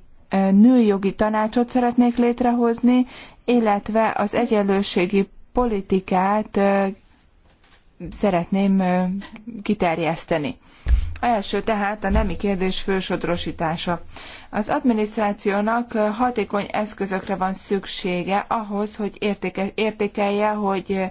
S4: nőjogi tanácsot szeretnék létrehozni, illetve az egyenlőségi politikát szeretném kiterjeszteni. A első tehát a nemi kérdés fősodrosítása. Az adminisztrációnak hatékony eszközökre van szüksége ahhoz, hogy értéke, értékelje, hogy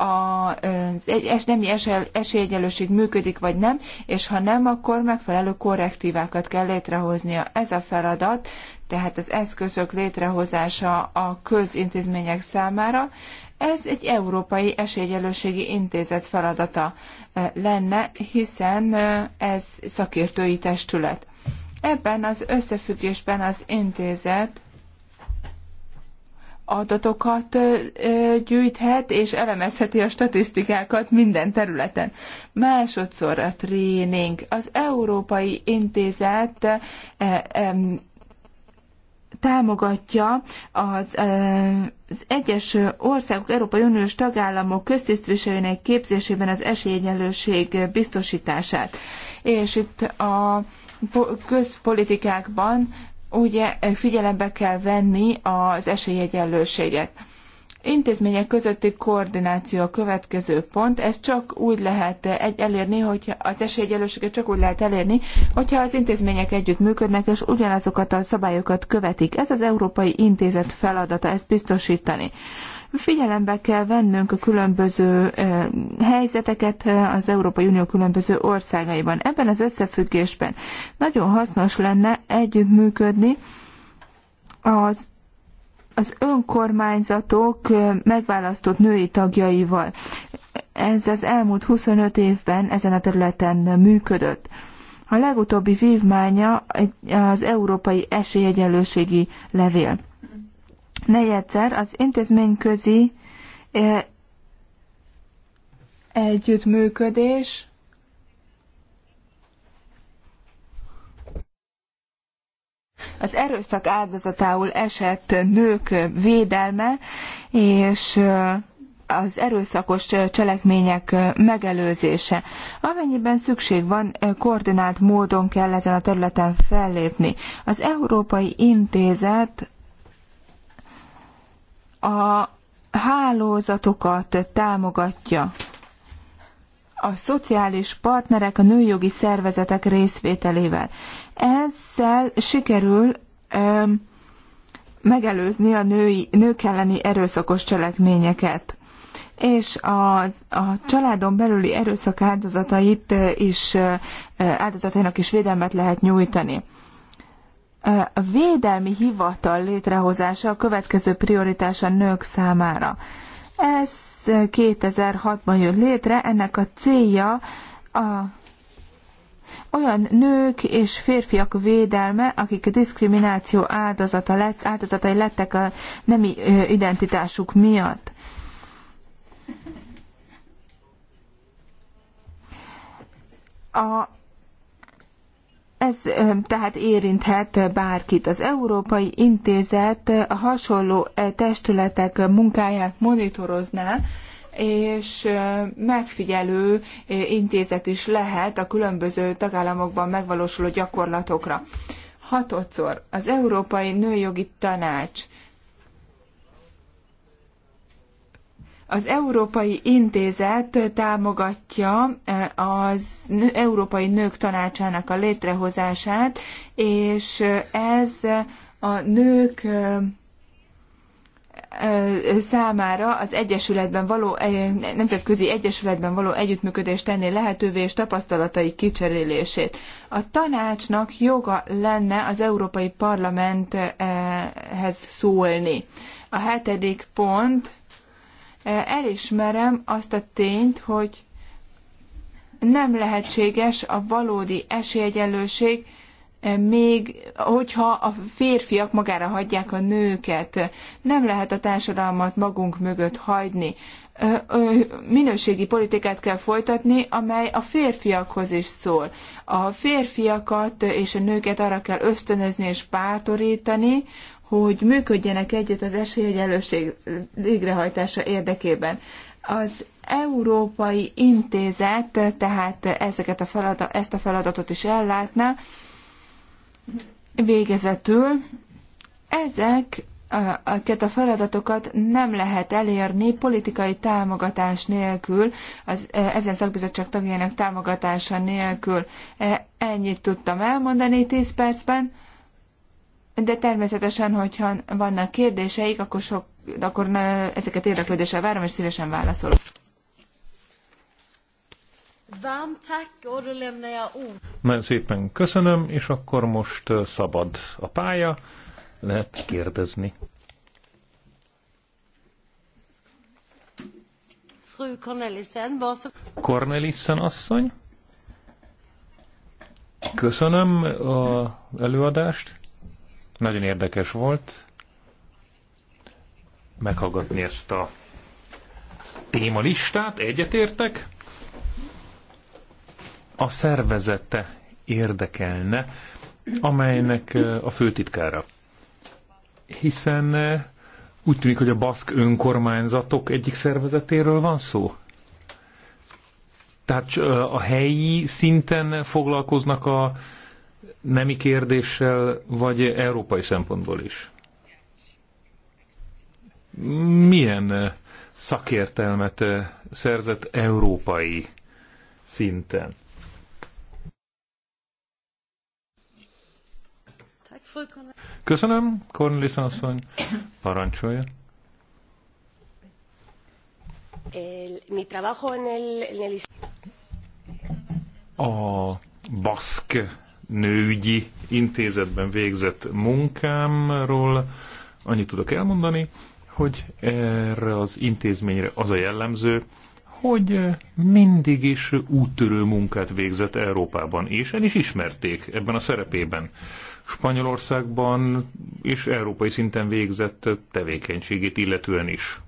S4: az es, nemi esélyegyenlőség működik vagy nem, és ha nem, akkor megfelelő korrektívákat kell létrehoznia. Ez a feladat, tehát az eszközök létrehozása a közintézmények számára, ez egy Európai Esélyegyenlőségi Intézet feladata eh, lenne, hiszen eh, ez szakértői testület. Ebben az összefüggésben az intézet adatokat gyűjthet, és elemezheti a statisztikákat minden területen. Másodszor a tréning. Az Európai Intézet támogatja az, az egyes országok, Európai Uniós tagállamok köztisztviselőinek képzésében az esélyegyenlőség biztosítását. És itt a közpolitikákban ugye eh, figyelembe kell venni az esélyegyenlőséget. Intézmények közötti koordináció a következő pont. Ez csak úgy lehet egy elérni, hogyha az esélyegyelőséget csak úgy lehet elérni, hogyha az intézmények együtt működnek, és ugyanazokat a szabályokat követik. Ez az Európai Intézet feladata, ezt biztosítani. Figyelembe kell vennünk a különböző helyzeteket az Európai Unió különböző országaiban. Ebben az összefüggésben nagyon hasznos lenne együttműködni az az önkormányzatok megválasztott női tagjaival. Ez az elmúlt 25 évben ezen a területen működött. A legutóbbi vívmánya az Európai Esélyegyenlőségi Levél. Negyedszer az intézményközi együttműködés az erőszak áldozatául esett nők védelme, és az erőszakos cselekmények megelőzése. Amennyiben szükség van, koordinált módon kell ezen a területen fellépni. Az Európai Intézet a hálózatokat támogatja. A szociális partnerek a nőjogi szervezetek részvételével. Ezzel sikerül megelőzni a női, nők elleni erőszakos cselekményeket és a, a családon belüli erőszak áldozatait eh, is, eh, áldozatainak is védelmet lehet nyújtani. Eh, a védelmi hivatal létrehozása a következő prioritás a nők számára. Ez 2006-ban jött létre, ennek a célja a olyan nők és férfiak védelme, akik diszkrimináció áldozata lett, áldozatai lettek a nemi identitásuk miatt. A, ez tehát érinthet bárkit. Az Európai Intézet a hasonló testületek munkáját monitorozná, és megfigyelő intézet is lehet a különböző tagállamokban megvalósuló gyakorlatokra. Hatodszor az Európai Nőjogi Tanács Az Európai Intézet támogatja az Európai Nők Tanácsának a létrehozását, és ez a nők számára az egyesületben való, nemzetközi egyesületben való együttműködést tenni lehetővé és tapasztalatai kicserélését. A tanácsnak joga lenne az Európai Parlamenthez szólni. A hetedik pont, elismerem azt a tényt, hogy nem lehetséges a valódi esélyegyenlőség, még hogyha a férfiak magára hagyják a nőket, nem lehet a társadalmat magunk mögött hagyni. Minőségi politikát kell folytatni, amely a férfiakhoz is szól. A férfiakat és a nőket arra kell ösztönözni és bátorítani, hogy működjenek együtt az esélyegyelőség végrehajtása érdekében. Az Európai Intézet tehát ezeket a feladat, ezt a feladatot is ellátná, Végezetül ezek ezeket a feladatokat nem lehet elérni politikai támogatás nélkül, az, e, ezen szakbizottság tagjának támogatása nélkül. E, ennyit tudtam elmondani 10 percben, de természetesen, hogyha vannak kérdéseik, akkor, sok, akkor ezeket érdeklődéssel várom, és szívesen válaszolok.
S2: Nagyon szépen köszönöm, és akkor most szabad a pálya, lehet kérdezni. Cornelissen, asszony. Köszönöm a előadást. Nagyon érdekes volt meghallgatni ezt a témalistát. Egyetértek a szervezete érdekelne, amelynek a főtitkára. Hiszen úgy tűnik, hogy a baszk önkormányzatok egyik szervezetéről van szó. Tehát a helyi szinten foglalkoznak a nemi kérdéssel, vagy európai szempontból is? Milyen szakértelmet szerzett európai szinten? Köszönöm, Cornelis asszony. Parancsolja. A Baszk nőügyi intézetben végzett munkámról annyit tudok elmondani, hogy erre az intézményre az a jellemző, hogy mindig is úttörő munkát végzett Európában, és el is ismerték ebben a szerepében. Spanyolországban és európai szinten végzett tevékenységét illetően is.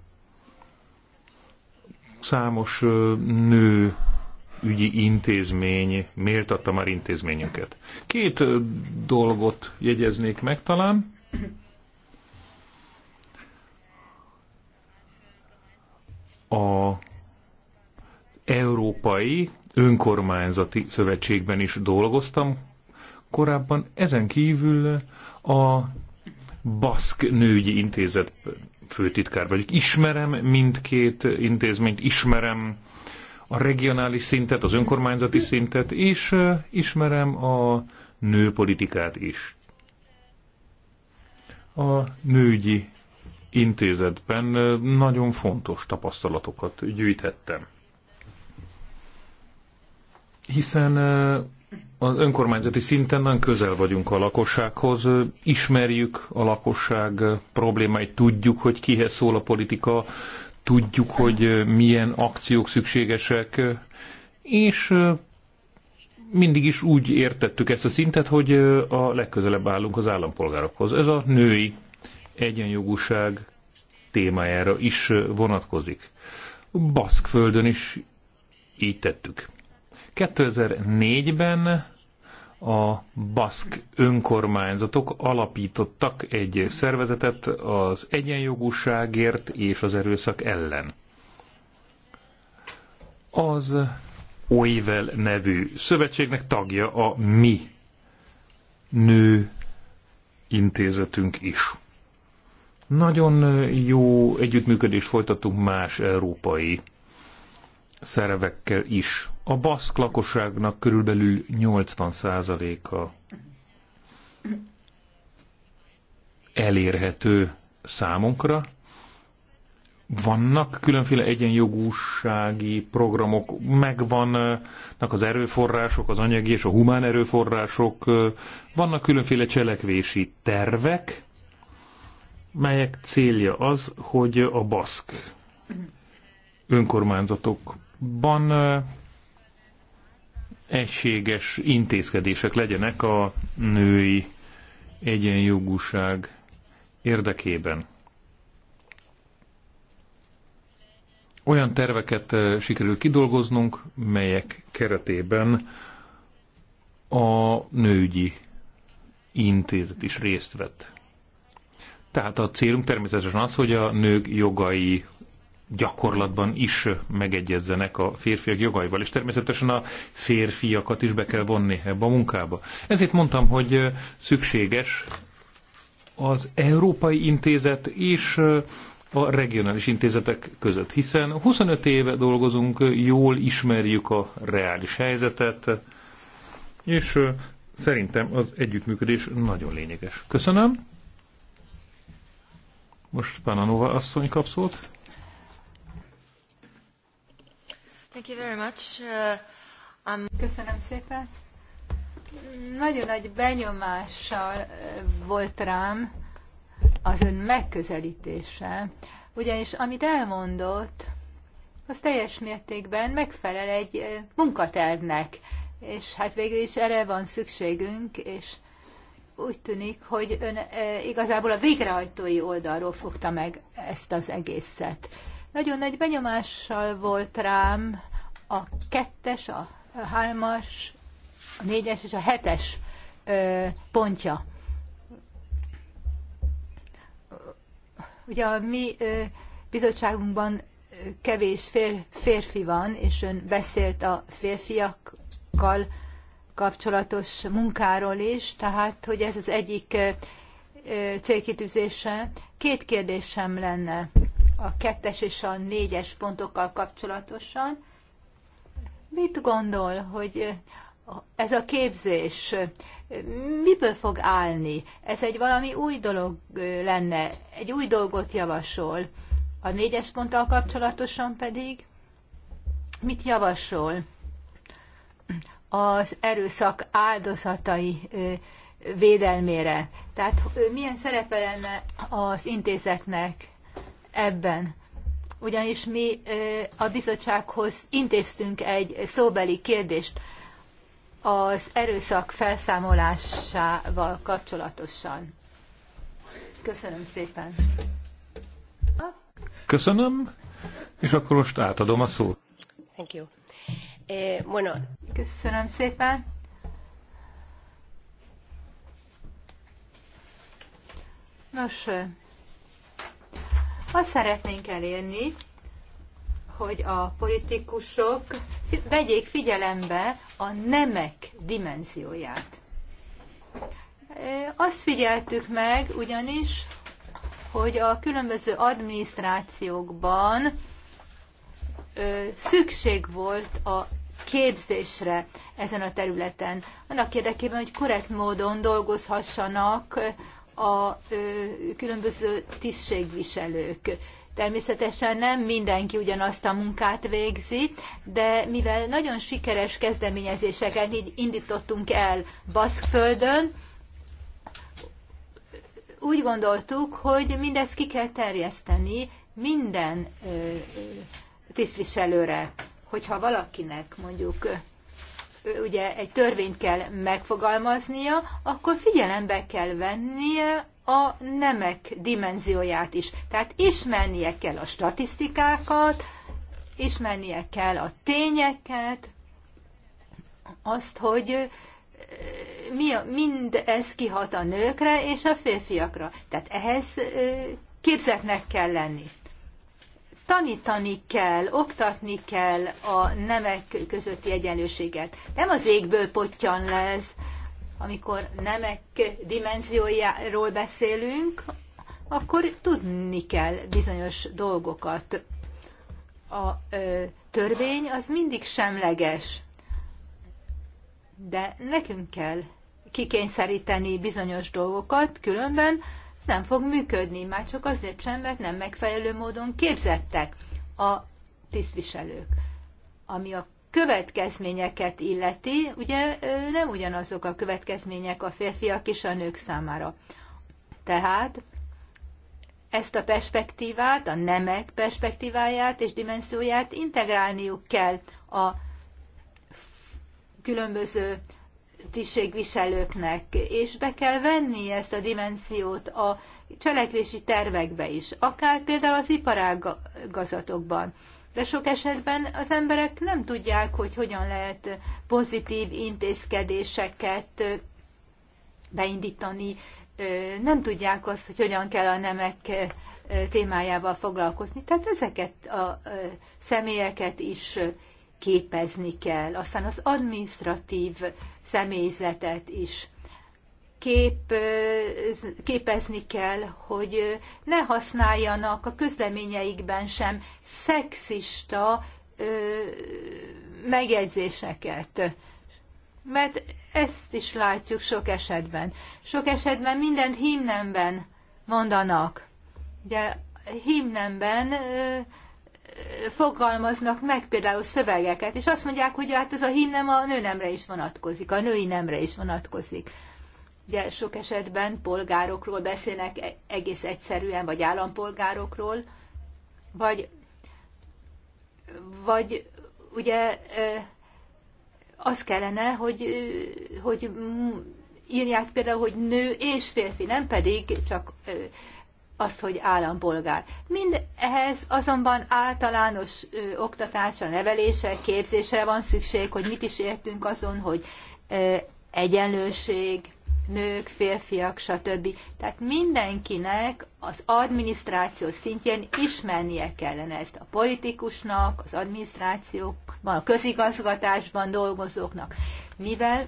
S2: Számos nő ügyi intézmény méltatta már intézményünket. Két dolgot jegyeznék meg talán. A Európai Önkormányzati Szövetségben is dolgoztam korábban ezen kívül a Baszk Nőgyi Intézet főtitkár vagyok. Ismerem mindkét intézményt, ismerem a regionális szintet, az önkormányzati szintet, és ismerem a nőpolitikát is. A nőgyi intézetben nagyon fontos tapasztalatokat gyűjtettem. Hiszen az önkormányzati szinten nagyon közel vagyunk a lakossághoz, ismerjük a lakosság problémáit, tudjuk, hogy kihez szól a politika, tudjuk, hogy milyen akciók szükségesek, és mindig is úgy értettük ezt a szintet, hogy a legközelebb állunk az állampolgárokhoz. Ez a női egyenjogúság témájára is vonatkozik. Baszkföldön is így tettük. 2004-ben a baszk önkormányzatok alapítottak egy szervezetet az egyenjogúságért és az erőszak ellen. Az Oivel nevű szövetségnek tagja a mi nő intézetünk is. Nagyon jó együttműködést folytatunk más európai szervekkel is. A baszk lakosságnak körülbelül 80%-a elérhető számunkra. Vannak különféle egyenjogúsági programok, megvannak az erőforrások, az anyagi és a humán erőforrások, vannak különféle cselekvési tervek, melyek célja az, hogy a baszk önkormányzatokban egységes intézkedések legyenek a női egyenjogúság érdekében. Olyan terveket eh, sikerül kidolgoznunk, melyek keretében a nőgyi intézet is részt vett. Tehát a célunk természetesen az, hogy a nők jogai gyakorlatban is megegyezzenek a férfiak jogaival, és természetesen a férfiakat is be kell vonni ebbe a munkába. Ezért mondtam, hogy szükséges az Európai Intézet és a regionális intézetek között, hiszen 25 éve dolgozunk, jól ismerjük a reális helyzetet, és szerintem az együttműködés nagyon lényeges. Köszönöm. Most Pananova asszony kap szót.
S3: Thank you very much. Uh, Köszönöm
S1: szépen. Nagyon nagy benyomással uh, volt rám az ön megközelítése, ugyanis amit elmondott, az teljes mértékben megfelel egy uh, munkatervnek, és hát végül is erre van szükségünk, és úgy tűnik, hogy ön uh, igazából a végrehajtói oldalról fogta meg ezt az egészet. Nagyon nagy benyomással volt rám a kettes, a hármas, a négyes és a hetes pontja. Ugye a mi bizottságunkban kevés fér, férfi van, és ön beszélt a férfiakkal kapcsolatos munkáról is, tehát hogy ez az egyik célkitűzése. Két kérdésem lenne a kettes és a négyes pontokkal kapcsolatosan. Mit gondol, hogy ez a képzés miből fog állni? Ez egy valami új dolog lenne, egy új dolgot javasol. A négyes ponttal kapcsolatosan pedig mit javasol? Az erőszak áldozatai védelmére. Tehát milyen szerepe lenne az intézetnek ebben. Ugyanis mi a bizottsághoz intéztünk egy szóbeli kérdést az erőszak felszámolásával kapcsolatosan. Köszönöm szépen.
S2: Köszönöm, és akkor most átadom a szót.
S1: Thank you. Eh, bueno. Köszönöm szépen. Nos, azt szeretnénk elérni, hogy a politikusok vegyék figyelembe a nemek dimenzióját. E, azt figyeltük meg ugyanis, hogy a különböző adminisztrációkban szükség volt a képzésre ezen a területen. Annak érdekében, hogy korrekt módon dolgozhassanak a különböző tisztségviselők. Természetesen nem mindenki ugyanazt a munkát végzi, de mivel nagyon sikeres kezdeményezéseket így indítottunk el Baszkföldön, úgy gondoltuk, hogy mindezt ki kell terjeszteni minden tisztviselőre, hogyha valakinek mondjuk ugye egy törvényt kell megfogalmaznia, akkor figyelembe kell vennie a nemek dimenzióját is. Tehát ismernie kell a statisztikákat, ismernie kell a tényeket, azt, hogy mi a, mind ez kihat a nőkre és a férfiakra. Tehát ehhez képzetnek kell lenni tanítani kell, oktatni kell a nemek közötti egyenlőséget. Nem az égből potyan lesz, amikor nemek dimenziójáról beszélünk, akkor tudni kell bizonyos dolgokat. A ö, törvény az mindig semleges, de nekünk kell kikényszeríteni bizonyos dolgokat, különben nem fog működni, már csak azért sem, mert nem megfelelő módon képzettek a tisztviselők. Ami a következményeket illeti, ugye nem ugyanazok a következmények a férfiak és a nők számára. Tehát ezt a perspektívát, a nemek perspektíváját és dimenzióját integrálniuk kell a különböző tisztségviselőknek, és be kell venni ezt a dimenziót a cselekvési tervekbe is, akár például az iparágazatokban. De sok esetben az emberek nem tudják, hogy hogyan lehet pozitív intézkedéseket beindítani, nem tudják azt, hogy hogyan kell a nemek témájával foglalkozni. Tehát ezeket a személyeket is képezni kell. Aztán az administratív személyzetet is kép, képezni kell, hogy ne használjanak a közleményeikben sem szexista ö, megjegyzéseket. Mert ezt is látjuk sok esetben. Sok esetben mindent himnemben mondanak. Ugye himnemben fogalmaznak meg például szövegeket, és azt mondják, hogy hát ez a nem a nőnemre is vonatkozik, a női nemre is vonatkozik. Ugye sok esetben polgárokról beszélnek e- egész egyszerűen, vagy állampolgárokról, vagy, vagy ugye az kellene, hogy, hogy írják például, hogy nő és férfi, nem pedig csak az, hogy állampolgár. Mind ehhez azonban általános ö, oktatásra, nevelésre, képzésre van szükség, hogy mit is értünk azon, hogy ö, egyenlőség, nők, férfiak, stb. Tehát mindenkinek az adminisztráció szintjén ismernie kellene ezt a politikusnak, az adminisztrációkban, a közigazgatásban dolgozóknak, mivel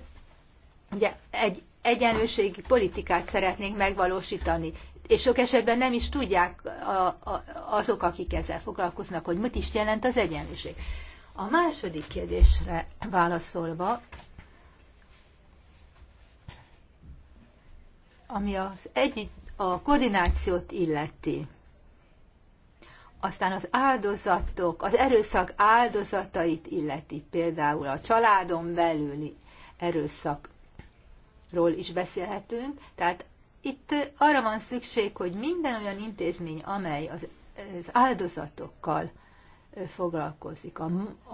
S1: ugye egy egyenlőségi politikát szeretnénk megvalósítani és sok esetben nem is tudják a, a, azok, akik ezzel foglalkoznak, hogy mit is jelent az egyenlőség. A második kérdésre válaszolva, ami az egy, a koordinációt illeti, aztán az áldozatok, az erőszak áldozatait illeti, például a családon belüli erőszakról is beszélhetünk, tehát itt arra van szükség, hogy minden olyan intézmény, amely az, az áldozatokkal foglalkozik, a,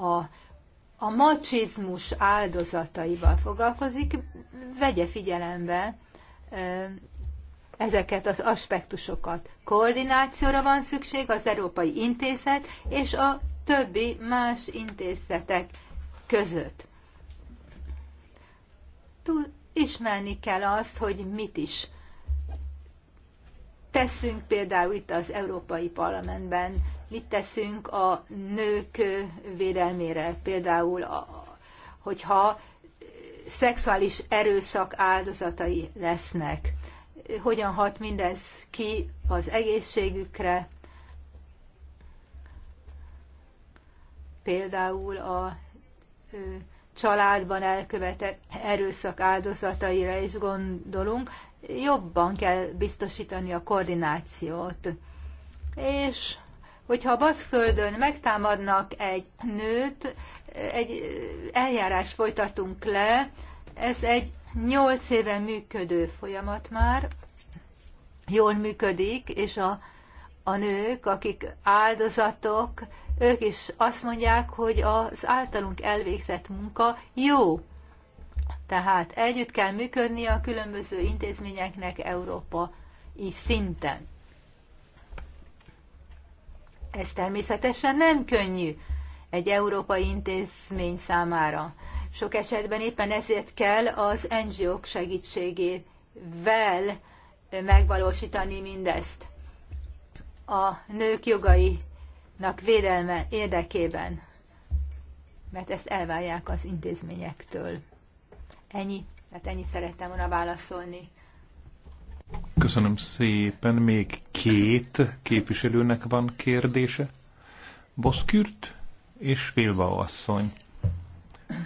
S1: a, a macsizmus áldozataival foglalkozik, vegye figyelembe ezeket az aspektusokat. Koordinációra van szükség az Európai Intézet és a többi más intézetek között. ismerni kell azt, hogy mit is teszünk például itt az Európai Parlamentben, mit teszünk a nők védelmére, például a, hogyha szexuális erőszak áldozatai lesznek. Hogyan hat mindez ki az egészségükre? Például a családban elkövetett erőszak áldozataira is gondolunk, jobban kell biztosítani a koordinációt. És hogyha a baszföldön megtámadnak egy nőt, egy eljárás folytatunk le, ez egy nyolc éve működő folyamat már, jól működik, és a, a nők, akik áldozatok, ők is azt mondják, hogy az általunk elvégzett munka jó. Tehát együtt kell működni a különböző intézményeknek európai szinten. Ez természetesen nem könnyű egy európai intézmény számára. Sok esetben éppen ezért kell az NGO-k segítségével megvalósítani mindezt a nők jogainak védelme érdekében, mert ezt elvárják az intézményektől. Ennyi. hát ennyi szerettem volna válaszolni.
S2: Köszönöm szépen. Még két képviselőnek van kérdése. Boszkürt és Vilvao asszony.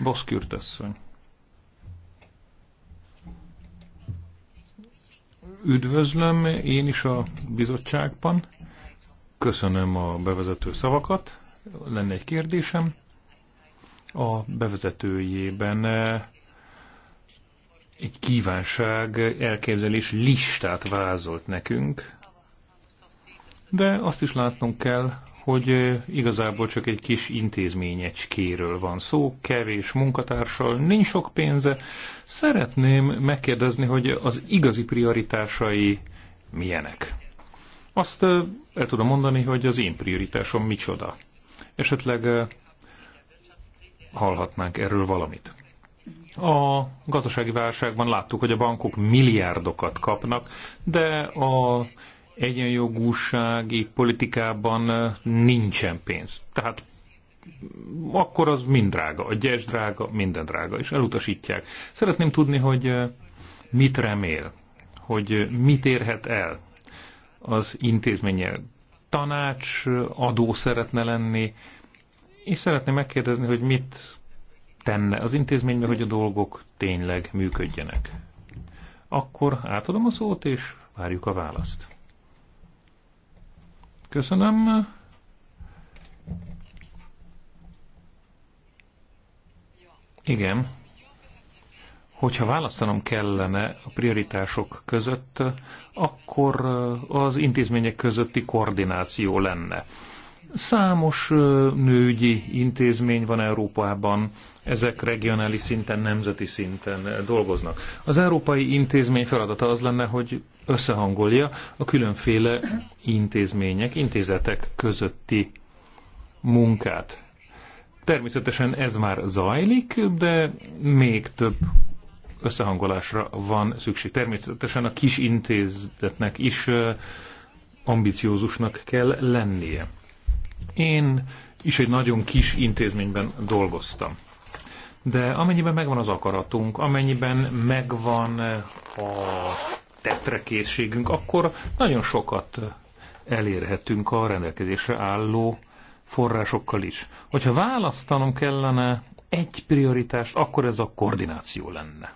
S2: Boszkürt asszony. Üdvözlöm én is a bizottságban. Köszönöm a bevezető szavakat. Lenne egy kérdésem. A bevezetőjében eh, egy kívánság elképzelés listát vázolt nekünk, de azt is látnunk kell, hogy igazából csak egy kis intézményecskéről van szó, kevés munkatársal, nincs sok pénze. Szeretném megkérdezni, hogy az igazi prioritásai milyenek. Azt el tudom mondani, hogy az én prioritásom micsoda. Esetleg hallhatnánk erről valamit. A gazdasági válságban láttuk, hogy a bankok milliárdokat kapnak, de a egyenjogúsági politikában nincsen pénz. Tehát akkor az mind drága, a gyes drága, minden drága, és elutasítják. Szeretném tudni, hogy mit remél, hogy mit érhet el az intézménye. Tanács, adó szeretne lenni, és szeretném megkérdezni, hogy mit tenne az intézményben, hogy a dolgok tényleg működjenek. Akkor átadom a szót, és várjuk a választ. Köszönöm. Igen. Hogyha választanom kellene a prioritások között, akkor az intézmények közötti koordináció lenne. Számos nőgyi intézmény van Európában, ezek regionális szinten, nemzeti szinten dolgoznak. Az európai intézmény feladata az lenne, hogy összehangolja a különféle intézmények, intézetek közötti munkát. Természetesen ez már zajlik, de még több összehangolásra van szükség. Természetesen a kis intézetnek is ambiciózusnak kell lennie. Én is egy nagyon kis intézményben dolgoztam de amennyiben megvan az akaratunk, amennyiben megvan a tetrekészségünk, akkor nagyon sokat elérhetünk a rendelkezésre álló forrásokkal is. Hogyha választanom kellene egy prioritást, akkor ez a koordináció lenne.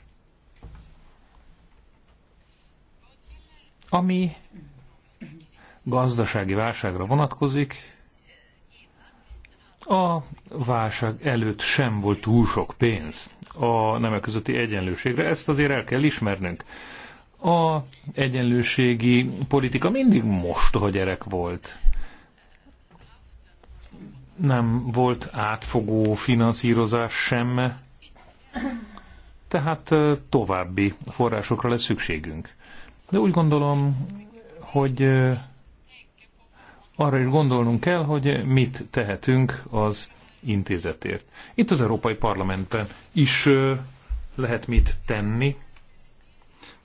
S2: Ami gazdasági válságra vonatkozik, a válság előtt sem volt túl sok pénz a nemek közötti egyenlőségre, ezt azért el kell ismernünk. A egyenlőségi politika mindig mostoha gyerek volt. Nem volt átfogó finanszírozás sem, tehát további forrásokra lesz szükségünk. De úgy gondolom, hogy arra is gondolnunk kell, hogy mit tehetünk az intézetért. Itt az Európai Parlamentben is lehet mit tenni.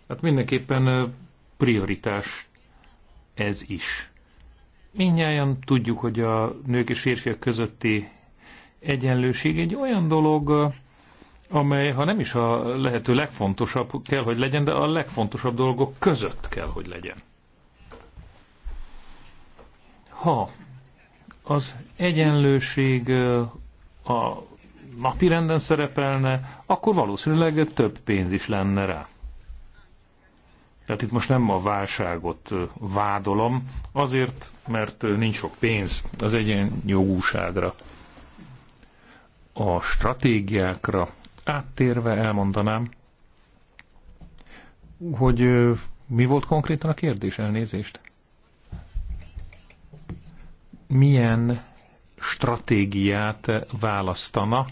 S2: Hát mindenképpen prioritás ez is. Mindnyáján tudjuk, hogy a nők és férfiak közötti egyenlőség egy olyan dolog, amely, ha nem is a lehető legfontosabb kell, hogy legyen, de a legfontosabb dolgok között kell, hogy legyen. Ha az egyenlőség a napirenden szerepelne, akkor valószínűleg több pénz is lenne rá. Tehát itt most nem a válságot vádolom, azért, mert nincs sok pénz az egyenjogúságra. A stratégiákra áttérve elmondanám, hogy mi volt konkrétan a kérdés, elnézést? milyen stratégiát választana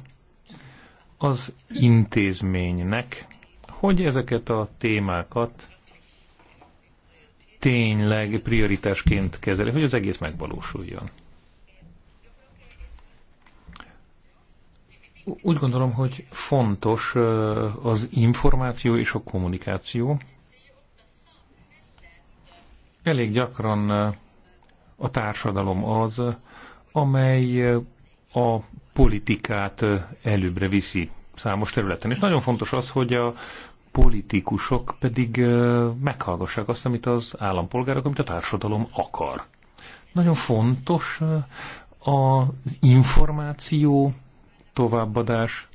S2: az intézménynek, hogy ezeket a témákat tényleg prioritásként kezeli, hogy az egész megvalósuljon. Úgy gondolom, hogy fontos az információ és a kommunikáció. Elég gyakran a társadalom az, amely eh, a politikát eh, előbbre viszi számos területen. És nagyon fontos az, hogy a politikusok pedig eh, meghallgassák azt, amit az állampolgárok, amit a társadalom akar. Nagyon fontos az információ továbbadás,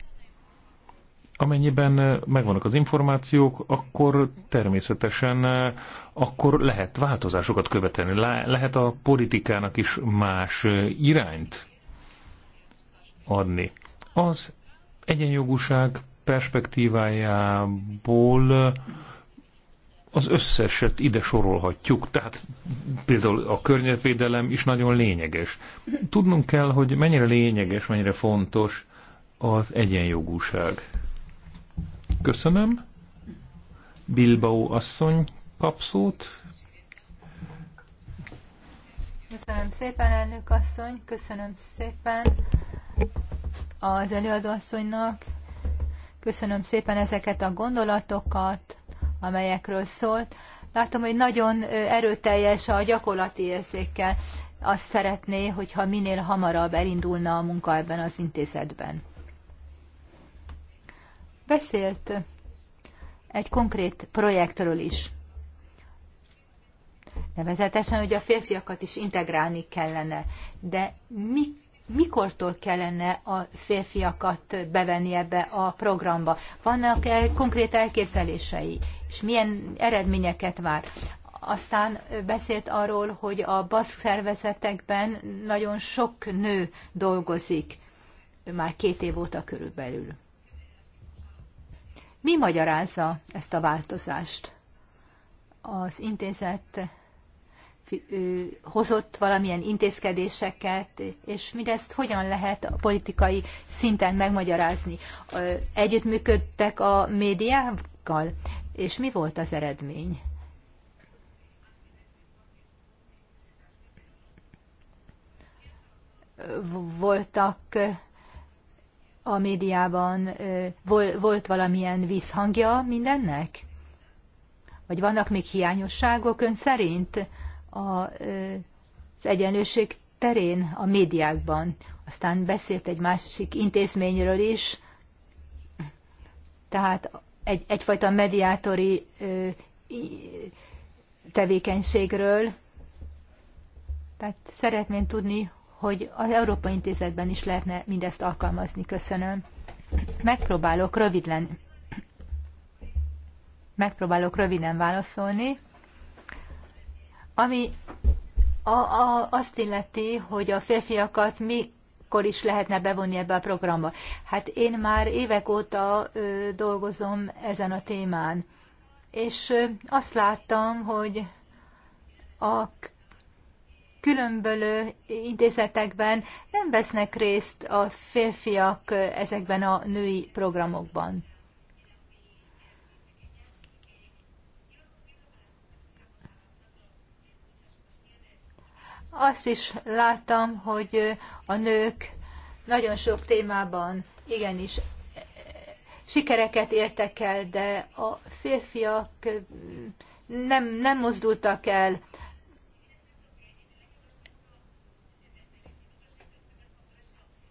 S2: amennyiben megvannak az információk, akkor természetesen akkor lehet változásokat követelni. Lehet a politikának is más irányt adni. Az egyenjogúság perspektívájából az összeset ide sorolhatjuk, tehát például a környezetvédelem is nagyon lényeges. Tudnunk kell, hogy mennyire lényeges, mennyire fontos az egyenjogúság. Köszönöm. Bilbao asszony kapszót.
S1: Köszönöm szépen, elnök asszony, köszönöm szépen az előadó asszonynak, köszönöm szépen ezeket a gondolatokat, amelyekről szólt. Látom, hogy nagyon erőteljes a gyakorlati érzéke, Azt szeretné, hogyha minél hamarabb elindulna a munka ebben az intézetben. Beszélt egy konkrét projektről is. Nevezetesen, hogy a férfiakat is integrálni kellene. De mi, mikortól kellene a férfiakat bevenni ebbe a programba? Vannak-e konkrét elképzelései? És milyen eredményeket vár? Aztán beszélt arról, hogy a baszk szervezetekben nagyon sok nő dolgozik, már két év óta körülbelül. Mi magyarázza ezt a változást? Az intézet hozott valamilyen intézkedéseket, és mindezt hogyan lehet a politikai szinten megmagyarázni? Együttműködtek a médiákkal, és mi volt az eredmény? Voltak a médiában volt valamilyen visszhangja mindennek? Vagy vannak még hiányosságok ön szerint az egyenlőség terén a médiákban? Aztán beszélt egy másik intézményről is, tehát egy, egyfajta mediátori ö, tevékenységről. Tehát szeretném tudni, hogy az Európai Intézetben is lehetne mindezt alkalmazni. Köszönöm. Megpróbálok röviden, megpróbálok röviden válaszolni. Ami a, a, azt illeti, hogy a férfiakat mi akkor is lehetne bevonni ebbe a programba. Hát én már évek óta ö, dolgozom ezen a témán, és ö, azt láttam, hogy a különböző intézetekben nem vesznek részt a férfiak ezekben a női programokban. Azt is láttam, hogy a nők nagyon sok témában igenis sikereket értek el, de a férfiak nem, nem mozdultak el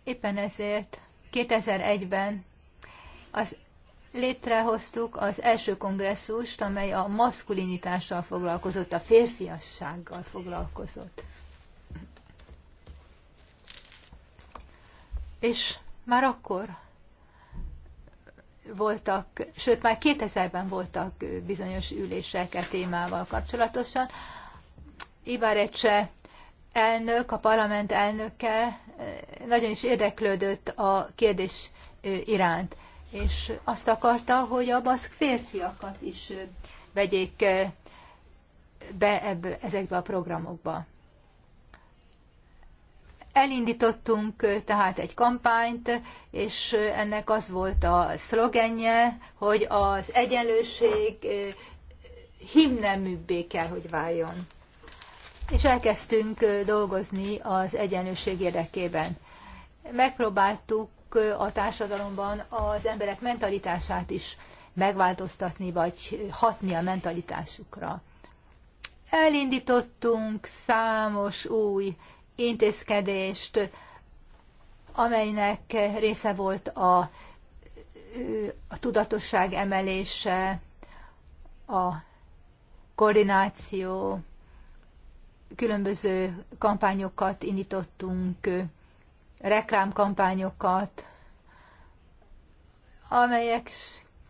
S1: Éppen ezért 2001-ben az létrehoztuk az első kongresszust, amely a maszkulinitással foglalkozott, a férfiassággal foglalkozott. És már akkor voltak, sőt már 2000-ben voltak bizonyos ülések a e témával kapcsolatosan. Ibarecse elnök, a parlament elnöke eh, nagyon is érdeklődött a kérdés eh, iránt, és azt akarta, hogy a baszk férfiakat is eh, vegyék be ebbe ezekbe a programokba. Elindítottunk tehát egy kampányt, és ennek az volt a szlogenje, hogy az egyenlőség himneműbbé kell, hogy váljon és elkezdtünk dolgozni az egyenlőség érdekében. Megpróbáltuk a társadalomban az emberek mentalitását is megváltoztatni, vagy hatni a mentalitásukra. Elindítottunk számos új intézkedést, amelynek része volt a, a tudatosság emelése, a koordináció, különböző kampányokat indítottunk, reklámkampányokat, amelyek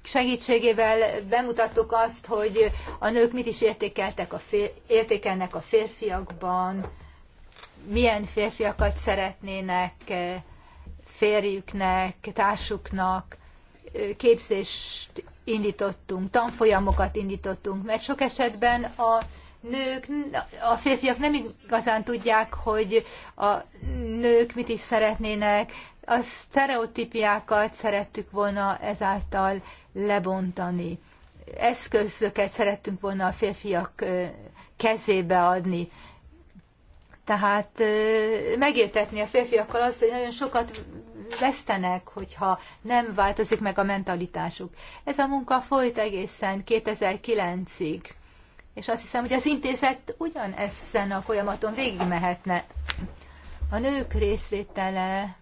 S1: segítségével bemutattuk azt, hogy a nők mit is értékeltek a fér, értékelnek a férfiakban, milyen férfiakat szeretnének férjüknek, társuknak, képzést indítottunk, tanfolyamokat indítottunk, mert sok esetben a nők, a férfiak nem igazán tudják, hogy a nők mit is szeretnének, a sztereotípiákat szerettük volna ezáltal lebontani. Eszközöket szerettünk volna a férfiak kezébe adni. Tehát megértetni a férfiakkal azt, hogy nagyon sokat vesztenek, hogyha nem változik meg a mentalitásuk. Ez a munka folyt egészen 2009-ig és azt hiszem, hogy az intézet ugyanezen a folyamaton végigmehetne. A nők részvétele,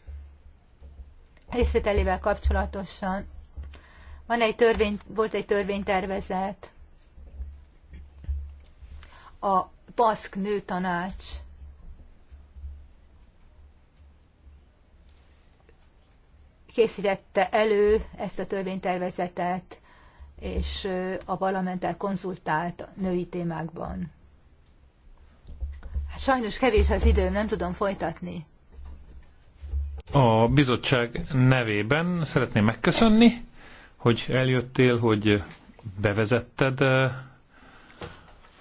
S1: részvételével kapcsolatosan van egy törvény, volt egy törvénytervezet, a Baszk Nőtanács készítette elő ezt a törvénytervezetet, és a parlamenttel konzultált női témákban. Hát sajnos kevés az időm, nem tudom folytatni.
S2: A bizottság nevében szeretném megköszönni, hogy eljöttél, hogy bevezetted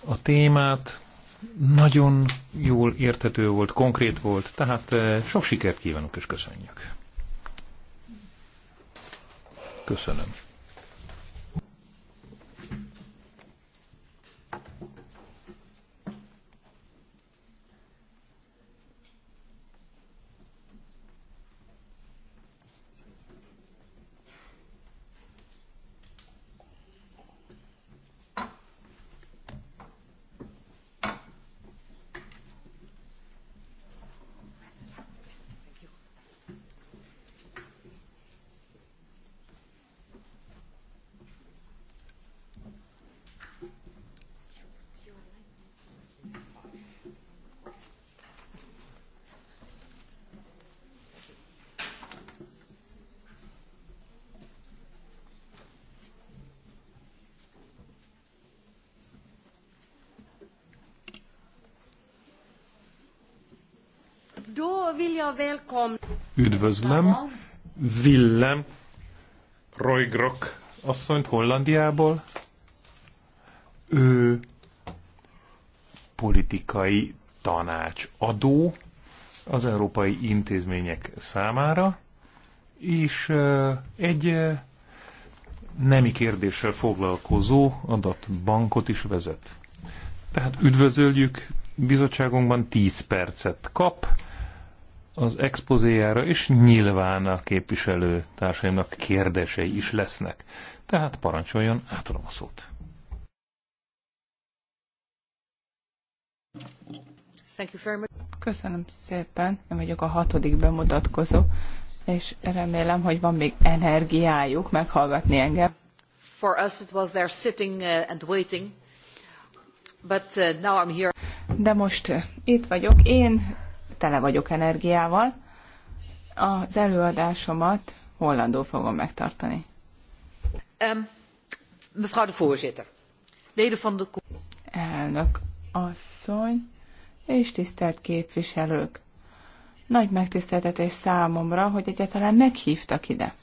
S2: a témát. Nagyon jól értető volt, konkrét volt, tehát sok sikert kívánok és köszönjük. Köszönöm. Üdvözlöm. Willem Roigrok asszonyt Hollandiából. Ő politikai tanácsadó az európai intézmények számára, és egy nemi kérdéssel foglalkozó adatbankot is vezet. Tehát üdvözöljük, bizottságunkban 10 percet kap, az expozéjára, és nyilván a képviselő társaimnak kérdései is lesznek. Tehát parancsoljon, átadom a szót.
S4: Köszönöm szépen, én vagyok a hatodik bemutatkozó, és remélem, hogy van még energiájuk meghallgatni engem.
S3: For us it was there sitting uh, and waiting, but uh, now I'm here.
S4: De most uh, itt vagyok, én tele vagyok energiával. Az előadásomat hollandul fogom megtartani.
S3: Um, mevrouw de voorzitter, leden van de...
S4: Elnök asszony és tisztelt képviselők. Nagy megtiszteltetés számomra, hogy egyáltalán meghívtak ide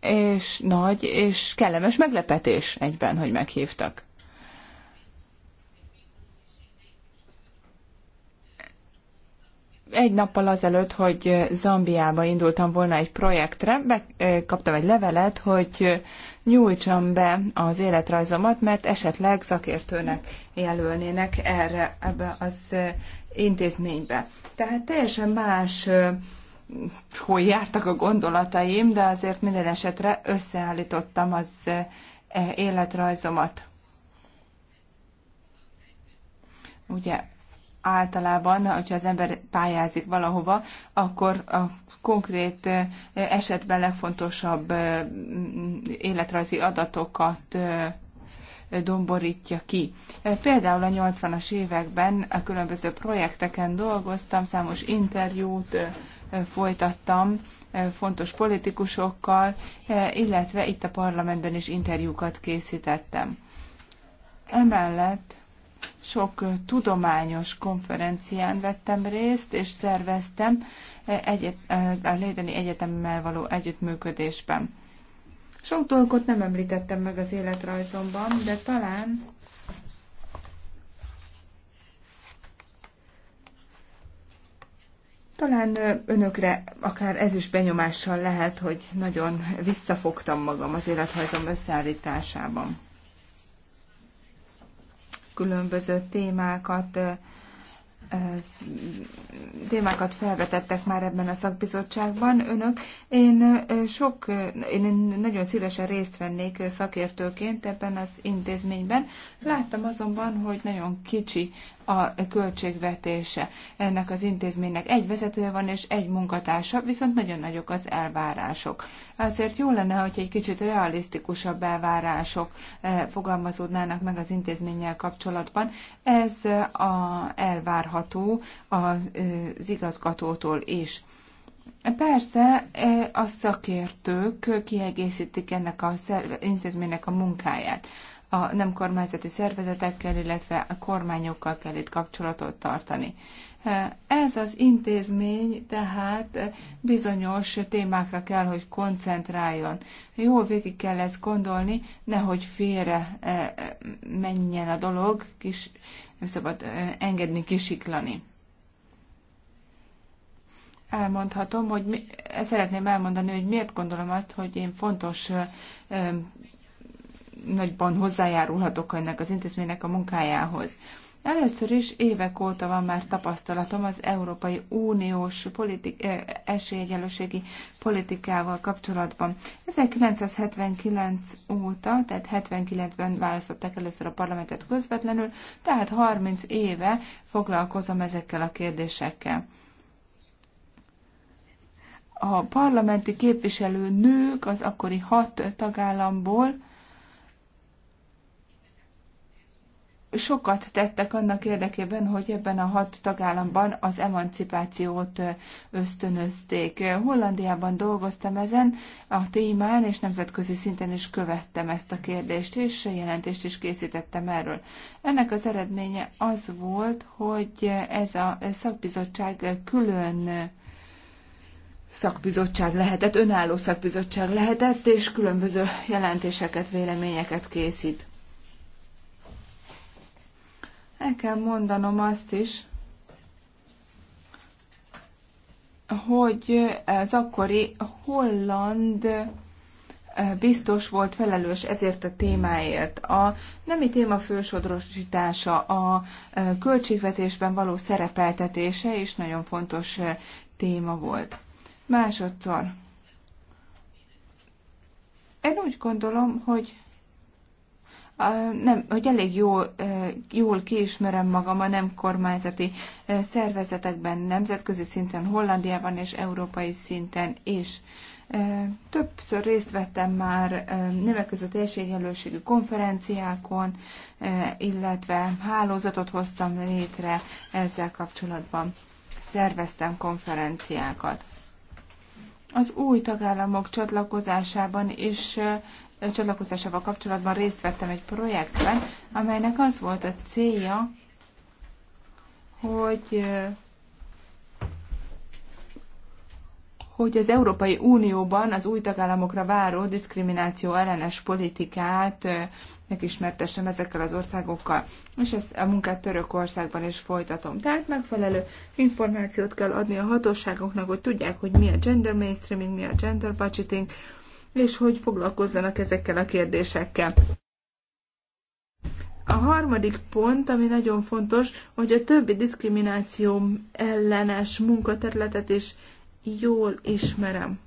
S4: és nagy és kellemes meglepetés egyben, hogy meghívtak. egy nappal azelőtt, hogy Zambiába indultam volna egy projektre, kaptam egy levelet, hogy nyújtsam be az életrajzomat, mert esetleg szakértőnek jelölnének erre, ebbe az intézménybe. Tehát teljesen más hogy jártak a gondolataim, de azért minden esetre összeállítottam az életrajzomat. Ugye általában, hogyha az ember pályázik valahova, akkor a konkrét esetben legfontosabb életrajzi adatokat domborítja ki. Például a 80-as években a különböző projekteken dolgoztam, számos interjút folytattam fontos politikusokkal, illetve itt a parlamentben is interjúkat készítettem. Emellett sok tudományos konferencián vettem részt, és szerveztem egyet, a Lédeni Egyetemmel való együttműködésben. Sok dolgot nem említettem meg az életrajzomban, de talán talán önökre akár ez is benyomással lehet, hogy nagyon visszafogtam magam az életrajzom összeállításában különböző témákat témákat felvetettek már ebben a szakbizottságban önök. Én sok, én nagyon szívesen részt vennék szakértőként ebben az intézményben. Láttam azonban, hogy nagyon kicsi a költségvetése ennek az intézménynek. Egy vezetője van és egy munkatársa, viszont nagyon nagyok az elvárások. Azért jó lenne, hogy egy kicsit realisztikusabb elvárások eh, fogalmazódnának meg az intézménnyel kapcsolatban. Ez eh, a elvárható eh, az igazgatótól is. Persze, a szakértők kiegészítik ennek az intézménynek a munkáját a nem kormányzati szervezetekkel, illetve a kormányokkal kell itt kapcsolatot tartani. Ez az intézmény tehát bizonyos témákra kell, hogy koncentráljon. Jó végig kell ezt gondolni, nehogy félre menjen a dolog, kis, nem szabad engedni kisiklani. Elmondhatom, hogy mi, szeretném elmondani, hogy miért gondolom azt, hogy én fontos nagyban hozzájárulhatok ennek az intézménynek a munkájához. Először is évek óta van már tapasztalatom az Európai Uniós politi- eh, esélyegyelőségi politikával kapcsolatban. 1979 óta, tehát 79-ben választották először a parlamentet közvetlenül, tehát 30 éve foglalkozom ezekkel a kérdésekkel a parlamenti képviselő nők az akkori hat tagállamból sokat tettek annak érdekében, hogy ebben a hat tagállamban az emancipációt ösztönözték. Hollandiában dolgoztam ezen a témán, és nemzetközi szinten is követtem ezt a kérdést, és jelentést is készítettem erről. Ennek az eredménye az volt, hogy ez a szakbizottság külön szakbizottság lehetett, önálló szakbizottság lehetett, és különböző jelentéseket, véleményeket készít. El kell mondanom azt is, hogy az akkori holland eh, biztos volt felelős ezért a témáért. A nemi téma fősodrosítása, a eh, költségvetésben való szerepeltetése is nagyon fontos eh, téma volt. Másodszor. Én úgy gondolom, hogy nem, hogy elég jó, jól kiismerem magam a nem kormányzati szervezetekben, nemzetközi szinten, Hollandiában és európai szinten is. Többször részt vettem már nemek között esélyegyenlőségű konferenciákon, illetve hálózatot hoztam létre ezzel kapcsolatban. Szerveztem konferenciákat. Az új tagállamok csatlakozásában is csatlakozásával kapcsolatban részt vettem egy projektben, amelynek az volt a célja, hogy hogy az Európai Unióban az új tagállamokra váró diszkrimináció ellenes politikát megismertessem ezekkel az országokkal. És ezt a munkát Törökországban is folytatom. Tehát megfelelő információt kell adni a hatóságoknak, hogy tudják, hogy mi a gender mainstreaming, mi a gender budgeting, és hogy foglalkozzanak ezekkel a kérdésekkel. A harmadik pont, ami nagyon fontos, hogy a többi diszkrimináció ellenes munkaterületet is jól ismerem.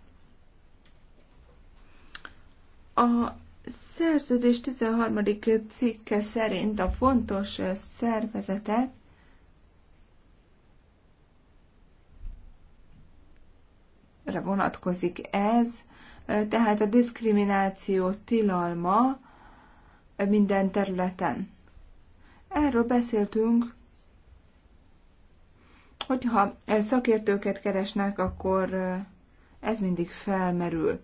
S4: A szerződés 13. cikke szerint a fontos szervezetek vonatkozik ez, tehát a diszkrimináció tilalma minden területen. Erről beszéltünk, hogyha szakértőket keresnek, akkor ez mindig felmerül.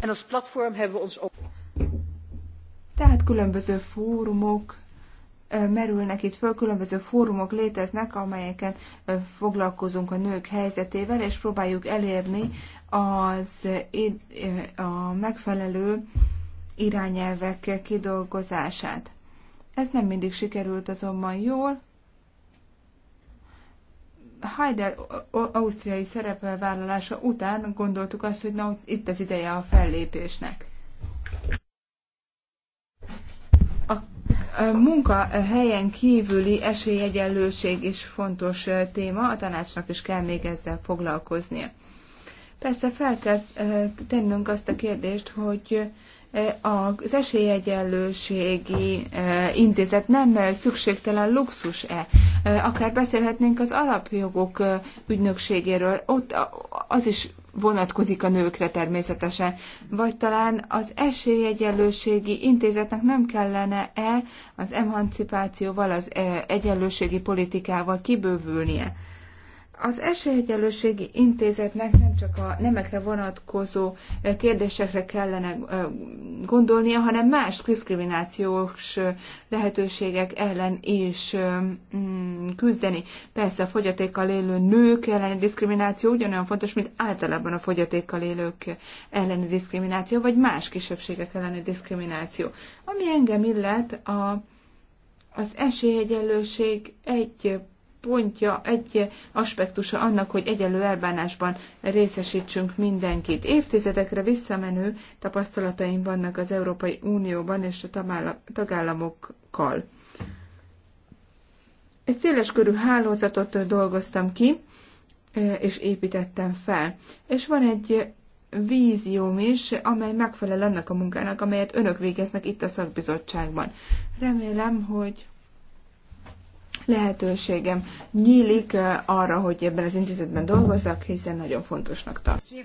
S3: En als platform hebben we ons op-
S4: Tehát különböző fórumok merülnek itt föl, különböző fórumok léteznek, amelyeken foglalkozunk a nők helyzetével, és próbáljuk elérni az, eh, a megfelelő irányelvek kidolgozását. Ez nem mindig sikerült azonban jól. Heider ausztriai szerepelvállalása után gondoltuk azt, hogy na, itt az ideje a fellépésnek. A munkahelyen kívüli esélyegyenlőség is fontos eh, téma, a tanácsnak is kell még ezzel foglalkoznia. Persze fel kell tennünk azt a kérdést, hogy az esélyegyenlőségi intézet nem szükségtelen luxus-e? Akár beszélhetnénk az alapjogok ügynökségéről, ott az is vonatkozik a nőkre természetesen. Vagy talán az esélyegyenlőségi intézetnek nem kellene-e az emancipációval, az egyenlőségi politikával kibővülnie? Az esélyegyelőségi Intézetnek nem csak a nemekre vonatkozó eh, kérdésekre kellene eh, gondolnia, hanem más diszkriminációs eh, lehetőségek ellen is mm, küzdeni. Persze a fogyatékkal élő nők elleni diszkrimináció ugyanolyan fontos, mint általában a fogyatékkal élők elleni diszkrimináció, vagy más kisebbségek elleni diszkrimináció. Ami engem illet, a, az esélyegyenlőség egy pontja, egy aspektusa annak, hogy egyenlő elbánásban részesítsünk mindenkit. Évtizedekre visszamenő tapasztalataim vannak az Európai Unióban és a tagállamokkal. Egy széleskörű hálózatot dolgoztam ki, és építettem fel. És van egy vízióm is, amely megfelel annak a munkának, amelyet önök végeznek itt a szakbizottságban. Remélem, hogy lehetőségem nyílik arra, hogy ebben az intézetben dolgozzak, hiszen nagyon fontosnak tartom.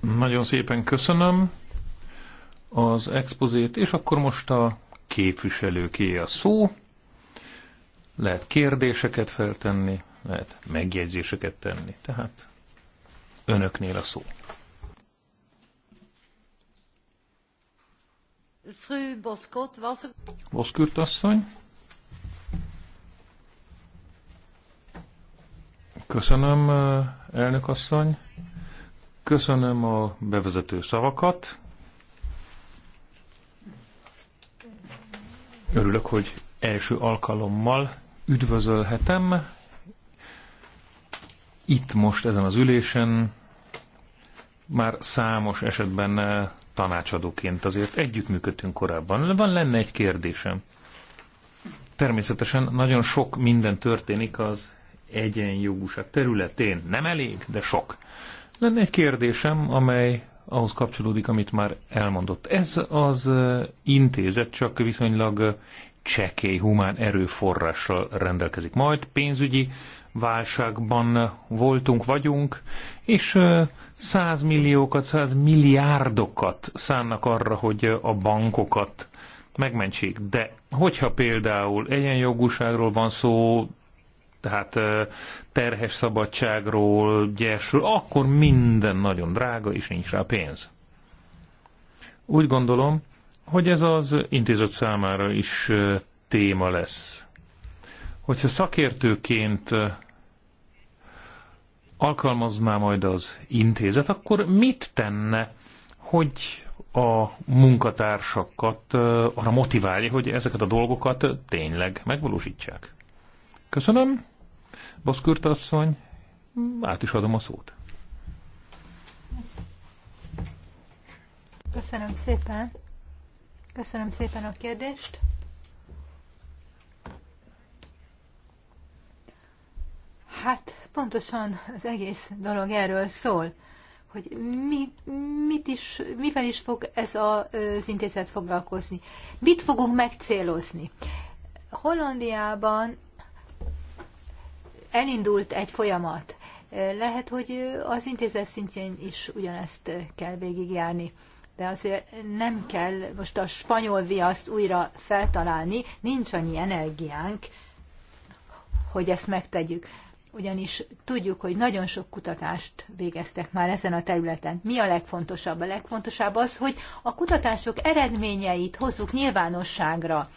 S2: Nagyon szépen köszönöm az expozét, és akkor most a képviselőké a szó. Lehet kérdéseket feltenni, lehet megjegyzéseket tenni. Tehát önöknél a szó. Boszkürt asszony. Köszönöm, elnök asszony. Köszönöm a bevezető szavakat. Örülök, hogy első alkalommal üdvözölhetem itt most ezen az ülésen már számos esetben tanácsadóként azért együttműködtünk korábban. Van lenne egy kérdésem. Természetesen nagyon sok minden történik az egyenjogúság területén nem elég, de sok. Lenne egy kérdésem, amely ahhoz kapcsolódik, amit már elmondott. Ez az eh, intézet csak viszonylag eh, csekély humán erőforrással rendelkezik. Majd pénzügyi válságban eh, voltunk, vagyunk, és százmilliókat, százmilliárdokat szánnak arra, hogy a bankokat megmentsék. De hogyha például egyenjogúságról van szó, tehát terhes szabadságról, gyersről, akkor minden nagyon drága, és nincs rá pénz. Úgy gondolom, hogy ez az intézet számára is téma lesz. Hogyha szakértőként alkalmazná majd az intézet, akkor mit tenne, hogy a munkatársakat arra motiválja, hogy ezeket a dolgokat tényleg megvalósítsák? Köszönöm. Baszkürt asszony, át is adom a szót.
S1: Köszönöm szépen. Köszönöm szépen a kérdést. Hát pontosan az egész dolog erről szól, hogy mi mit is, mivel is fog ez a, az intézet foglalkozni. Mit fogunk megcélozni? Hollandiában elindult egy folyamat. Lehet, hogy az intézet szintjén is ugyanezt kell végigjárni. De azért nem kell most a spanyol viaszt újra feltalálni, nincs annyi energiánk, hogy ezt megtegyük. Ugyanis tudjuk, hogy nagyon sok kutatást végeztek már ezen a területen. Mi a legfontosabb? A legfontosabb az, hogy a kutatások eredményeit hozzuk nyilvánosságra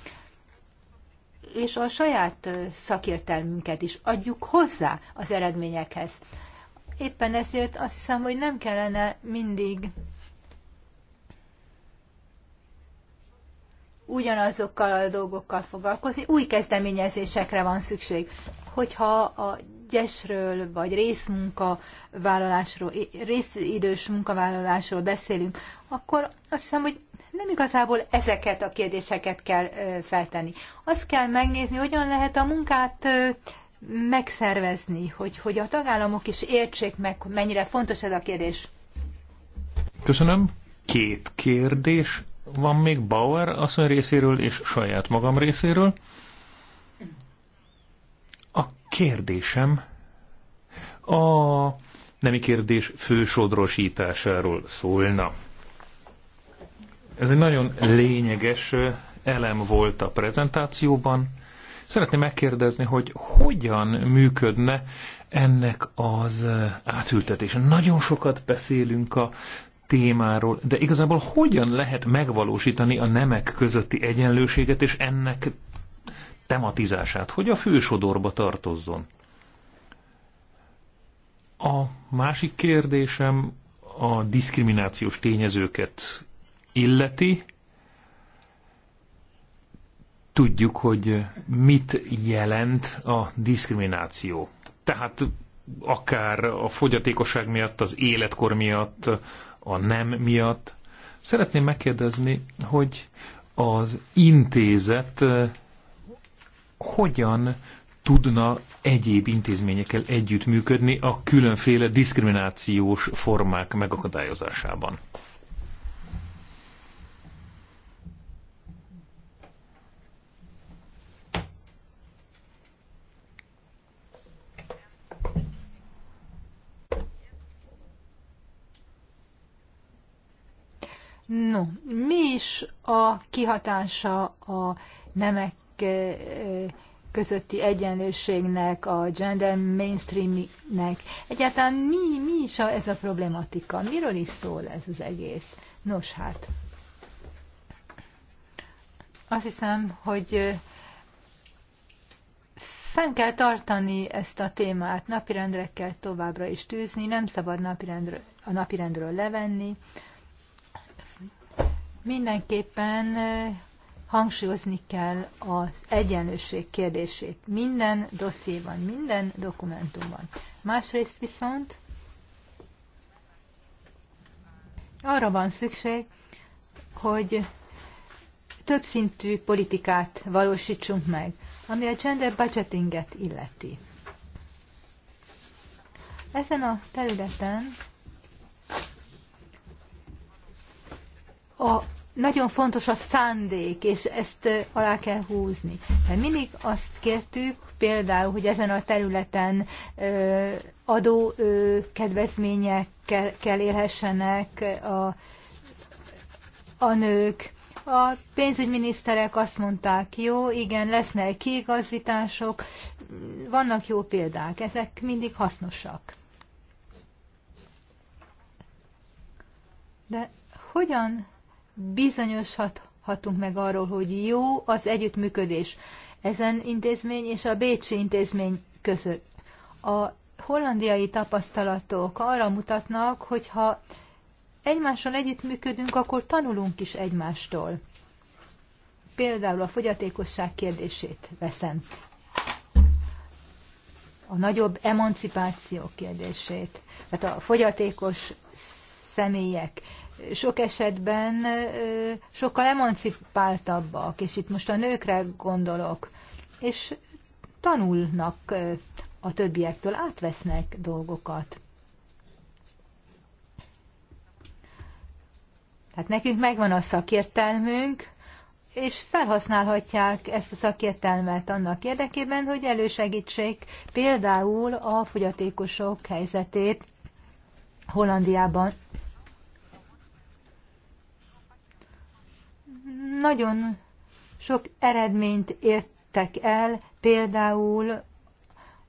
S1: és a saját szakértelmünket is adjuk hozzá az eredményekhez. Éppen ezért azt hiszem, hogy nem kellene mindig ugyanazokkal a dolgokkal foglalkozni, új kezdeményezésekre van szükség. Hogyha a gyesről vagy részmunkavállalásról, részidős munkavállalásról beszélünk, akkor azt hiszem, hogy nem igazából ezeket a kérdéseket kell feltenni. Azt kell megnézni, hogyan lehet a munkát megszervezni, hogy, hogy a tagállamok is értsék meg, mennyire fontos ez a kérdés.
S2: Köszönöm. Két kérdés van még Bauer asszony részéről és saját magam részéről. A kérdésem a nemi kérdés fősodrosításáról szólna. Ez egy nagyon lényeges elem volt a prezentációban. Szeretném megkérdezni, hogy hogyan működne ennek az átültetése. Nagyon sokat beszélünk a témáról, de igazából hogyan lehet megvalósítani a nemek közötti egyenlőséget és ennek tematizását, hogy a fősodorba tartozzon. A másik kérdésem a diszkriminációs tényezőket illeti, tudjuk, hogy mit jelent a diszkrimináció. Tehát akár a fogyatékosság miatt, az életkor miatt, a nem miatt. Szeretném megkérdezni, hogy az intézet eh, hogyan tudna egyéb intézményekkel együttműködni a különféle diszkriminációs formák megakadályozásában.
S1: No, mi is a kihatása a nemek eh, közötti egyenlőségnek, a gender mainstreamnek? Egyáltalán mi, mi is a, ez a problematika? Miről is szól ez az egész? Nos hát, azt hiszem, hogy eh, fenn kell tartani ezt a témát, napirendre kell továbbra is tűzni, nem szabad napirendre, a napirendről levenni. Mindenképpen hangsúlyozni kell az egyenlőség kérdését minden dossziéban, minden dokumentumban. Másrészt viszont arra van szükség, hogy többszintű politikát valósítsunk meg, ami a gender budgetinget illeti. Ezen a területen a nagyon fontos a szándék, és ezt alá kell húzni. Mert mindig azt kértük, például, hogy ezen a területen adó kedvezményekkel élhessenek a, a nők. A pénzügyminiszterek azt mondták, jó, igen, lesznek kiigazítások, vannak jó példák, ezek mindig hasznosak. De hogyan bizonyoshatunk meg arról, hogy jó az együttműködés ezen intézmény és a Bécsi intézmény között. A hollandiai tapasztalatok arra mutatnak, hogy ha egymással együttműködünk, akkor tanulunk is egymástól. Például a fogyatékosság kérdését veszem. A nagyobb emancipáció kérdését. Tehát a fogyatékos személyek sok esetben sokkal emancipáltabbak, és itt most a nőkre gondolok, és tanulnak a többiektől, átvesznek dolgokat. Tehát nekünk megvan a szakértelmünk, és felhasználhatják ezt a szakértelmet annak érdekében, hogy elősegítsék például a fogyatékosok helyzetét Hollandiában Nagyon sok eredményt értek el, például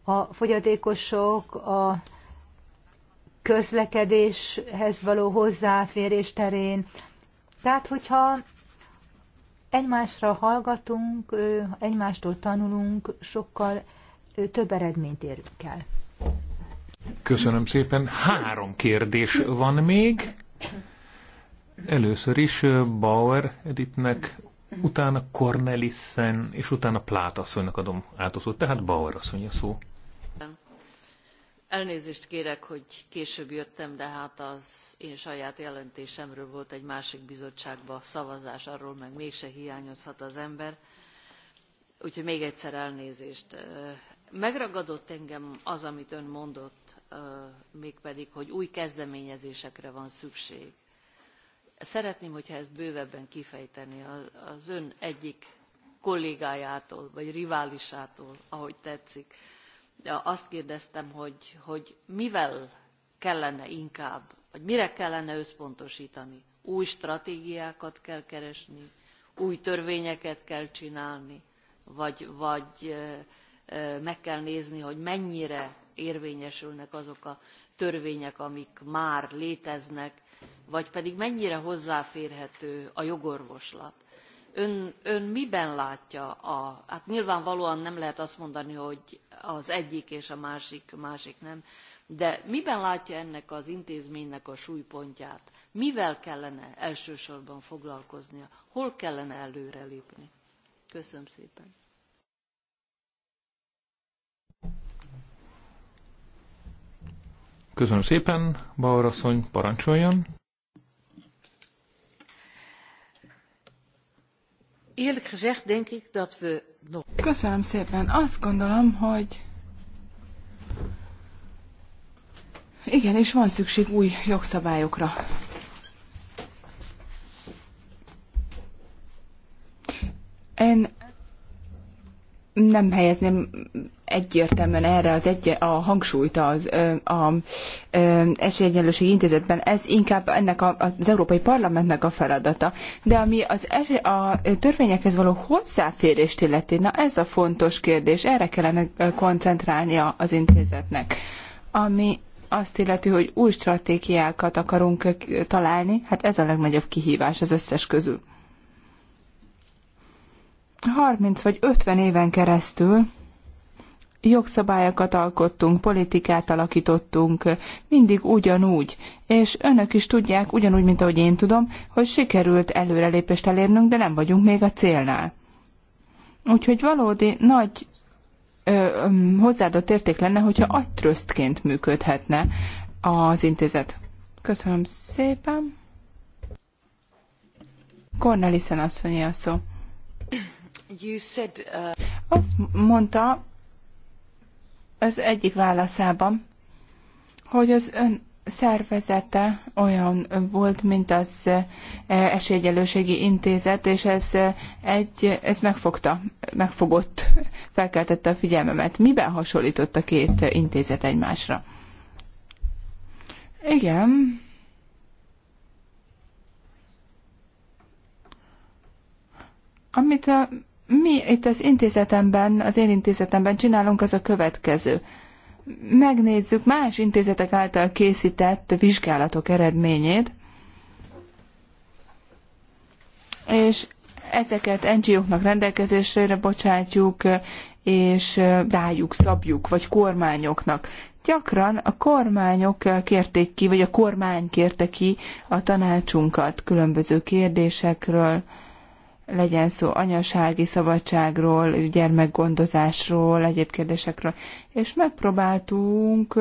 S1: a fogyatékosok a közlekedéshez való hozzáférés terén. Tehát, hogyha egymásra hallgatunk, egymástól tanulunk, sokkal több eredményt érünk el.
S2: Köszönöm szépen. Három kérdés van még. Először is Bauer Editnek, utána Cornelissen, és utána Plát asszonynak adom át a szót, tehát Bauer asszony a szó.
S3: Elnézést kérek, hogy később jöttem, de hát az én saját jelentésemről volt egy másik bizottságba szavazás, arról meg mégse hiányozhat az ember. Úgyhogy még egyszer elnézést. Megragadott engem az, amit ön mondott, mégpedig, hogy új kezdeményezésekre van szükség Szeretném, hogyha ezt bővebben kifejteni az ön egyik kollégájától, vagy riválisától, ahogy tetszik. De azt kérdeztem, hogy, hogy mivel kellene inkább, vagy mire kellene összpontosítani. Új stratégiákat kell keresni, új törvényeket kell csinálni, vagy, vagy meg kell nézni, hogy mennyire érvényesülnek azok a törvények, amik már léteznek, vagy pedig mennyire hozzáférhető a jogorvoslat. Ön, ön miben látja a, hát nyilvánvalóan nem lehet azt mondani, hogy az egyik és a másik, másik nem, de miben látja ennek az intézménynek a súlypontját? Mivel kellene elsősorban foglalkoznia? Hol kellene előrelépni? Köszönöm szépen.
S2: Köszönöm szépen, Bauer asszony, parancsoljon.
S4: Köszönöm szépen. Azt gondolom, hogy igen, és van szükség új jogszabályokra. Én nem helyezném egyértelműen erre az egy, a hangsúlyt az a, a, esélyegyenlőség intézetben. Ez inkább ennek a, az Európai Parlamentnek a feladata. De ami az a törvényekhez való hozzáférést illeti, na ez a fontos kérdés, erre kellene koncentrálnia az intézetnek. Ami azt illeti, hogy új stratégiákat akarunk találni, hát ez a legnagyobb kihívás az összes közül. 30 vagy 50 éven keresztül jogszabályokat alkottunk, politikát alakítottunk, mindig ugyanúgy. És önök is tudják, ugyanúgy, mint ahogy én tudom, hogy sikerült előrelépést elérnünk, de nem vagyunk még a célnál. Úgyhogy valódi nagy ö, hozzáadott érték lenne, hogyha agytrösztként működhetne az intézet. Köszönöm szépen. Cornelissen asszonyi a szó.
S2: Uh,
S4: Azt mondta az egyik válaszában, hogy az ön szervezete olyan volt, mint az e, esélyegyelőségi intézet, és ez, e, egy, ez megfogta, megfogott, felkeltette a figyelmemet. Miben hasonlított a két intézet egymásra? Igen. Amit a mi itt az intézetemben, az én intézetemben csinálunk, az a következő. Megnézzük más intézetek által készített vizsgálatok eredményét, és ezeket NGO-knak rendelkezésre bocsátjuk, és rájuk szabjuk, vagy kormányoknak. Gyakran a kormányok kérték ki, vagy a kormány kérte ki a tanácsunkat különböző kérdésekről, legyen szó anyasági szabadságról, gyermekgondozásról, egyéb kérdésekről, és megpróbáltunk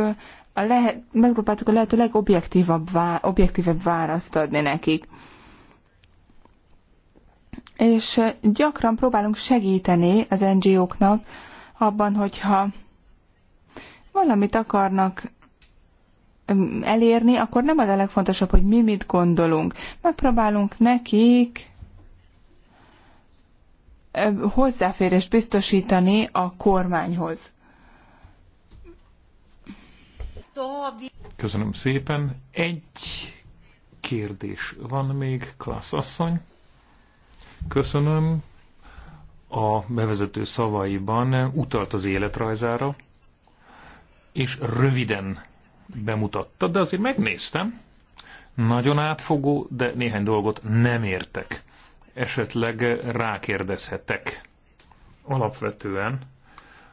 S4: a lehet, megpróbáltuk a lehető legobjektívabb vá, objektívebb választ adni nekik. És gyakran próbálunk segíteni az NGO-knak abban, hogyha valamit akarnak elérni, akkor nem az a legfontosabb, hogy mi mit gondolunk. Megpróbálunk nekik hozzáférést biztosítani a kormányhoz.
S2: Köszönöm szépen. Egy kérdés van még, klasszasszony. Köszönöm. A bevezető szavaiban utalt az életrajzára, és röviden bemutatta, de azért megnéztem. Nagyon átfogó, de néhány dolgot nem értek esetleg rákérdezhetek. Alapvetően,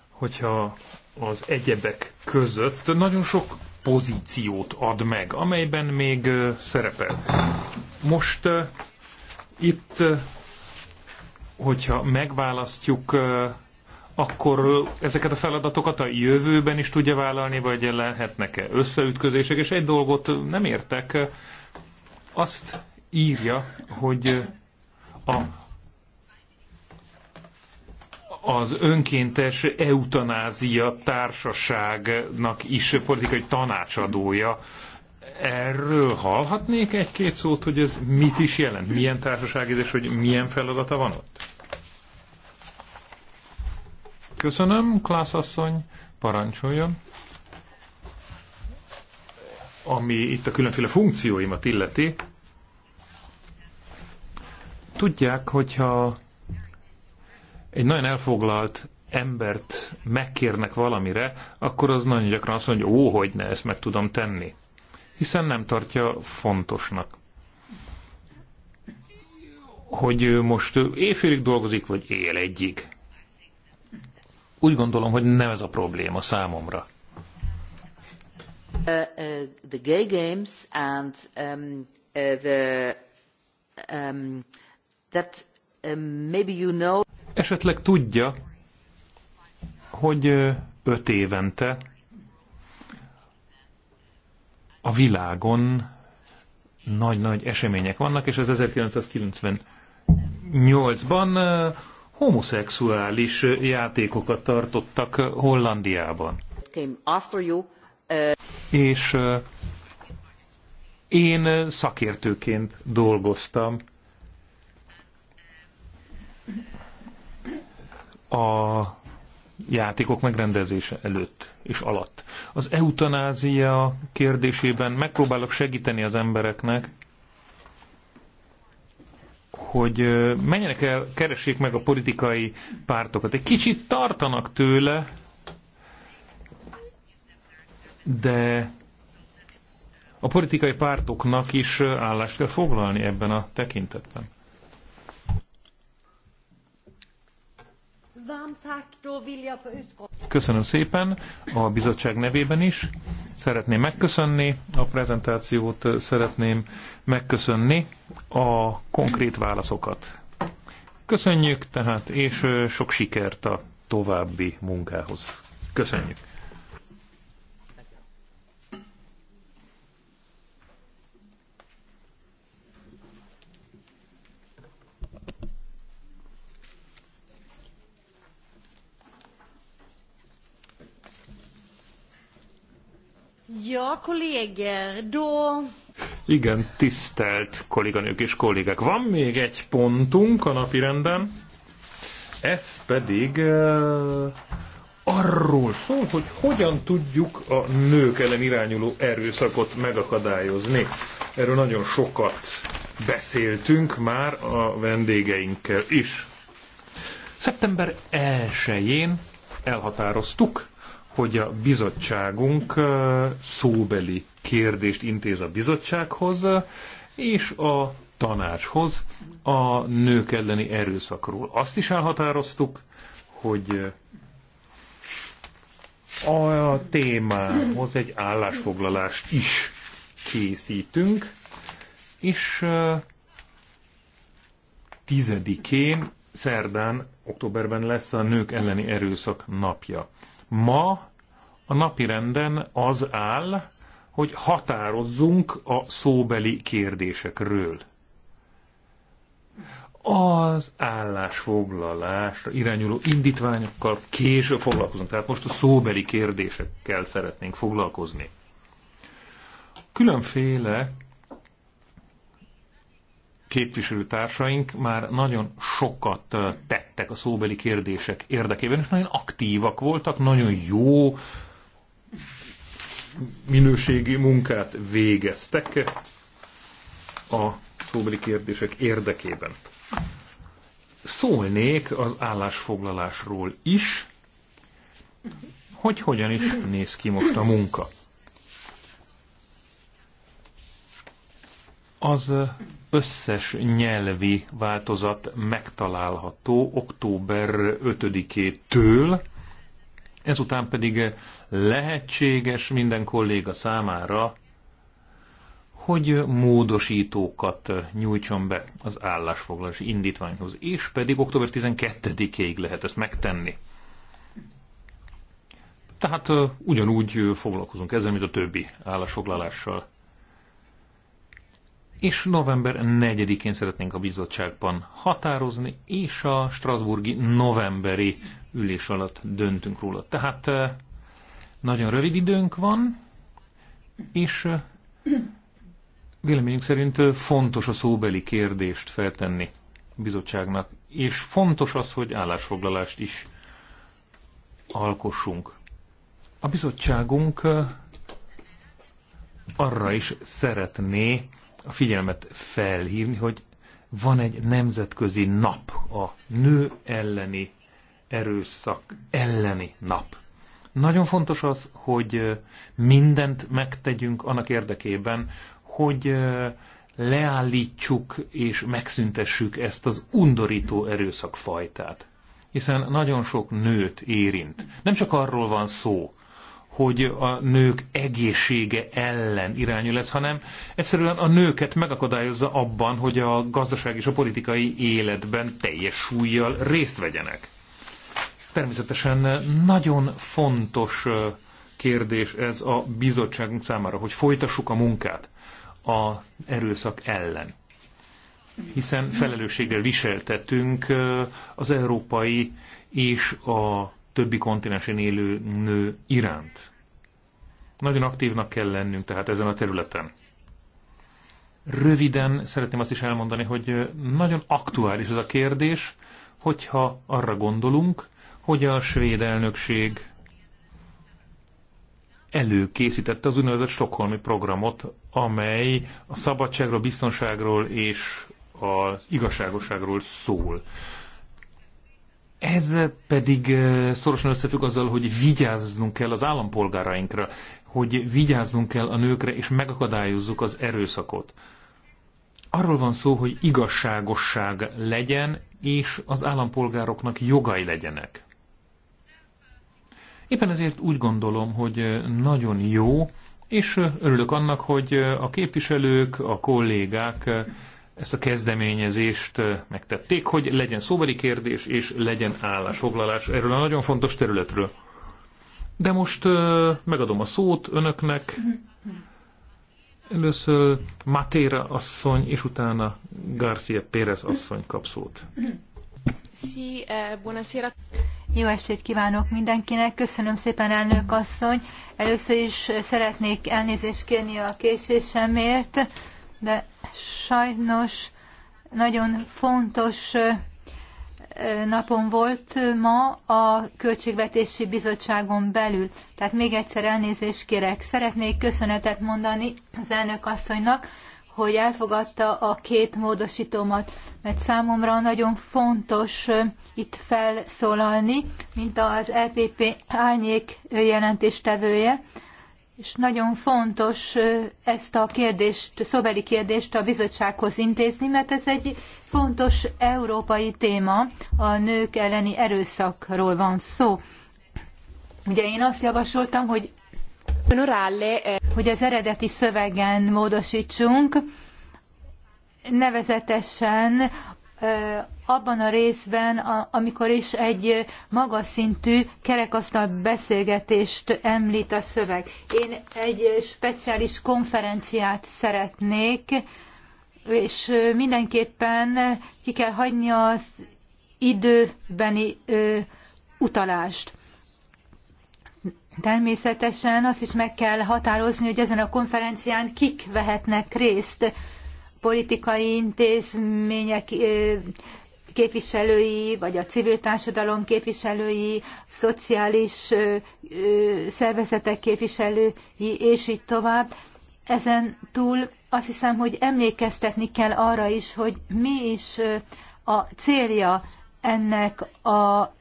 S2: hogyha az egyebek között nagyon sok pozíciót ad meg, amelyben még szerepel. Most itt, hogyha megválasztjuk, akkor ezeket a feladatokat a jövőben is tudja vállalni, vagy lehetnek-e összeütközések, és egy dolgot nem értek, azt írja, hogy a, az önkéntes eutanázia társaságnak is politikai tanácsadója. Erről hallhatnék egy-két szót, hogy ez mit is jelent? Milyen társaság ez, és hogy milyen feladata van ott? Köszönöm, klászasszony, parancsoljon. Ami itt a különféle funkcióimat illeti, Tudják, hogyha egy nagyon elfoglalt embert megkérnek valamire, akkor az nagyon gyakran azt mondja, ó, hogy ne, ezt meg tudom tenni. Hiszen nem tartja fontosnak. Hogy ő most éjfélig dolgozik, vagy él egyig. Úgy gondolom, hogy nem ez a probléma számomra.
S3: Uh, uh, the gay games and um, uh, the um, that um, maybe you know...
S2: Esetleg tudja, hogy öt évente a világon nagy-nagy események vannak, és ez 1998-ban homoszexuális játékokat tartottak Hollandiában.
S3: You, uh...
S2: És én szakértőként dolgoztam a játékok megrendezése előtt és alatt. Az eutanázia kérdésében megpróbálok segíteni az embereknek, hogy menjenek el, keressék meg a politikai pártokat. Egy kicsit tartanak tőle, de a politikai pártoknak is állást kell foglalni ebben a tekintetben. Köszönöm szépen a bizottság nevében is. Szeretném megköszönni a prezentációt, szeretném megköszönni a konkrét válaszokat. Köszönjük tehát, és sok sikert a további munkához. Köszönjük!
S3: Ja, kolléger, do...
S2: Igen, tisztelt kolléganők és kollégák. Van még egy pontunk a napirenden, ez pedig uh, arról szól, hogy hogyan tudjuk a nők ellen irányuló erőszakot megakadályozni. Erről nagyon sokat beszéltünk már a vendégeinkkel is. Szeptember 1-én elhatároztuk, hogy a bizottságunk szóbeli kérdést intéz a bizottsághoz és a tanácshoz a nők elleni erőszakról. Azt is elhatároztuk, hogy a témához egy állásfoglalást is készítünk, és tizedikén, szerdán, októberben lesz a nők elleni erőszak napja. Ma a napi renden az áll, hogy határozzunk a szóbeli kérdésekről. Az állásfoglalásra irányuló indítványokkal később foglalkozunk, tehát most a szóbeli kérdésekkel szeretnénk foglalkozni. Különféle képviselőtársaink már nagyon sokat tettek a szóbeli kérdések érdekében, és nagyon aktívak voltak, nagyon jó minőségi munkát végeztek a szóbeli kérdések érdekében. Szólnék az állásfoglalásról is, hogy hogyan is néz ki most a munka. Az összes nyelvi változat megtalálható október 5-től, ezután pedig lehetséges minden kolléga számára, hogy módosítókat nyújtson be az állásfoglalási indítványhoz, és pedig október 12-ig lehet ezt megtenni. Tehát ugyanúgy foglalkozunk ezzel, mint a többi állásfoglalással és november 4-én szeretnénk a bizottságban határozni, és a Strasburgi novemberi ülés alatt döntünk róla. Tehát nagyon rövid időnk van, és véleményünk szerint fontos a szóbeli kérdést feltenni a bizottságnak, és fontos az, hogy állásfoglalást is alkossunk. A bizottságunk arra is szeretné a figyelmet felhívni, hogy van egy nemzetközi nap, a nő elleni erőszak elleni nap. Nagyon fontos az, hogy mindent megtegyünk annak érdekében, hogy leállítsuk és megszüntessük ezt az undorító erőszakfajtát. Hiszen nagyon sok nőt érint. Nem csak arról van szó, hogy a nők egészsége ellen irányú lesz, hanem egyszerűen a nőket megakadályozza abban, hogy a gazdaság és a politikai életben teljes súlyjal részt vegyenek. Természetesen nagyon fontos kérdés ez a bizottságunk számára, hogy folytassuk a munkát a erőszak ellen. Hiszen felelősséggel viseltetünk az európai és a többi kontinensen élő nő iránt. Nagyon aktívnak kell lennünk tehát ezen a területen. Röviden szeretném azt is elmondani, hogy nagyon aktuális ez a kérdés, hogyha arra gondolunk, hogy a svéd elnökség előkészítette az úgynevezett stokholmi programot, amely a szabadságról, biztonságról és az igazságosságról szól. Ez pedig szorosan összefügg azzal, hogy vigyáznunk kell az állampolgárainkra, hogy vigyáznunk kell a nőkre, és megakadályozzuk az erőszakot. Arról van szó, hogy igazságosság legyen, és az állampolgároknak jogai legyenek. Éppen ezért úgy gondolom, hogy nagyon jó, és örülök annak, hogy a képviselők, a kollégák ezt a kezdeményezést megtették, hogy legyen szóbeli kérdés és legyen állásfoglalás erről a nagyon fontos területről. De most megadom a szót önöknek. Először Matéra asszony, és utána Garcia Pérez asszony kap szót.
S1: Sí, eh, buonasera. Jó estét kívánok mindenkinek, köszönöm szépen elnök asszony. Először is szeretnék elnézést kérni a késésemért, de sajnos nagyon fontos napon volt ma a Költségvetési Bizottságon belül. Tehát még egyszer elnézést kérek. Szeretnék köszönetet mondani az elnök asszonynak, hogy elfogadta a két módosítómat, mert számomra nagyon fontos itt felszólalni, mint az EPP árnyék jelentéstevője és nagyon fontos ezt a kérdést, szóbeli kérdést a bizottsághoz intézni, mert ez egy fontos európai téma, a nők elleni erőszakról van szó. Ugye én azt javasoltam, hogy eh, hogy az eredeti szövegen módosítsunk, nevezetesen abban a részben, amikor is egy magas szintű kerekasztal beszélgetést említ a szöveg. Én egy speciális konferenciát szeretnék, és mindenképpen ki kell hagyni az időbeni utalást. Természetesen azt is meg kell határozni, hogy ezen a konferencián kik vehetnek részt politikai intézmények képviselői, vagy a civil társadalom képviselői, szociális szervezetek képviselői, és így tovább. Ezen túl azt hiszem, hogy emlékeztetni kell arra is, hogy mi is a célja ennek a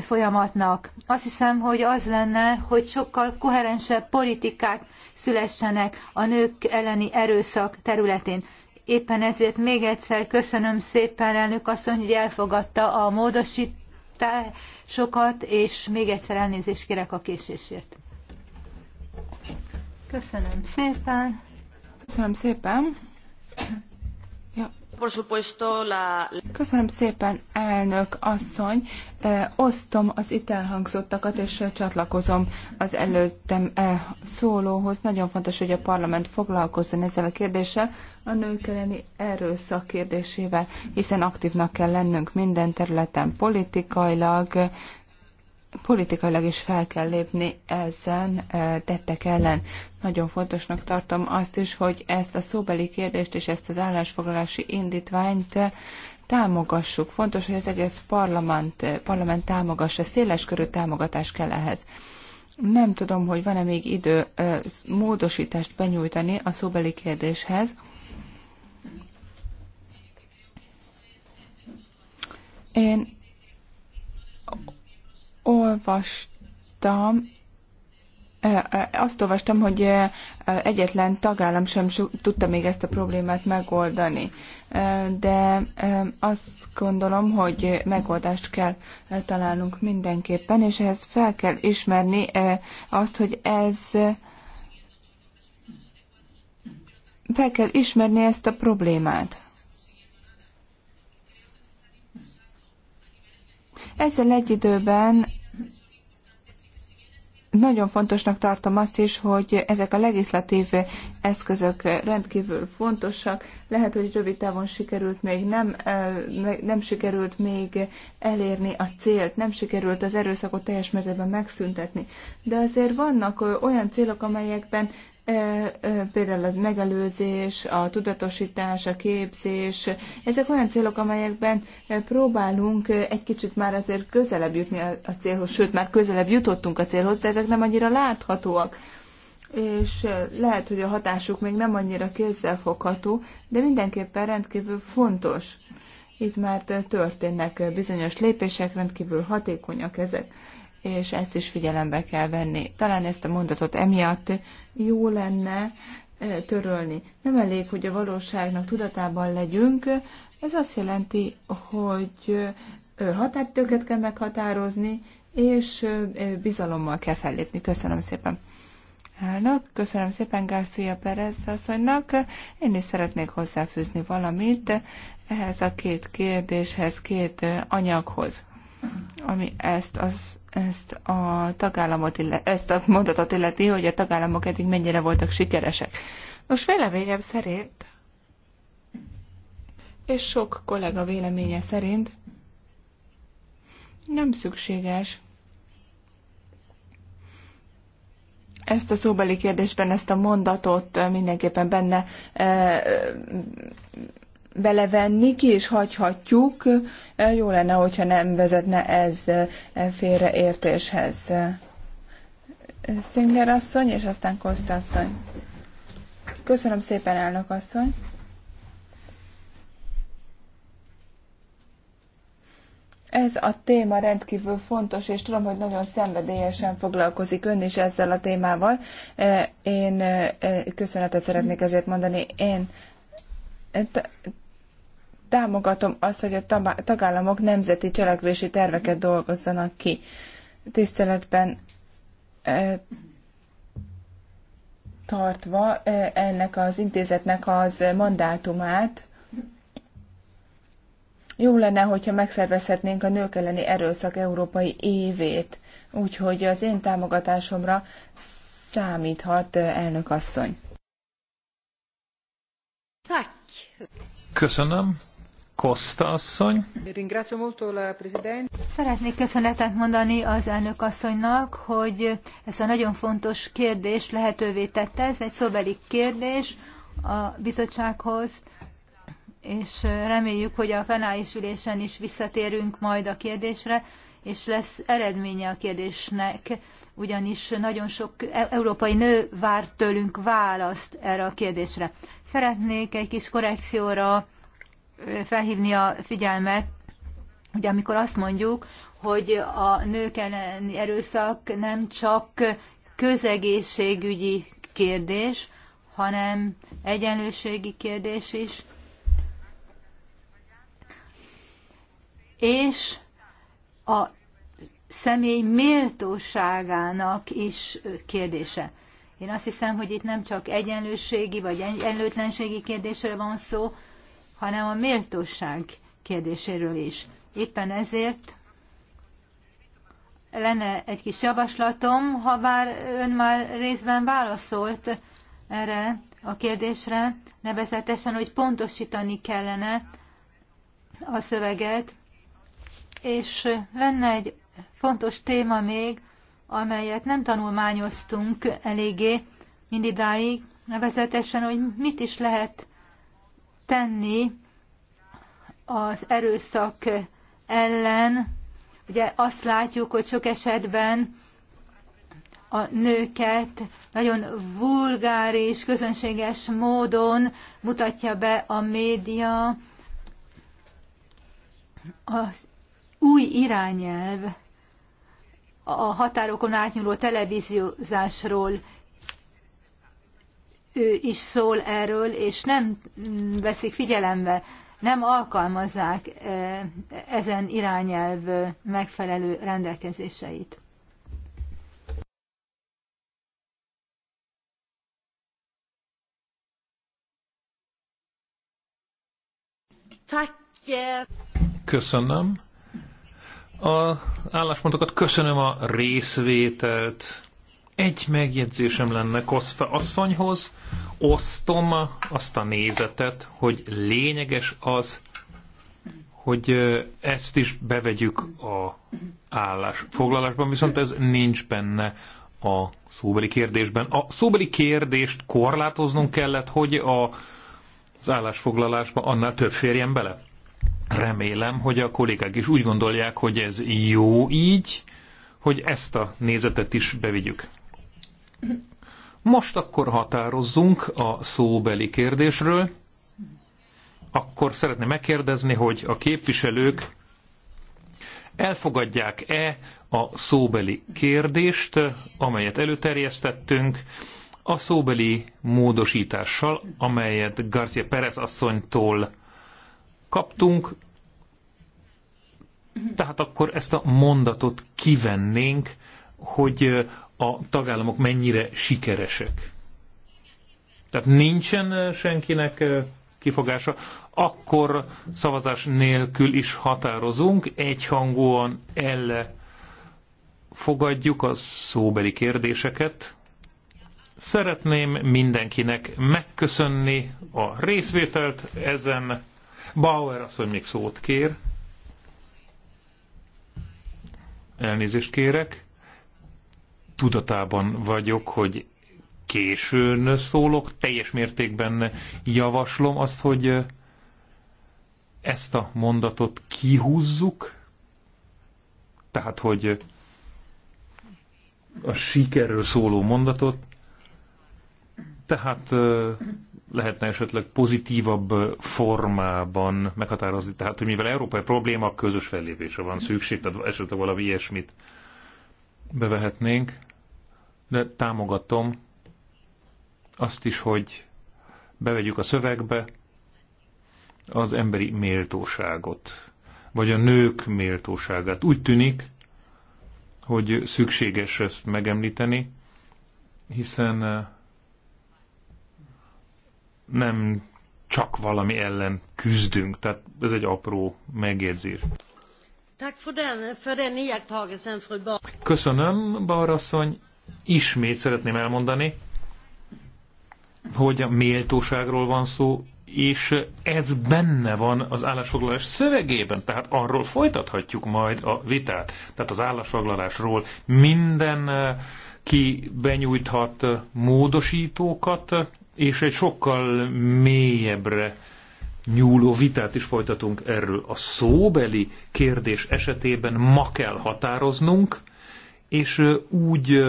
S1: folyamatnak. Azt hiszem, hogy az lenne, hogy sokkal koherensebb politikát szülessenek a nők elleni erőszak területén. Éppen ezért még egyszer köszönöm szépen, elnök asszony, hogy elfogadta a módosításokat, és még egyszer elnézést kérek a késésért.
S4: Köszönöm szépen. Köszönöm szépen. Köszönöm szépen, elnök asszony. Osztom az itt elhangzottakat, és csatlakozom az előttem szólóhoz. Nagyon fontos, hogy a parlament foglalkozzon ezzel a kérdéssel, a nők elleni erőszak kérdésével, hiszen aktívnak kell lennünk minden területen, politikailag, politikailag is fel kell lépni ezen tettek ellen. Nagyon fontosnak tartom azt is, hogy ezt a szóbeli kérdést és ezt az állásfoglalási indítványt támogassuk. Fontos, hogy az egész parlament, parlament támogassa, széles körű támogatás kell ehhez. Nem tudom, hogy van-e még idő módosítást benyújtani a szóbeli kérdéshez. Én olvastam, azt olvastam, hogy egyetlen tagállam sem tudta még ezt a problémát megoldani. De azt gondolom, hogy megoldást kell találnunk mindenképpen, és ehhez fel kell ismerni azt, hogy ez fel kell ismerni ezt a problémát. Ezzel egy időben nagyon fontosnak tartom azt is, hogy ezek a legislatív eszközök rendkívül fontosak. Lehet, hogy rövid távon sikerült még nem, nem sikerült még elérni a célt, nem sikerült az erőszakot teljes mezőben megszüntetni. De azért vannak olyan célok, amelyekben E, e, például a megelőzés, a tudatosítás, a képzés, ezek olyan célok, amelyekben e, próbálunk egy kicsit már azért közelebb jutni a célhoz, sőt, már közelebb jutottunk a célhoz, de ezek nem annyira láthatóak. És lehet, hogy a hatásuk még nem annyira kézzelfogható, de mindenképpen rendkívül fontos. Itt már történnek bizonyos lépések, rendkívül hatékonyak ezek és ezt is figyelembe kell venni. Talán ezt a mondatot emiatt jó lenne törölni. Nem elég, hogy a valóságnak tudatában legyünk, ez azt jelenti, hogy határtőket kell meghatározni, és bizalommal kell fellépni. Köszönöm szépen. Elnök, köszönöm szépen Garcia Perez asszonynak. Én is szeretnék hozzáfűzni valamit ehhez a két kérdéshez, két anyaghoz, ami ezt az ezt a tagállamot, ezt a mondatot illeti, hogy a tagállamok eddig mennyire voltak sikeresek. Nos, véleményem szerint, és sok kollega véleménye szerint, nem szükséges ezt a szóbeli kérdésben, ezt a mondatot mindenképpen benne eh, belevenni, ki is hagyhatjuk. Jó lenne, hogyha nem vezetne ez félreértéshez. Szinger asszony, és aztán Koszt asszony. Köszönöm szépen, elnök asszony. Ez a téma rendkívül fontos, és tudom, hogy nagyon szenvedélyesen foglalkozik ön is ezzel a témával. Én eh, köszönetet szeretnék ezért mondani. Én eh, támogatom azt, hogy a tagállamok nemzeti cselekvési terveket dolgozzanak ki. Tiszteletben e, tartva e, ennek az intézetnek az mandátumát, jó lenne, hogyha megszervezhetnénk a nők elleni erőszak európai évét, úgyhogy az én támogatásomra számíthat e, elnök asszony.
S2: Köszönöm. Costa asszony.
S1: Szeretnék köszönetet mondani az elnök asszonynak, hogy ezt a nagyon fontos kérdést lehetővé tette. Ez egy szóbeli kérdés a bizottsághoz, és reméljük, hogy a plenáris ülésen is visszatérünk majd a kérdésre, és lesz eredménye a kérdésnek, ugyanis nagyon sok e- európai nő vár tőlünk választ erre a kérdésre. Szeretnék egy kis korrekcióra felhívni a figyelmet, hogy amikor azt mondjuk, hogy a nők elleni erőszak nem csak közegészségügyi kérdés, hanem egyenlőségi kérdés is, és a személy méltóságának is kérdése. Én azt hiszem, hogy itt nem csak egyenlőségi vagy egyenlőtlenségi kérdésről van szó, hanem a méltóság kérdéséről is. Éppen ezért lenne egy kis javaslatom, ha bár ön már részben válaszolt erre a kérdésre, nevezetesen, hogy pontosítani kellene a szöveget, és lenne egy fontos téma még, amelyet nem tanulmányoztunk eléggé mindidáig, nevezetesen, hogy mit is lehet tenni az erőszak ellen. Ugye azt látjuk, hogy sok esetben a nőket nagyon vulgáris, közönséges módon mutatja be a média az új irányelv a határokon átnyúló televíziózásról is szól erről, és nem veszik figyelembe, nem alkalmazzák ezen irányelv megfelelő rendelkezéseit.
S2: Köszönöm. A álláspontokat köszönöm a részvételt, egy megjegyzésem lenne Koszta asszonyhoz. Osztom azt a nézetet, hogy lényeges az, hogy ezt is bevegyük a állás foglalásban. viszont ez nincs benne a szóbeli kérdésben. A szóbeli kérdést korlátoznunk kellett, hogy a, az állásfoglalásba annál több férjen bele. Remélem, hogy a kollégák is úgy gondolják, hogy ez jó így, hogy ezt a nézetet is bevigyük. Most akkor határozzunk a szóbeli kérdésről. Akkor szeretném megkérdezni, hogy a képviselők elfogadják-e a szóbeli kérdést, amelyet előterjesztettünk, a szóbeli módosítással, amelyet Garcia Perez asszonytól kaptunk, tehát akkor ezt a mondatot kivennénk, hogy a tagállamok mennyire sikeresek. Tehát nincsen eh, senkinek eh, kifogása, akkor szavazás nélkül is határozunk, egyhangúan elle fogadjuk a szóbeli kérdéseket. Szeretném mindenkinek megköszönni a részvételt ezen. Bauer asszony még szót kér. Elnézést kérek tudatában vagyok, hogy későn szólok, teljes mértékben javaslom azt, hogy ezt a mondatot kihúzzuk, tehát, hogy a sikerről szóló mondatot, tehát lehetne esetleg pozitívabb formában meghatározni. Tehát, hogy mivel európai probléma, közös fellépése van szükség, tehát esetleg valami ilyesmit bevehetnénk de támogatom azt is, hogy bevegyük a szövegbe az emberi méltóságot, vagy a nők méltóságát. Úgy tűnik, hogy szükséges ezt megemlíteni, hiszen eh, nem csak valami ellen küzdünk, tehát ez egy apró megjegyzés. Köszönöm, Barasszony, Ismét szeretném elmondani, hogy a méltóságról van szó, és ez benne van az állásfoglalás szövegében, tehát arról folytathatjuk majd a vitát. Tehát az állásfoglalásról minden eh, ki benyújthat eh, módosítókat, és egy sokkal mélyebbre nyúló vitát is folytatunk erről. A szóbeli kérdés esetében ma kell határoznunk, és úgy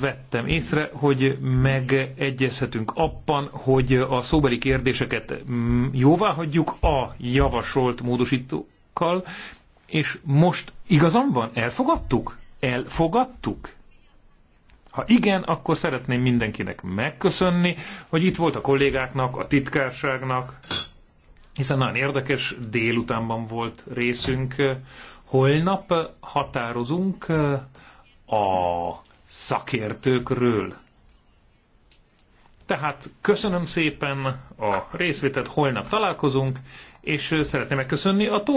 S2: vettem észre, hogy megegyezhetünk abban, hogy a szóbeli kérdéseket mm, jóvá hagyjuk a javasolt módosítókkal, és most igazam van? Elfogadtuk? Elfogadtuk? Ha igen, akkor szeretném mindenkinek megköszönni, hogy itt volt a kollégáknak, a titkárságnak, hiszen nagyon érdekes délutánban volt részünk, Holnap határozunk eh, a szakértőkről. Tehát köszönöm szépen a részvételt, holnap találkozunk, és eh, szeretném megköszönni a